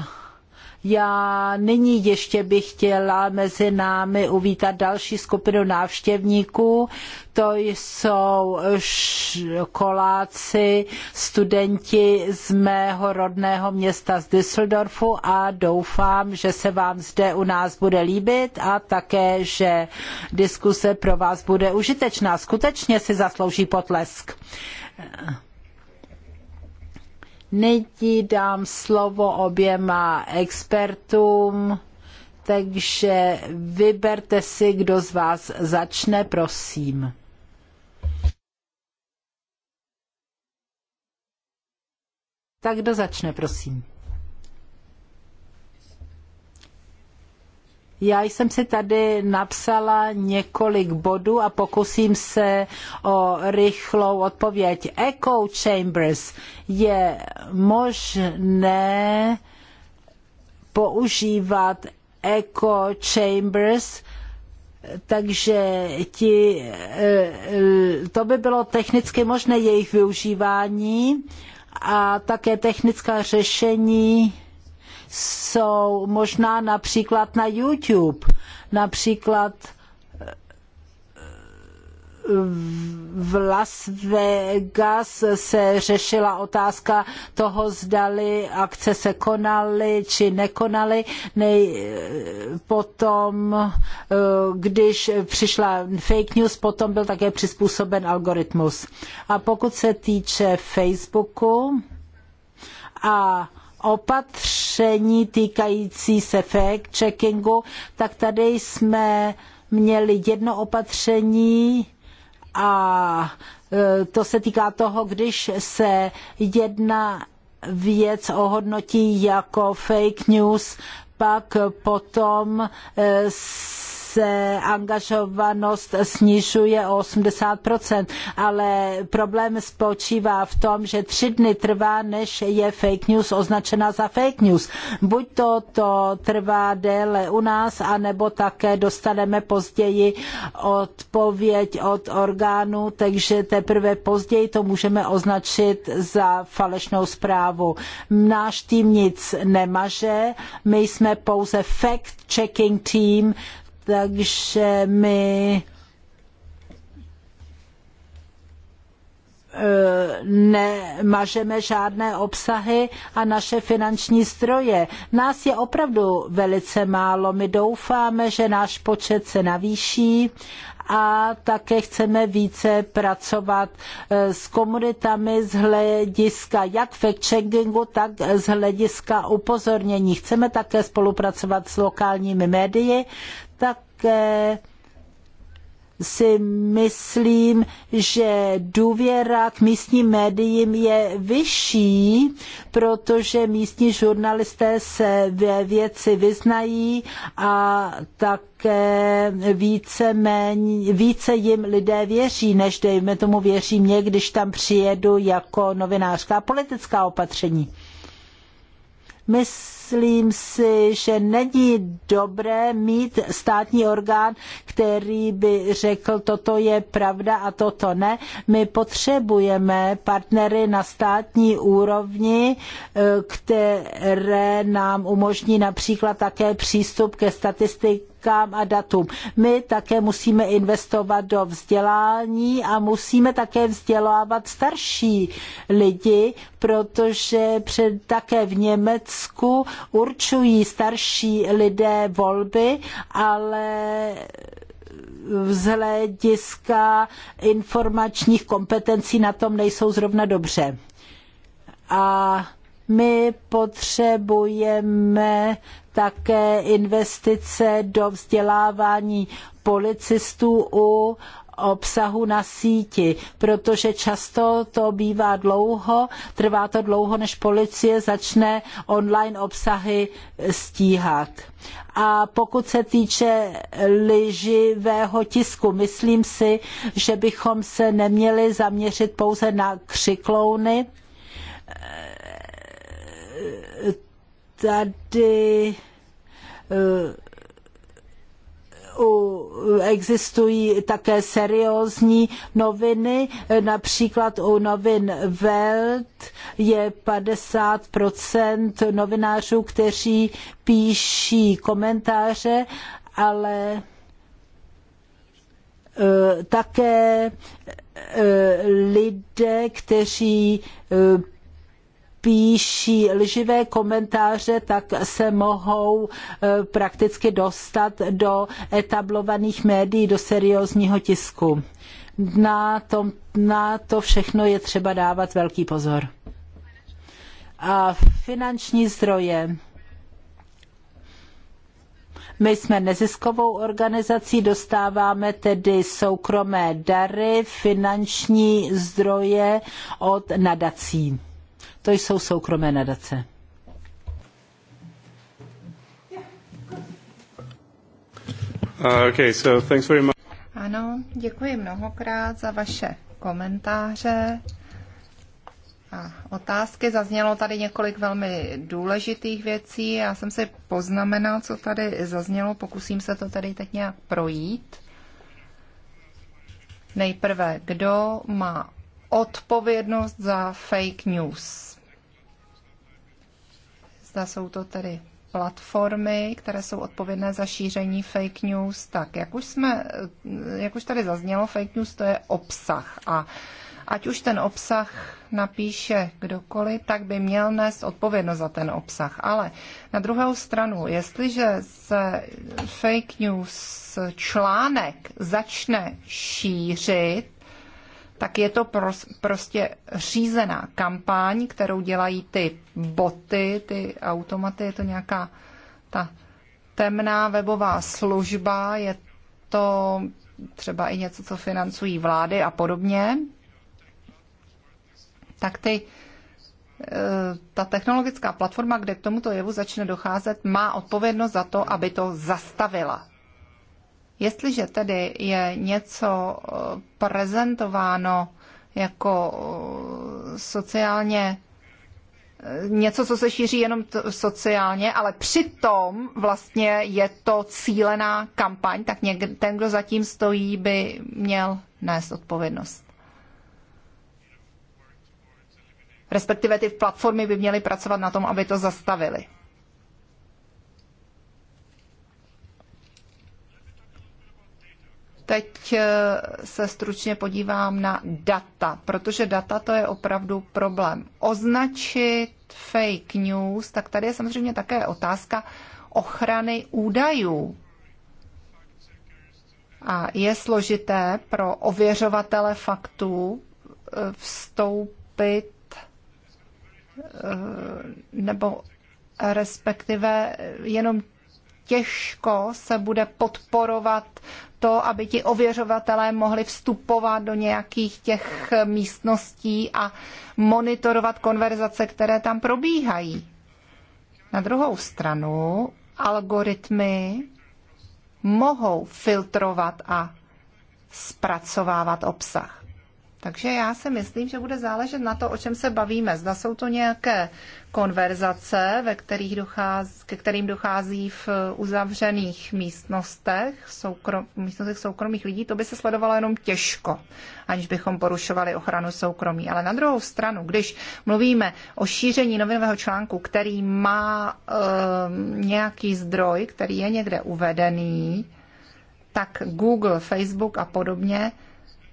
já nyní ještě bych chtěla mezi námi uvítat další skupinu návštěvníků. To jsou školáci, studenti z mého rodného města z Düsseldorfu a doufám, že se vám zde u nás bude líbit a také, že diskuse pro vás bude užitečná. Skutečně si zaslouží potlesk. Nyní dám slovo oběma expertům, takže vyberte si, kdo z vás začne, prosím. Tak kdo začne, prosím? Já jsem si tady napsala několik bodů a pokusím se o rychlou odpověď. Echo chambers je možné používat echo chambers, takže ti, eh, to by bylo technicky možné jejich využívání a také technická řešení jsou možná například na YouTube. Například eh, v Las Vegas se řešila otázka toho, zdali akce se konaly či nekonaly. Nej, eh, potom, eh, když přišla fake news, potom byl také přizpůsoben algoritmus. A pokud se týče Facebooku a opatř opatření týkající se fact checkingu, tak tady jsme měli jedno opatření a e, to se týká toho, když se jedna věc ohodnotí jako fake news, pak potom e, se angažovanost snižuje o 80%, ale problém spočívá v tom, že tři dny trvá, než je fake news označena za fake news. Buď to, to trvá déle u nás, anebo také dostaneme později odpověď od orgánu, takže teprve později to můžeme označit za falešnou zprávu. Náš tým nic nemaže, my jsme pouze fact-checking team, takže my e, nemažeme žádné obsahy a naše finanční stroje. Nás je opravdu velice málo. My doufáme, že náš počet se navýší a také chceme více pracovat e, s komunitami z hlediska jak fact-checkingu, tak z hlediska upozornění. Chceme také spolupracovat s lokálními médii, také si myslím, že důvěra k místním médiím je vyšší, protože místní žurnalisté se ve věci vyznají a také více, méně, více jim lidé věří, než dejme tomu věří mě, když tam přijedu jako novinářka politická opatření. Myslím, myslím si, že není dobré mít státní orgán, který by řekl, toto je pravda a toto ne. My potřebujeme partnery na státní úrovni, e, které nám umožní například také přístup ke statistikám a datům. My také musíme investovat do vzdělání a musíme také vzdělávat starší lidi, protože před, také v Německu určují starší lidé volby, ale z hlediska informačních kompetencí na tom nejsou zrovna dobře. A my potřebujeme také investice do vzdělávání policistů u obsahu na síti, protože často to bývá dlouho, trvá to dlouho, než policie začne online obsahy stíhat. A pokud se týče liživého tisku, myslím si, že bychom se neměli zaměřit pouze na křiklouny. Tady eh, existují také seriózní noviny, například u novin Welt je 50% novinářů, kteří píší komentáře, ale eh, také eh, lidé, kteří eh, píší lživé komentáře, tak se mohou e, prakticky dostat do etablovaných médií, do seriózního tisku. Na to, na to všechno je třeba dávat velký pozor. A finanční zdroje. My jsme neziskovou organizací, dostáváme tedy soukromé dary, finanční zdroje od nadací to jsou soukromé nadace. Uh, okay, so thanks very much. Ano, děkuji mnohokrát za vaše komentáře a otázky. Zaznělo tady několik velmi důležitých věcí. Já jsem si poznamenal, co tady zaznělo. Pokusím se to tady teď nějak projít. Nejprve, kdo má odpovědnost za fake news. Zda jsou to tedy platformy, které jsou odpovědné za šíření fake news. Tak, jak už, jsme, jak už tady zaznělo, fake news to je obsah a ať už ten obsah napíše kdokoliv, tak by měl nést odpovědnost za ten obsah. Ale na druhou stranu, jestliže se fake news článek začne šířit, tak je to prostě řízená kampaň, kterou dělají ty boty, ty automaty, je to nějaká ta temná webová služba, je to třeba i něco, co financují vlády a podobně, tak ty, e, ta technologická platforma, kde k tomuto jevu začne docházet, má odpovědnost za to, aby to zastavila. Jestliže tedy je něco eh, prezentováno jako eh, sociálně eh, něco, co se šíří jenom sociálně, ale přitom vlastně je to cílená kampaň, tak někde, ten, kdo zatím stojí, by měl nést odpovědnost. Respektive ty platformy by měly pracovat na tom, aby to zastavili. Teď eh, se stručně podívám na data, protože data to je opravdu problém. Označit fake news, tak tady je samozřejmě také otázka ochrany údajů. A je složité pro ověřovatele faktů eh, vstoupit eh, nebo respektive jenom těžko se bude podporovat to, aby ti ověřovatelé mohli vstupovat do nějakých těch místností a monitorovat konverzace, které tam probíhají. Na druhou stranu algoritmy mohou filtrovat a zpracovávat obsah. Takže já si myslím, že bude záležet na to, o čem se bavíme. Zda jsou to nějaké konverzace, ve kterých dochází, ke kterým dochází v uzavřených místnostech, soukrom, místnostech soukromých lidí, to by se sledovalo jenom těžko, aniž bychom porušovali ochranu soukromí. Ale na druhou stranu, když mluvíme o šíření novinového článku, který má e, nějaký zdroj, který je někde uvedený, tak Google, Facebook a podobně,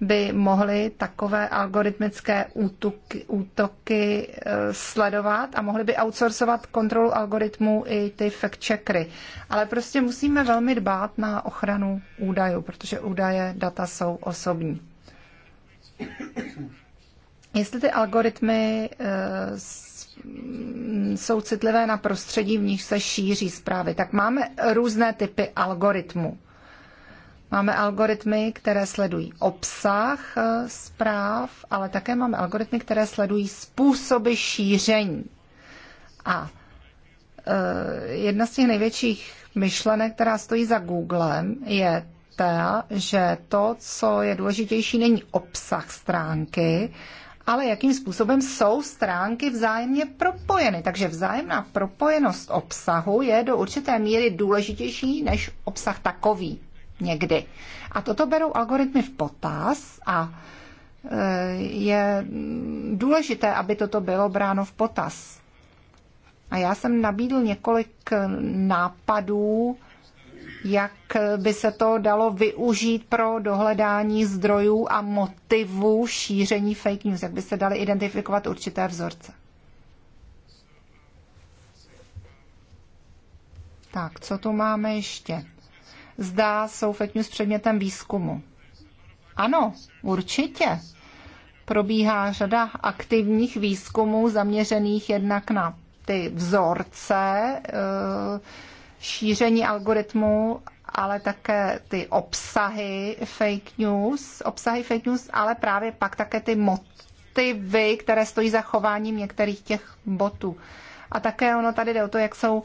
by mohly takové algoritmické útoky, útoky e, sledovat a mohly by outsourcovat kontrolu algoritmů i ty fact-checkery. Ale prostě musíme velmi dbát na ochranu údajů, protože údaje, data jsou osobní. Jestli ty algoritmy e, jsou citlivé na prostředí, v níž se šíří zprávy, tak máme různé typy algoritmů. Máme algoritmy, které sledují obsah eh, zpráv, ale také máme algoritmy, které sledují způsoby šíření. A eh, jedna z těch největších myšlenek, která stojí za Googlem, je ta, že to, co je důležitější, není obsah stránky, ale jakým způsobem jsou stránky vzájemně propojeny. Takže vzájemná propojenost obsahu je do určité míry důležitější než obsah takový někdy. A toto berou algoritmy v potaz a e, je důležité, aby toto bylo bráno v potaz. A já jsem nabídl několik nápadů, jak by se to dalo využít pro dohledání zdrojů a motivů šíření fake news, jak by se daly identifikovat určité vzorce. Tak, co tu máme ještě? zda jsou fake news předmětem výzkumu. Ano, určitě. Probíhá řada aktivních výzkumů zaměřených jednak na ty vzorce, eh, šíření algoritmů, ale také ty obsahy fake news, obsahy fake news, ale právě pak také ty motivy, které stojí za chováním některých těch botů. A také ono tady jde o to, jak jsou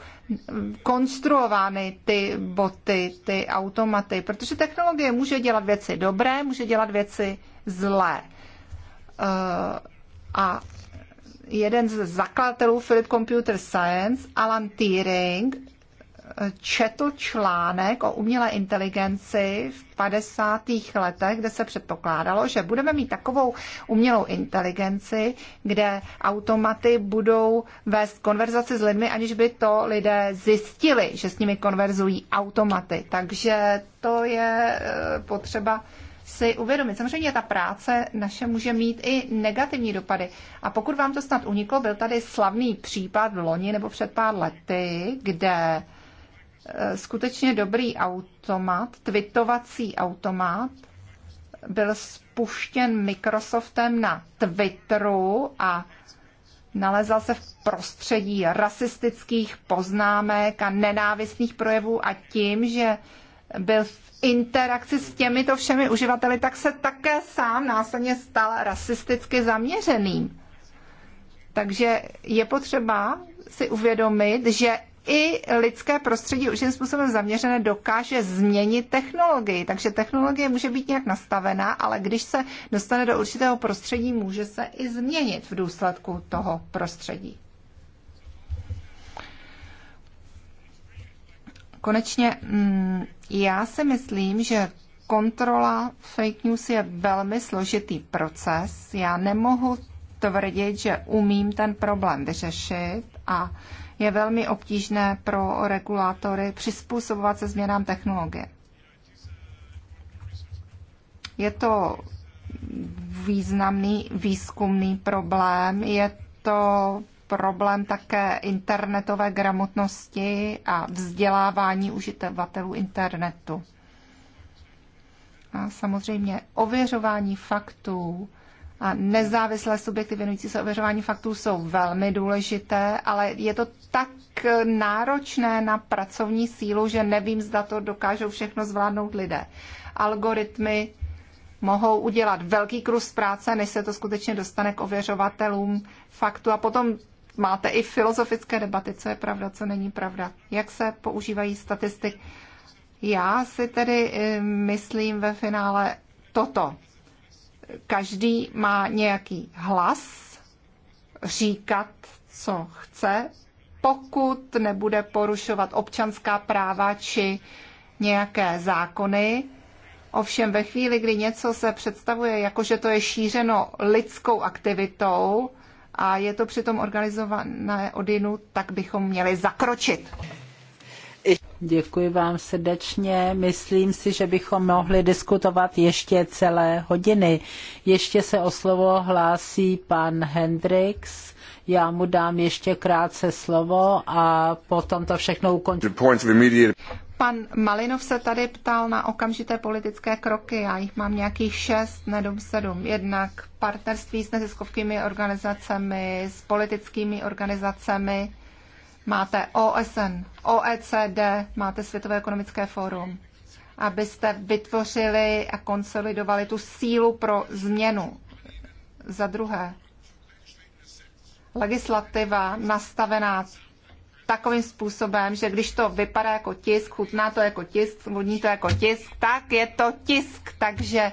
konstruovány ty boty, ty automaty, protože technologie může dělat věci dobré, může dělat věci zlé. Eh, a jeden z zakladatelů Philip Computer Science, Alan Turing, četl článek o umělé inteligenci v 50. letech, kde se předpokládalo, že budeme mít takovou umělou inteligenci, kde automaty budou vést konverzaci s lidmi, aniž by to lidé zjistili, že s nimi konverzují automaty. Takže to je eh, potřeba si uvědomit. Samozřejmě ta práce naše může mít i negativní dopady. A pokud vám to snad uniklo, byl tady slavný případ v loni nebo před pár lety, kde Eh, skutečně dobrý automat, twitovací automat, byl spuštěn Microsoftem na Twitteru a nalezal se v prostředí rasistických poznámek a nenávistných projevů a tím, že byl v interakci s těmito všemi uživateli, tak se také sám následně stal rasisticky zaměřeným. Takže je potřeba si uvědomit, že i lidské prostředí určitým způsobem zaměřené dokáže změnit technologii. Takže technologie může být nějak nastavená, ale když se dostane do určitého prostředí, může se i změnit v důsledku toho prostředí. Konečně mm, já si myslím, že kontrola fake news je velmi složitý proces. Já nemohu tvrdit, že umím ten problém vyřešit a je velmi obtížné pro regulátory přizpůsobovat se změnám technologie. Je to významný výzkumný problém, je to problém také internetové gramotnosti a vzdělávání uživatelů internetu. A samozřejmě ověřování faktů, a nezávislé subjekty věnující se ověřování faktů jsou velmi důležité, ale je to tak náročné na pracovní sílu, že nevím, zda to dokážou všechno zvládnout lidé. Algoritmy mohou udělat velký krus práce, než se to skutečně dostane k ověřovatelům faktu a potom máte i filozofické debaty, co je pravda, co není pravda, jak se používají statistiky. Já si tedy eh, myslím ve finále toto každý má nějaký hlas říkat, co chce, pokud nebude porušovat občanská práva či nějaké zákony. Ovšem ve chvíli, kdy něco se představuje jako, že to je šířeno lidskou aktivitou a je to přitom organizované odinu, tak bychom měli zakročit. Děkuji vám srdečně. Myslím si, že bychom mohli diskutovat ještě celé hodiny. Ještě se o slovo hlásí pan Hendrix. Já mu dám ještě krátce slovo a potom to všechno ukončím. Pan Malinov se tady ptal na okamžité politické kroky. Já jich mám nějakých šest, nedom sedm. Jednak partnerství s neziskovkými organizacemi, s politickými organizacemi máte OSN, OECD, máte Světové ekonomické fórum, abyste vytvořili a konsolidovali tu sílu pro změnu. Za druhé, legislativa nastavená takovým způsobem, že když to vypadá jako tisk, chutná to jako tisk, vodní to jako tisk, tak je to tisk. Takže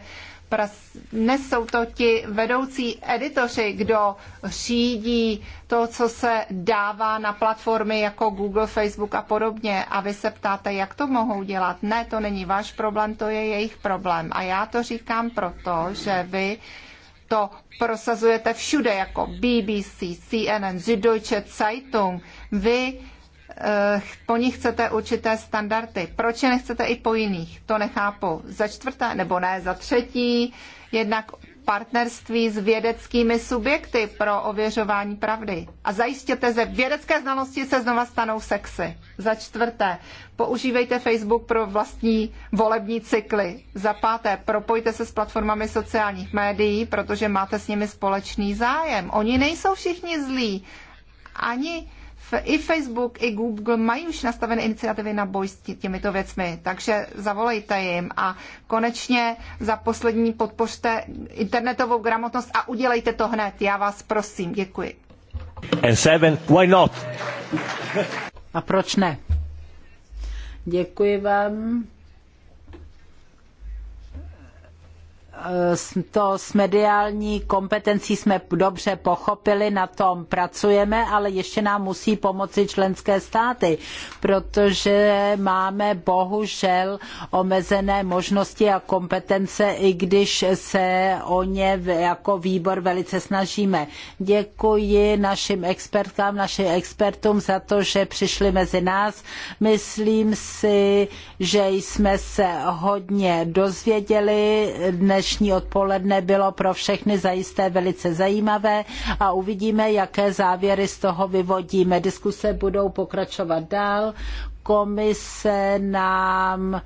dnes jsou to ti vedoucí editoři, kdo řídí to, co se dává na platformy jako Google, Facebook a podobně. A vy se ptáte, jak to mohou dělat. Ne, to není váš problém, to je jejich problém. A já to říkám proto, že vy to prosazujete všude jako BBC, CNN, Süddeutsche Zeitung. Vy Eh, po nich chcete určité standardy. Proč je nechcete i po jiných? To nechápu. Za čtvrté, nebo ne, za třetí, jednak partnerství s vědeckými subjekty pro ověřování pravdy. A zajistěte, že vědecké znalosti se znova stanou sexy. Za čtvrté, používejte Facebook pro vlastní volební cykly. Za páté, propojte se s platformami sociálních médií, protože máte s nimi společný zájem. Oni nejsou všichni zlí. Ani i Facebook, i Google mají už nastavené iniciativy na boj s těmito věcmi, takže zavolejte jim a konečně za poslední podpořte internetovou gramotnost a udělejte to hned. Já vás prosím, děkuji. And seven, why not? A proč ne? Děkuji vám. Eh, to s mediální kompetencí jsme dobře pochopili, na tom pracujeme, ale ještě nám musí pomoci členské státy, protože máme bohužel omezené možnosti a kompetence, i když se o ně jako výbor velice snažíme. Děkuji našim expertkám, našim expertům za to, že přišli mezi nás. Myslím si, že jsme se hodně dozvěděli, dnes dnešní odpoledne bylo pro všechny zajisté velice zajímavé a uvidíme, jaké závěry z toho vyvodíme. Diskuse budou pokračovat dál. Komise nám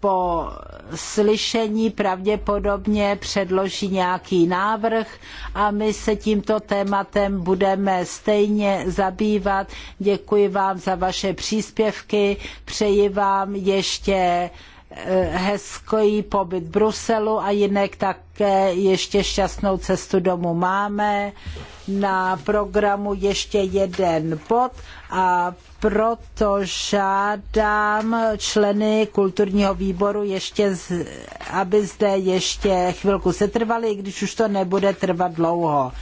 po slyšení pravděpodobně předloží nějaký návrh a my se tímto tématem budeme stejně zabývat. Děkuji vám za vaše příspěvky, přeji vám ještě Eh, hezký pobyt v Bruselu a jinak také ještě šťastnou cestu domů máme. Na programu ještě jeden bod a proto žádám členy kulturního výboru ještě, aby zde ještě chvilku setrvali, i když už to nebude trvat dlouho.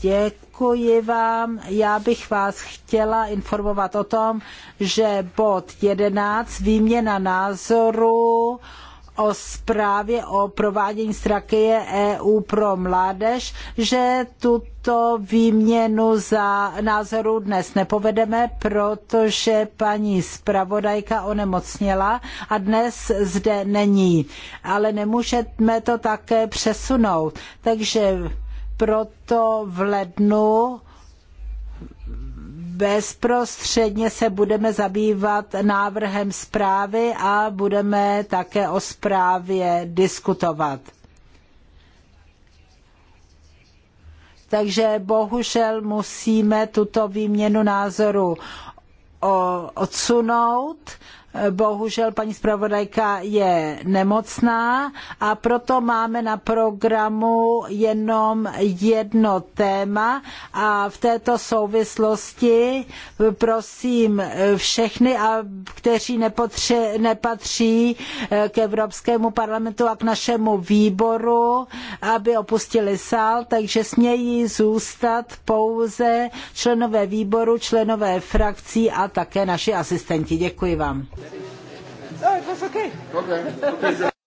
Děkuji vám. Já bych vás chtěla informovat o tom, že bod 11, výměna názoru o zprávě o provádění strategie EU pro mládež, že tuto výměnu za názoru dnes nepovedeme, protože paní zpravodajka onemocněla a dnes zde není. Ale nemůžeme to také přesunout. Takže proto v lednu bezprostředně se budeme zabývat návrhem zprávy a budeme také o zprávě diskutovat. Takže bohužel musíme tuto výměnu názoru odsunout Bohužel paní zpravodajka je nemocná a proto máme na programu jenom jedno téma a v této souvislosti prosím všechny, kteří nepotře- nepatří eh, k Evropskému parlamentu a k našemu výboru, aby opustili sál, takže smějí zůstat pouze členové výboru, členové frakcí a také naši asistenti. Děkuji vám. Oh, it was okay. Okay. [LAUGHS]